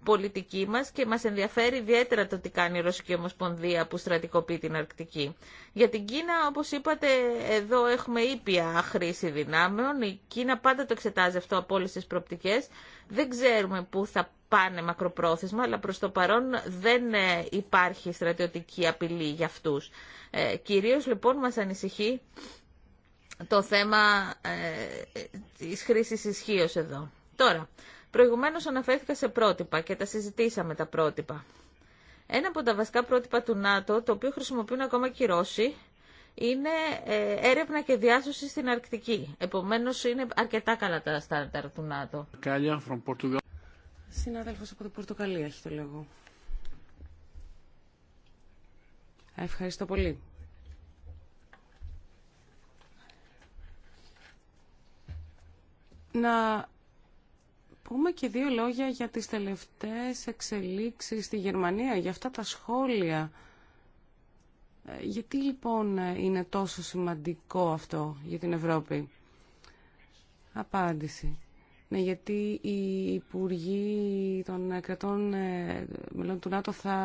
πολιτική μας και μας ενδιαφέρει ιδιαίτερα το τι κάνει η Ρωσική Ομοσπονδία που στρατικοποιεί την Αρκτική. Για την Κίνα, όπως είπατε, εδώ έχουμε ήπια χρήση δυνάμεων. Η Κίνα πάντα το εξετάζει αυτό από όλες τις προπτικές. Δεν ξέρουμε πού θα πάνε μακροπρόθεσμα, αλλά προς το παρόν δεν ε, υπάρχει στρατιωτική απειλή για αυτούς. Ε, κυρίως λοιπόν μας ανησυχεί το θέμα ε, της χρήσης ισχύω εδώ. Τώρα, Προηγουμένως αναφέρθηκα σε πρότυπα και τα συζητήσαμε τα πρότυπα. Ένα από τα βασικά πρότυπα του ΝΑΤΟ, το οποίο χρησιμοποιούν ακόμα και οι Ρώσοι, είναι ε, έρευνα και διάσωση στην Αρκτική. Επομένως, είναι αρκετά καλά τα στάνταρ του ΝΑΤΟ. Συνάδελφος από την Πορτοκαλία έχει το λόγο. Ευχαριστώ πολύ. Να πούμε και δύο λόγια για τις τελευταίες εξελίξεις στη Γερμανία, για αυτά τα σχόλια. Ε, γιατί λοιπόν ε, είναι τόσο σημαντικό αυτό για την Ευρώπη. Απάντηση. Ναι, γιατί οι υπουργοί των κρατών ε, μελών του ΝΑΤΟ θα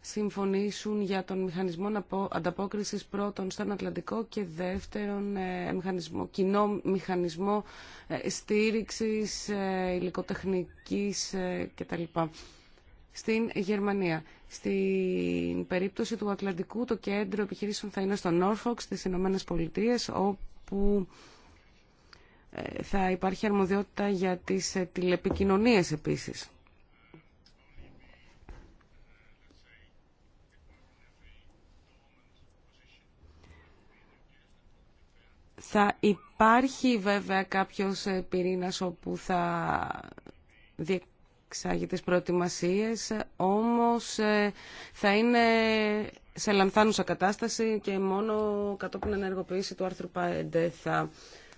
συμφωνήσουν για τον μηχανισμό ανταπόκρισης πρώτον στον Ατλαντικό και δεύτερον ε, μηχανισμό, κοινό μηχανισμό ε, στήριξης ε, υλικοτεχνικής κτλ. Στην Γερμανία. Στην περίπτωση του Ατλαντικού το κέντρο επιχειρήσεων θα είναι στο Νόρφοξ στις Ηνωμένε Πολιτείε, όπου θα υπάρχει αρμοδιότητα για τις τηλεπικοινωνίες επίσης. Θα υπάρχει βέβαια κάποιος ε, πυρήνας όπου θα διεξάγει τις προετοιμασίες, όμως ε, θα είναι σε λανθάνουσα κατάσταση και μόνο κατόπιν ενεργοποίηση του άρθρου 5 θα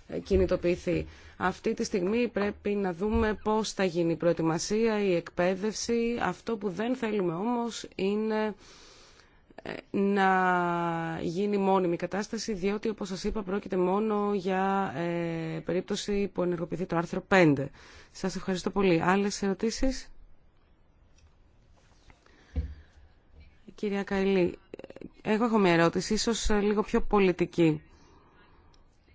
ε, κινητοποιηθεί. Αυτή τη στιγμή πρέπει να δούμε πώς θα γίνει η προετοιμασία, η εκπαίδευση. Αυτό που δεν θέλουμε όμως είναι να γίνει μόνιμη κατάσταση, διότι όπως σας είπα πρόκειται μόνο για ε, περίπτωση που ενεργοποιηθεί το άρθρο 5. Σας ευχαριστώ πολύ. Άλλες ερωτήσεις? Κυρία Καηλή, εγώ έχω μια ερώτηση, ίσως ε, λίγο πιο πολιτική.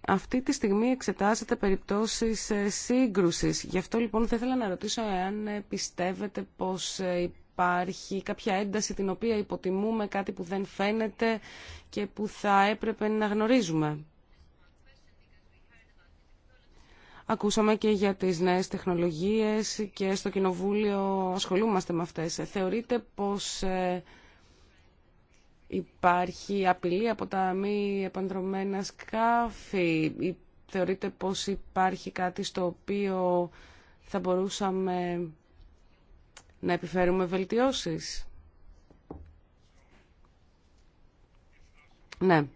Αυτή τη στιγμή εξετάζεται περιπτώσεις ε, σύγκρουσης. Γι' αυτό λοιπόν θα ήθελα να ρωτήσω εάν ε, πιστεύετε πως υπάρχει κάποια ένταση την οποία υποτιμούμε, κάτι που δεν φαίνεται και που θα έπρεπε να γνωρίζουμε. Ακούσαμε και για τις νέες τεχνολογίες και στο Κοινοβούλιο ασχολούμαστε με αυτές. Θεωρείτε πως ε, υπάρχει απειλή από τα μη επανδρομένα σκάφη ή θεωρείτε πως υπάρχει κάτι στο οποίο θα μπορούσαμε να επιφέρουμε βελτιώσεις. Ναι.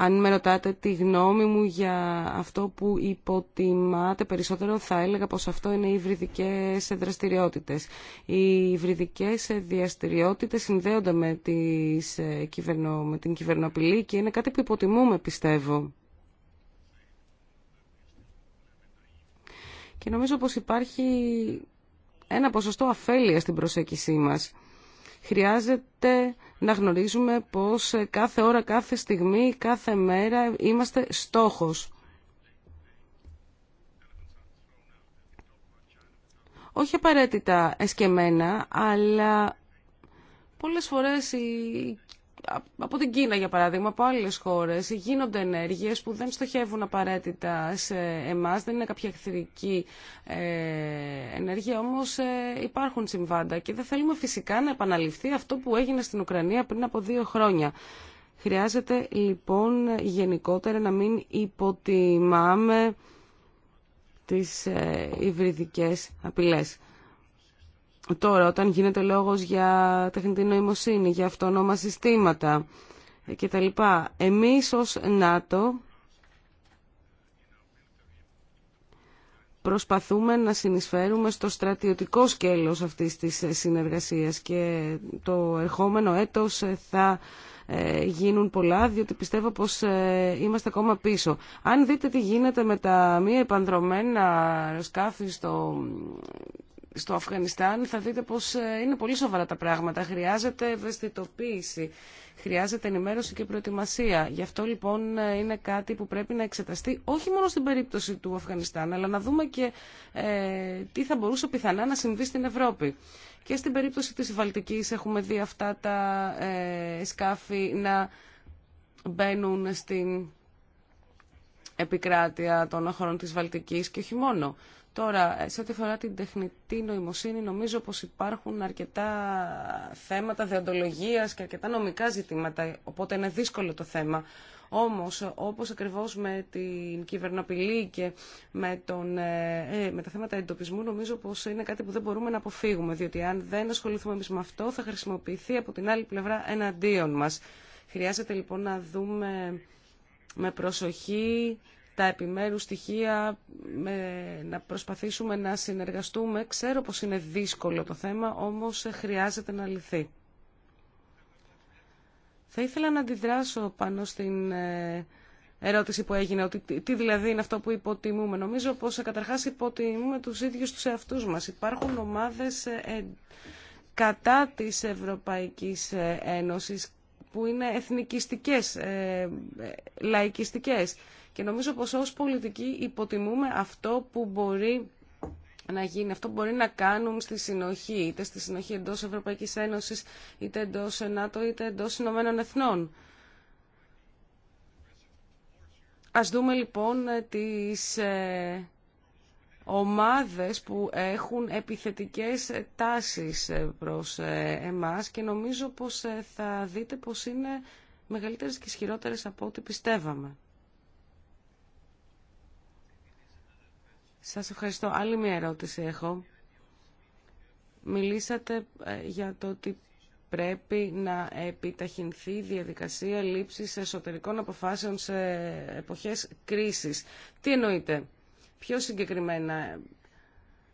Αν με ρωτάτε τη γνώμη μου για αυτό που υποτιμάτε περισσότερο, θα έλεγα πως αυτό είναι οι βρυδικές δραστηριότητες. Οι βρυδικές δραστηριότητες συνδέονται με, ε, με την κυβερνοπηλή και είναι κάτι που υποτιμούμε, πιστεύω. και νομίζω πως υπάρχει ένα ποσοστό αφέλεια στην προσέγγισή μας. Χρειάζεται να γνωρίζουμε πως κάθε ώρα, κάθε στιγμή, κάθε μέρα είμαστε στόχος. όχι απαραίτητα εσκεμένα, αλλά πολλές φορές η από την Κίνα για παράδειγμα, από άλλες χώρες, γίνονται ενέργειες που δεν στοχεύουν απαραίτητα σε εμάς, δεν είναι κάποια εχθρική ε, ενέργεια, όμως ε, υπάρχουν συμβάντα και δεν θέλουμε φυσικά να επαναληφθεί αυτό που έγινε στην Ουκρανία πριν από δύο χρόνια. Χρειάζεται λοιπόν γενικότερα να μην υποτιμάμε τις ε, υβριδικές απειλές. Τώρα, όταν γίνεται λόγος για τεχνητή νοημοσύνη, για αυτόνομα συστήματα τα λοιπά, Εμείς ως ΝΑΤΟ προσπαθούμε να συνεισφέρουμε στο στρατιωτικό σκέλος αυτής της συνεργασίας και το ερχόμενο έτος θα ε, γίνουν πολλά διότι πιστεύω πως ε, είμαστε ακόμα πίσω. Αν δείτε τι γίνεται με τα μία επανδρομένα σκάφη στο στο Αφγανιστάν θα δείτε πως ε, είναι πολύ σοβαρά τα πράγματα. Χρειάζεται ευαισθητοποίηση, χρειάζεται ενημέρωση και προετοιμασία. Γι' αυτό λοιπόν ε, είναι κάτι που πρέπει να εξεταστεί όχι μόνο στην περίπτωση του Αφγανιστάν, αλλά να δούμε και ε, τι θα μπορούσε πιθανά να συμβεί στην Ευρώπη. Και στην περίπτωση της Βαλτικής έχουμε δει αυτά τα ε, σκάφη να μπαίνουν στην επικράτεια των χωρών της Βαλτικής και όχι μόνο. Τώρα, σε ό,τι αφορά την τεχνητή νοημοσύνη, νομίζω πως υπάρχουν αρκετά θέματα δεοντολογίας και αρκετά νομικά ζητήματα, οπότε είναι δύσκολο το θέμα. Όμως, όπως ακριβώς με την κυβερνοπηλή και με, τον, ε, ε, με τα θέματα εντοπισμού, νομίζω πως είναι κάτι που δεν μπορούμε να αποφύγουμε, διότι αν δεν ασχοληθούμε εμείς με αυτό, θα χρησιμοποιηθεί από την άλλη πλευρά εναντίον μας. Χρειάζεται λοιπόν να δούμε με προσοχή τα επιμέρους στοιχεία, με, να προσπαθήσουμε να συνεργαστούμε. Ξέρω πως είναι δύσκολο το θέμα, όμως ε, χρειάζεται να λυθεί. Θα ήθελα να αντιδράσω πάνω στην ε, ερώτηση που έγινε, ότι τι δηλαδή είναι αυτό που υποτιμούμε. Νομίζω πως ε, καταρχάς υποτιμούμε τους ίδιους τους εαυτούς μας. Υπάρχουν ομάδες κατά της Ευρωπαϊκής Ένωσης που είναι εθνικιστικές, λαϊκιστικές. Και νομίζω πως ως πολιτικοί υποτιμούμε αυτό που μπορεί να γίνει, αυτό που μπορεί να κάνουμε στη συνοχή, είτε στη συνοχή εντός Ευρωπαϊκής Ένωσης, είτε εντός ΝΑΤΟ, είτε εντός Ηνωμένων Εθνών. Ας δούμε λοιπόν τις ε, ομάδες που έχουν επιθετικές τάσεις ε, προς ε, εμάς και νομίζω πως θα δείτε πως είναι μεγαλύτερες και ισχυρότερες από ό,τι πιστεύαμε. Σας ευχαριστώ. Άλλη μια ερώτηση έχω. Μιλήσατε ε, για το ότι πρέπει να επιταχυνθεί η διαδικασία λήψης εσωτερικών αποφάσεων σε εποχές κρίσης. Τι εννοείτε, πιο συγκεκριμένα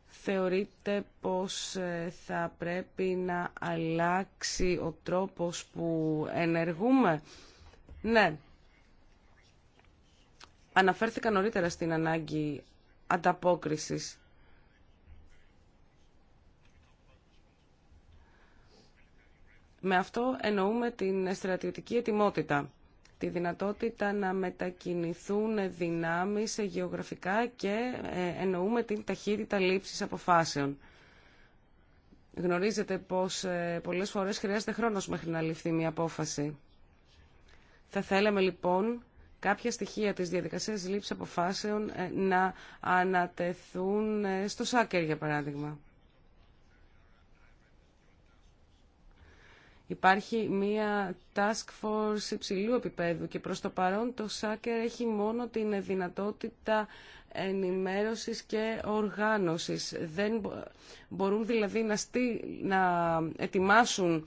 θεωρείτε πως ε, θα πρέπει να αλλάξει ο τρόπος που ενεργούμε. Ναι, αναφέρθηκα νωρίτερα στην ανάγκη ανταπόκρισης. Με αυτό εννοούμε την στρατιωτική ετοιμότητα, τη δυνατότητα να μετακινηθούν δυνάμεις γεωγραφικά και ε, εννοούμε την ταχύτητα λήψης αποφάσεων. Γνωρίζετε πως ε, πολλές φορές χρειάζεται χρόνος μέχρι να ληφθεί μια απόφαση. Θα θέλαμε λοιπόν κάποια στοιχεία της διαδικασίας λήψης αποφάσεων ε, να ανατεθούν ε, στο ΣΑΚΕΡ, για παράδειγμα. Υπάρχει μία task force υψηλού επίπεδου και προς το παρόν το ΣΑΚΕΡ έχει μόνο την δυνατότητα ενημέρωσης και οργάνωσης. Δεν μπορούν δηλαδή να, στή, να ετοιμάσουν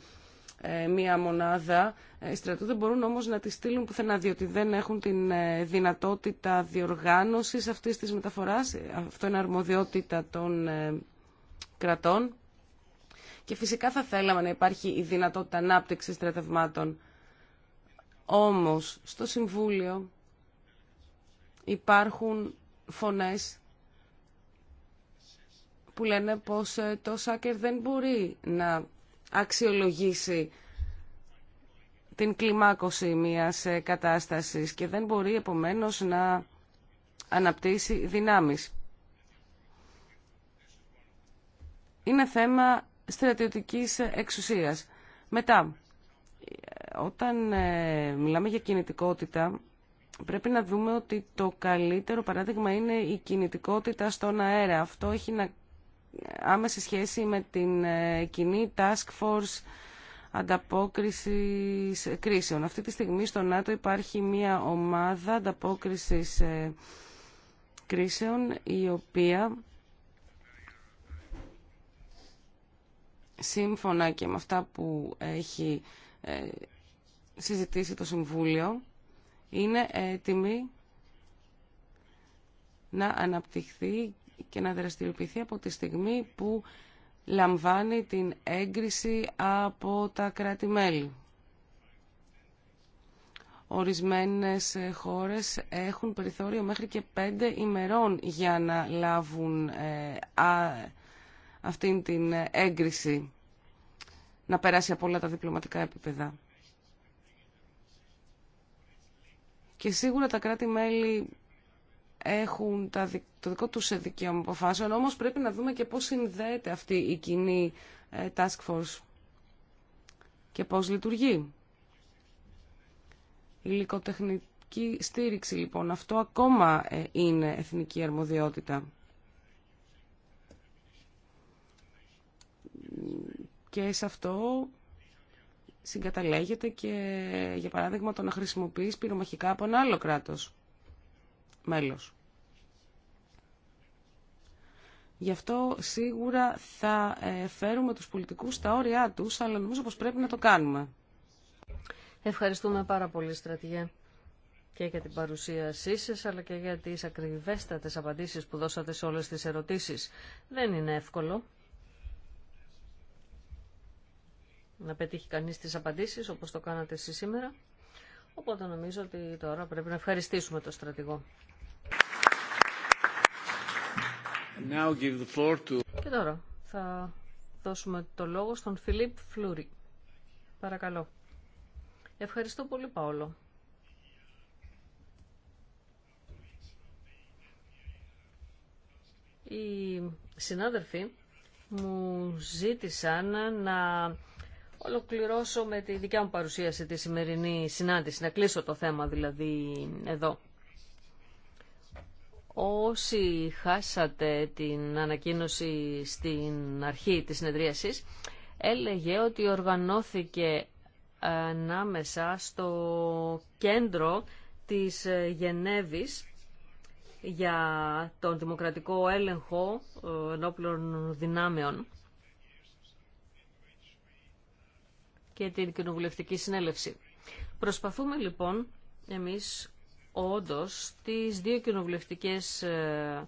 ε, μία μονάδα ε, στρατού δεν μπορούν όμως να τη στείλουν πουθενά διότι δεν έχουν την ε, δυνατότητα διοργάνωσης αυτής της μεταφοράς. Αυτό είναι αρμοδιότητα των κρατών. Και φυσικά θα θέλαμε να υπάρχει η δυνατότητα ανάπτυξης στρατευμάτων. Όμως στο Συμβούλιο υπάρχουν φωνές που λένε πως το Σάκερ δεν μπορεί να αξιολογήσει την κλιμάκωση μιας ε, κατάστασης και δεν μπορεί επομένως να αναπτύσσει δυνάμεις. Είναι θέμα στρατιωτικής εξουσίας. Μετά, όταν ε, μιλάμε για κινητικότητα, πρέπει να δούμε ότι το καλύτερο παράδειγμα είναι η κινητικότητα στον αέρα. Αυτό έχει να άμεση σχέση με την ε, κοινή Task Force ανταπόκρισης ε, κρίσεων. Αυτή τη στιγμή στο ΝΑΤΟ υπάρχει μια ομάδα ανταπόκρισης ε, κρίσεων η οποία σύμφωνα και με αυτά που έχει συζητήσει το Συμβούλιο είναι έτοιμη να αναπτυχθεί και να δραστηριοποιηθεί από τη στιγμή που λαμβάνει την έγκριση από τα κράτη-μέλη. Ορισμένες χώρες έχουν περιθώριο μέχρι και πέντε ημερών για να λάβουν ε, αυτήν την έγκριση, να περάσει από όλα τα διπλωματικά επίπεδα. Και σίγουρα τα κράτη-μέλη έχουν το δικό τους δικαίωμα αποφάσεων, όμως πρέπει να δούμε και πώς συνδέεται αυτή η κοινή ε, task force και πώς λειτουργεί. Η υλικοτεχνική στήριξη λοιπόν, αυτό ακόμα ε, είναι εθνική αρμοδιότητα. Και σε αυτό συγκαταλέγεται και για παράδειγμα το να χρησιμοποιείς πυρομαχικά από ένα άλλο κράτος μέλος. Γι' αυτό σίγουρα θα ε, φέρουμε τους πολιτικούς στα όρια τους, αλλά νομίζω πως πρέπει να το κάνουμε. Ευχαριστούμε πάρα πολύ, στρατηγέ, και για την παρουσίασή σας, αλλά και για τις ακριβέστατες απαντήσεις που δώσατε σε όλες τις ερωτήσεις. Δεν είναι εύκολο να πετύχει κανείς τις απαντήσεις, όπως το κάνατε εσείς σήμερα. Οπότε νομίζω ότι τώρα πρέπει να ευχαριστήσουμε τον στρατηγό. Και τώρα θα δώσουμε το λόγο στον Φιλίπ Φλούρι. Παρακαλώ. Ευχαριστώ πολύ, Παόλο. Οι συνάδελφοι μου ζήτησαν να ολοκληρώσω με τη δικιά μου παρουσίαση τη σημερινή συνάντηση, να κλείσω το θέμα δηλαδή εδώ. Όσοι χάσατε την ανακοίνωση στην αρχή της συνεδρίασης, έλεγε ότι οργανώθηκε ανάμεσα στο κέντρο της Γενέβης για τον δημοκρατικό έλεγχο ε, ενόπλων δυνάμεων και την κοινοβουλευτική συνέλευση. Προσπαθούμε λοιπόν εμείς όντως τις δύο κοινοβουλευτικές ε,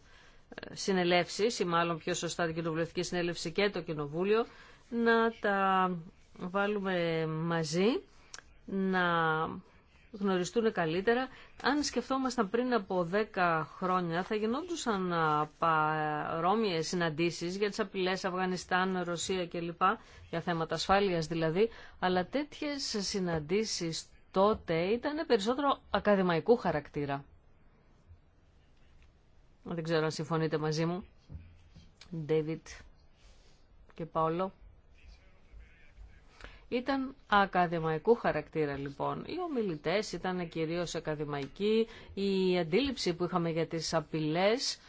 συνελεύσεις ή μάλλον πιο σωστά την κοινοβουλευτική συνέλευση και το κοινοβούλιο να τα βάλουμε μαζί, να γνωριστούν καλύτερα. Αν σκεφτόμασταν πριν από 10 χρόνια θα γινόντουσαν παρόμοιες συναντήσεις για τις απειλές Αφγανιστάν, Ρωσία κλπ. για θέματα ασφάλειας δηλαδή, αλλά τέτοιες συναντήσεις τότε ήταν περισσότερο ακαδημαϊκού χαρακτήρα. Δεν ξέρω αν συμφωνείτε μαζί μου. David και Παόλο. Ήταν ακαδημαϊκού χαρακτήρα λοιπόν. Οι ομιλητές ήταν κυρίως ακαδημαϊκοί. Η αντίληψη που είχαμε για τις απειλές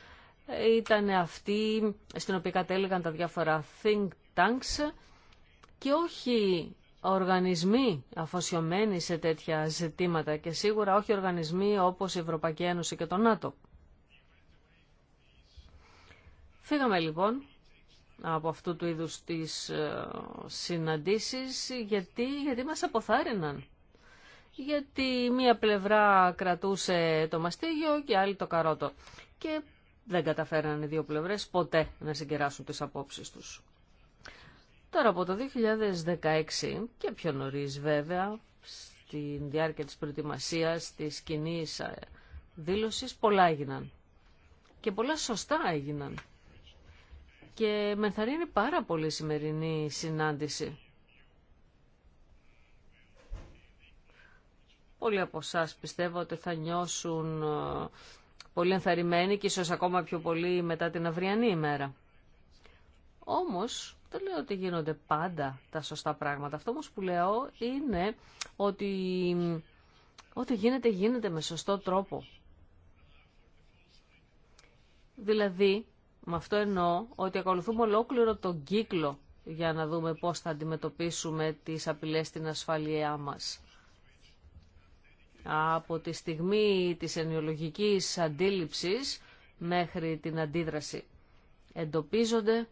ήταν αυτή στην οποία κατέληγαν τα διάφορα think tanks και όχι οργανισμοί αφοσιωμένοι σε τέτοια ζητήματα και σίγουρα όχι οργανισμοί όπως η Ευρωπαϊκή Ένωση και το ΝΑΤΟ. Φύγαμε λοιπόν από αυτού του είδους τις ε, συναντήσεις γιατί, γιατί μας αποθάρρυναν. Γιατί μία πλευρά κρατούσε το μαστίγιο και άλλη το καρότο. Και δεν καταφέραν οι δύο πλευρές ποτέ να συγκεράσουν τις απόψεις τους. Τώρα από το 2016 και πιο νωρί βέβαια, στην διάρκεια της προετοιμασίας της κοινή ε, δήλωσης, πολλά έγιναν. Και πολλά σωστά έγιναν. Και με ενθαρρύνει πάρα πολύ η σημερινή συνάντηση. Πολλοί από εσά πιστεύω ότι θα νιώσουν ε, πολύ ενθαρρυμένοι και ίσως ακόμα πιο πολύ μετά την αυριανή ημέρα. Όμως δεν λέω ότι γίνονται πάντα τα σωστά πράγματα. Αυτό όμω που λέω είναι ότι ό,τι γίνεται γίνεται με σωστό τρόπο. Δηλαδή, με αυτό εννοώ ότι ακολουθούμε ολόκληρο τον κύκλο για να δούμε πώς θα αντιμετωπίσουμε τις απειλές στην ασφαλειά μας. Από τη στιγμή της ενοιολογικής αντίληψης μέχρι την αντίδραση εντοπίζονται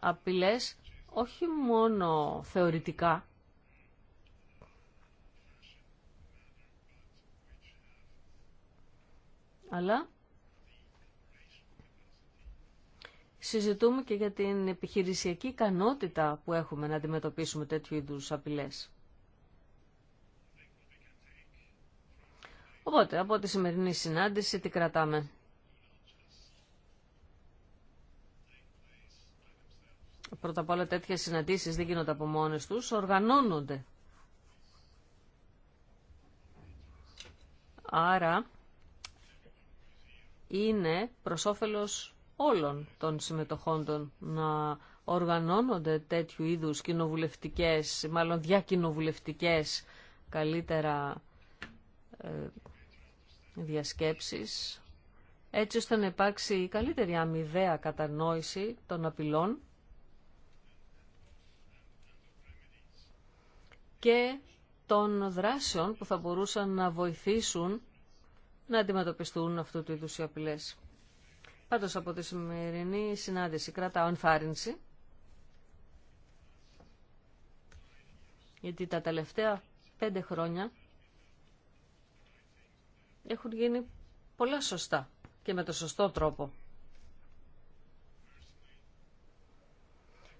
απειλές όχι μόνο θεωρητικά, αλλά συζητούμε και για την επιχειρησιακή ικανότητα που έχουμε να αντιμετωπίσουμε τέτοιου είδους απειλές. Οπότε, από τη σημερινή συνάντηση, τι κρατάμε. Πρώτα απ' όλα τέτοιες συναντήσεις δεν γίνονται από μόνες τους, οργανώνονται. Άρα είναι προς όφελος όλων των των να οργανώνονται τέτοιου είδους κοινοβουλευτικές, μάλλον διακοινοβουλευτικές καλύτερα ε, διασκέψεις, έτσι ώστε να υπάρξει η καλύτερη αμοιβαία κατανόηση των απειλών και των δράσεων που θα μπορούσαν να βοηθήσουν να αντιμετωπιστούν αυτού του είδους οι απειλές. Πάντως από τη σημερινή συνάντηση κρατάω ενθάρρυνση, γιατί τα τελευταία πέντε χρόνια έχουν γίνει πολλά σωστά και με το σωστό τρόπο.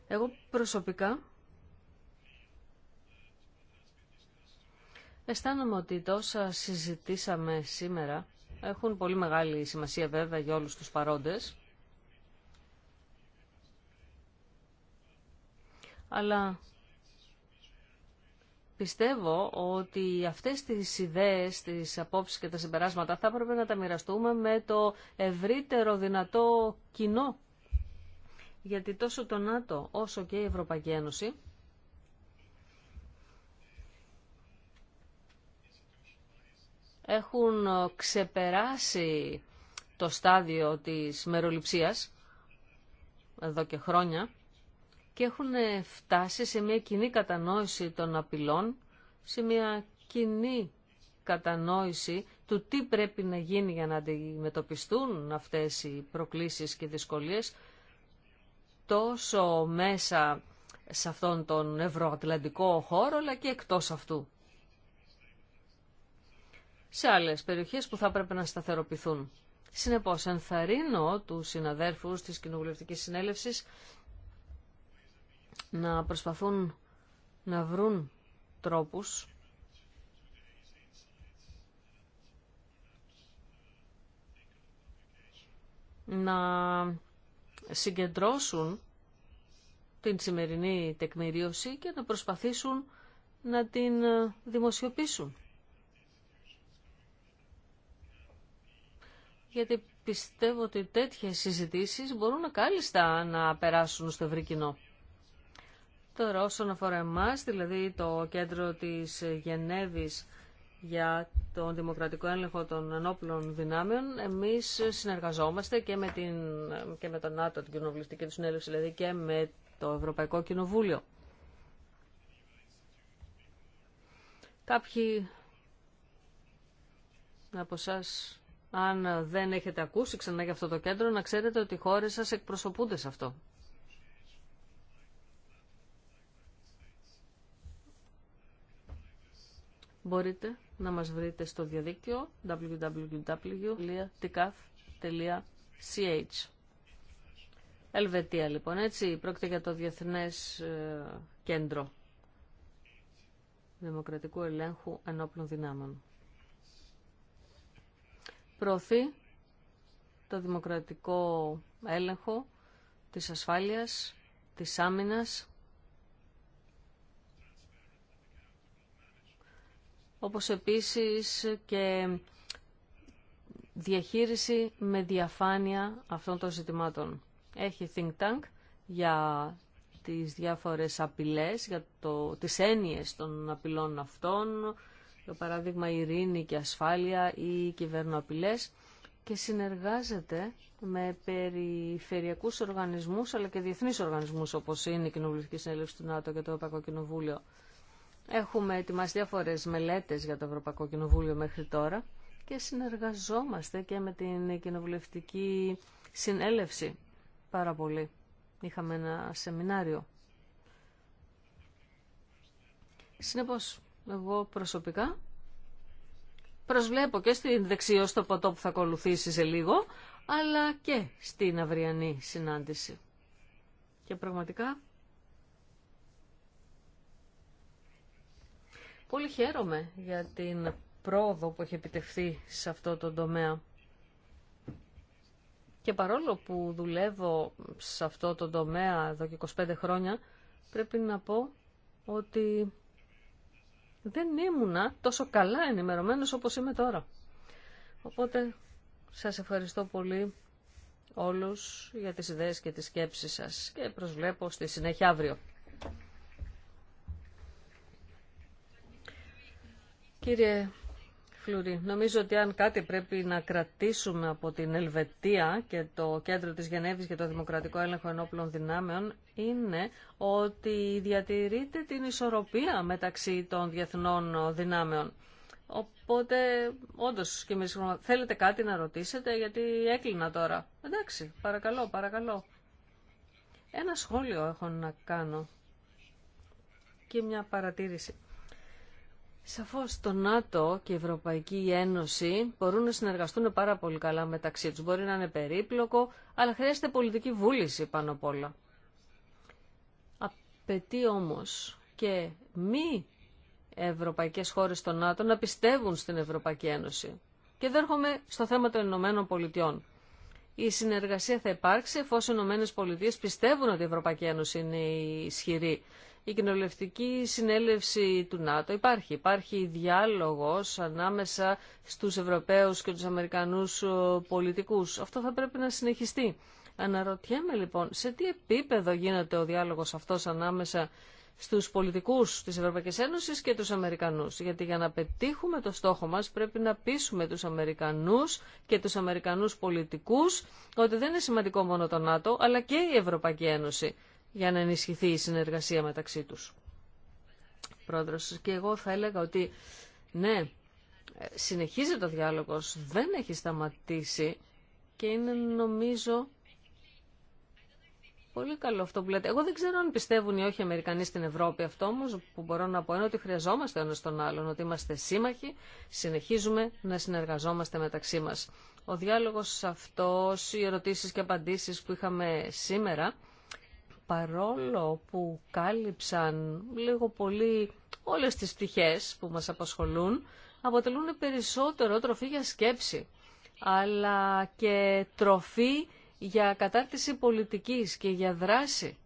Εγώ προσωπικά Αισθάνομαι ότι τόσα συζητήσαμε σήμερα έχουν πολύ μεγάλη σημασία βέβαια για όλους τους παρόντες. Αλλά πιστεύω ότι αυτές τις ιδέες, τις απόψεις και τα συμπεράσματα θα έπρεπε να τα μοιραστούμε με το ευρύτερο δυνατό κοινό. Γιατί τόσο το ΝΑΤΟ όσο και η Ευρωπαϊκή Ένωση έχουν ξεπεράσει το στάδιο της μεροληψίας εδώ και χρόνια και έχουν φτάσει σε μια κοινή κατανόηση των απειλών, σε μια κοινή κατανόηση του τι πρέπει να γίνει για να αντιμετωπιστούν αυτές οι προκλήσεις και δυσκολίες τόσο μέσα σε αυτόν τον ευρωατλαντικό χώρο αλλά και εκτός αυτού σε άλλε περιοχές που θα έπρεπε να σταθεροποιηθούν. Συνεπώς, ενθαρρύνω του συναδέρφους της κοινοβουλευτική συνέλευση, να προσπαθούν να βρουν τρόπους να συγκεντρώσουν την σημερινή τεκμηρίωση και να προσπαθήσουν να την δημοσιοποιήσουν. γιατί πιστεύω ότι τέτοιες συζητήσεις μπορούν κάλλιστα να περάσουν στο ευρύ κοινό. Τώρα όσον αφορά εμάς, δηλαδή το κέντρο της Γενέβης για τον δημοκρατικό έλεγχο των ενόπλων δυνάμεων, εμείς συνεργαζόμαστε και με, την, και με τον ΝΑΤΟ, την κοινοβουλευτική του συνέλευση, δηλαδή και με το Ευρωπαϊκό Κοινοβούλιο. Κάποιοι από εσάς αν δεν έχετε ακούσει ξανά για αυτό το κέντρο, να ξέρετε ότι οι χώρες σας εκπροσωπούνται σε αυτό. Μπορείτε να μας βρείτε στο διαδίκτυο www.tcaf.ch Ελβετία λοιπόν, έτσι, πρόκειται για το Διεθνές ε, Κέντρο Δημοκρατικού Ελέγχου Ενόπλων Δυνάμων προωθεί το δημοκρατικό έλεγχο της ασφάλειας, της άμυνας, όπως επίσης και διαχείριση με διαφάνεια αυτών των ζητημάτων. Έχει think tank για τις διάφορες απειλές, για το, τις έννοιες των απειλών αυτών, για παράδειγμα ειρήνη και ασφάλεια ή κυβερνοαπειλές και συνεργάζεται με περιφερειακούς οργανισμούς αλλά και διεθνείς οργανισμούς όπως είναι η Κοινοβουλευτική Συνέλευση του ΝΑΤΟ και το Ευρωπαϊκό Κοινοβούλιο. Έχουμε ετοιμάσει διάφορε μελέτες για το Ευρωπαϊκό Κοινοβούλιο μέχρι τώρα και συνεργαζόμαστε και με την Κοινοβουλευτική Συνέλευση πάρα πολύ. Είχαμε ένα σεμινάριο. Συνεπώς, εγώ προσωπικά προσβλέπω και στην δεξιό στο ποτό που θα ακολουθήσει σε λίγο, αλλά και στην αυριανή συνάντηση. Και πραγματικά πολύ χαίρομαι για την πρόοδο που έχει επιτευχθεί σε αυτό το τομέα. Και παρόλο που δουλεύω σε αυτό το τομέα εδώ και 25 χρόνια, πρέπει να πω ότι δεν ήμουνα τόσο καλά ενημερωμένος όπως είμαι τώρα. Οπότε σας ευχαριστώ πολύ όλους για τις ιδέες και τις σκέψεις σας και προσβλέπω στη συνέχεια αύριο. Κύριε Νομίζω ότι αν κάτι πρέπει να κρατήσουμε από την Ελβετία και το κέντρο της Γενέβης για το Δημοκρατικό Έλεγχο Ενόπλων Δυνάμεων είναι ότι διατηρείται την ισορροπία μεταξύ των διεθνών δυνάμεων. Οπότε, όντω και θέλετε κάτι να ρωτήσετε, γιατί έκλεινα τώρα. Εντάξει, παρακαλώ, παρακαλώ. Ένα σχόλιο έχω να κάνω και μια παρατήρηση. Σαφώς το ΝΑΤΟ και η Ευρωπαϊκή Ένωση μπορούν να συνεργαστούν πάρα πολύ καλά μεταξύ τους. Μπορεί να είναι περίπλοκο, αλλά χρειάζεται πολιτική βούληση πάνω απ' όλα. Απαιτεί όμως και μη ευρωπαϊκές χώρες στο ΝΑΤΟ να πιστεύουν στην Ευρωπαϊκή Ένωση. Και δεν έρχομαι στο θέμα των Ηνωμένων Πολιτειών. Η συνεργασία θα υπάρξει εφόσον οι Ηνωμένε Πολιτείε πιστεύουν ότι η Ευρωπαϊκή Ένωση είναι ισχυρή η κοινοβουλευτική συνέλευση του ΝΑΤΟ υπάρχει. Υπάρχει διάλογος ανάμεσα στους Ευρωπαίους και τους Αμερικανούς ε, πολιτικούς. Αυτό θα πρέπει να συνεχιστεί. Αναρωτιέμαι λοιπόν σε τι επίπεδο γίνεται ο διάλογος αυτός ανάμεσα στους πολιτικούς της Ευρωπαϊκής Ένωσης και τους Αμερικανούς. Γιατί για να πετύχουμε το στόχο μας πρέπει να πείσουμε τους Αμερικανούς και τους Αμερικανούς πολιτικούς ότι δεν είναι σημαντικό μόνο το ΝΑΤΟ αλλά και η Ευρωπαϊκή Ένωση για να ενισχυθεί η συνεργασία μεταξύ τους. Πρόεδρος, και εγώ θα έλεγα ότι ναι, συνεχίζεται ο διάλογος, δεν έχει σταματήσει και είναι νομίζω πολύ καλό αυτό που λέτε. Εγώ δεν ξέρω αν πιστεύουν ή όχι οι Αμερικανοί στην Ευρώπη. Αυτό όμω που μπορώ να πω είναι ότι χρειαζόμαστε ένα τον άλλον, ότι είμαστε σύμμαχοι, συνεχίζουμε να συνεργαζόμαστε μεταξύ μας. Ο διάλογο αυτό, οι ερωτήσεις και απαντήσεις που είχαμε σήμερα παρόλο που κάλυψαν λίγο πολύ όλες τις πτυχές που μας απασχολούν, αποτελούν περισσότερο τροφή για σκέψη, αλλά και τροφή για κατάρτιση πολιτικής και για δράση,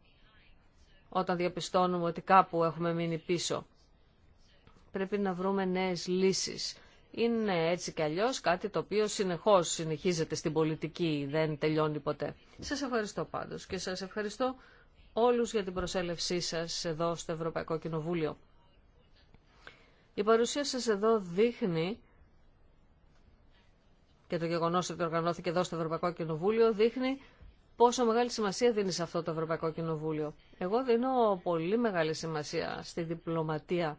όταν διαπιστώνουμε ότι κάπου έχουμε μείνει πίσω. Πρέπει να βρούμε νέες λύσεις. Είναι έτσι κι αλλιώς κάτι το οποίο συνεχώς συνεχίζεται στην πολιτική, δεν τελειώνει ποτέ. Σας ευχαριστώ πάντως και σας ευχαριστώ όλους για την προσέλευσή σας εδώ στο Ευρωπαϊκό Κοινοβούλιο. Η παρουσία σας εδώ δείχνει και το γεγονός ότι οργανώθηκε εδώ στο Ευρωπαϊκό Κοινοβούλιο δείχνει πόσο μεγάλη σημασία δίνει σε αυτό το Ευρωπαϊκό Κοινοβούλιο. Εγώ δίνω πολύ μεγάλη σημασία στη διπλωματία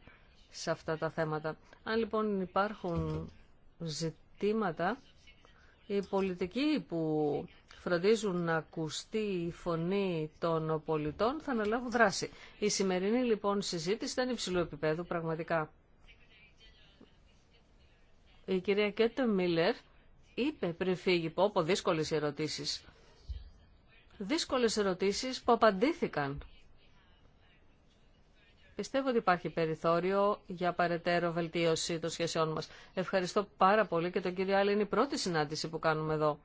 σε αυτά τα θέματα. Αν λοιπόν υπάρχουν ζητήματα οι πολιτικοί που φροντίζουν να ακουστεί η φωνή των πολιτών θα αναλάβουν δράση. Η σημερινή λοιπόν συζήτηση ήταν υψηλού επίπεδου πραγματικά. Η κυρία Κέτε Μίλλερ είπε πριν φύγει από δύσκολες ερωτήσεις. Δύσκολες ερωτήσεις που απαντήθηκαν Πιστεύω ότι υπάρχει περιθώριο για παρετέρω βελτίωση των σχέσεών μας. Ευχαριστώ πάρα πολύ και τον κύριο Άλλη είναι η πρώτη συνάντηση που κάνουμε εδώ.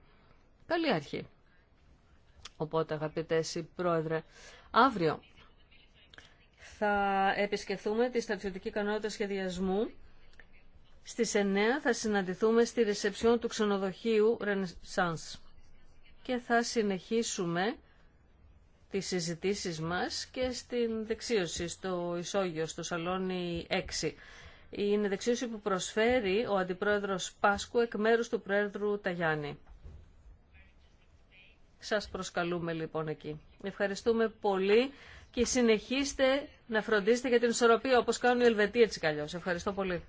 Καλή αρχή. Οπότε αγαπητέ Πρόεδρε, αύριο θα επισκεφθούμε τη στρατιωτική ικανότητα σχεδιασμού. Στις 9 θα συναντηθούμε στη ρεσεψιόν του ξενοδοχείου Renaissance και θα συνεχίσουμε τις συζητήσεις μας και στην δεξίωση στο Ισόγειο, στο Σαλόνι 6. Είναι δεξίωση που προσφέρει ο Αντιπρόεδρος Πάσκου εκ μέρους του Πρόεδρου Ταγιάννη. Σας προσκαλούμε λοιπόν εκεί. Ευχαριστούμε πολύ και συνεχίστε να φροντίσετε για την ισορροπία όπως κάνουν οι Ελβετοί έτσι καλώς. Ευχαριστώ πολύ.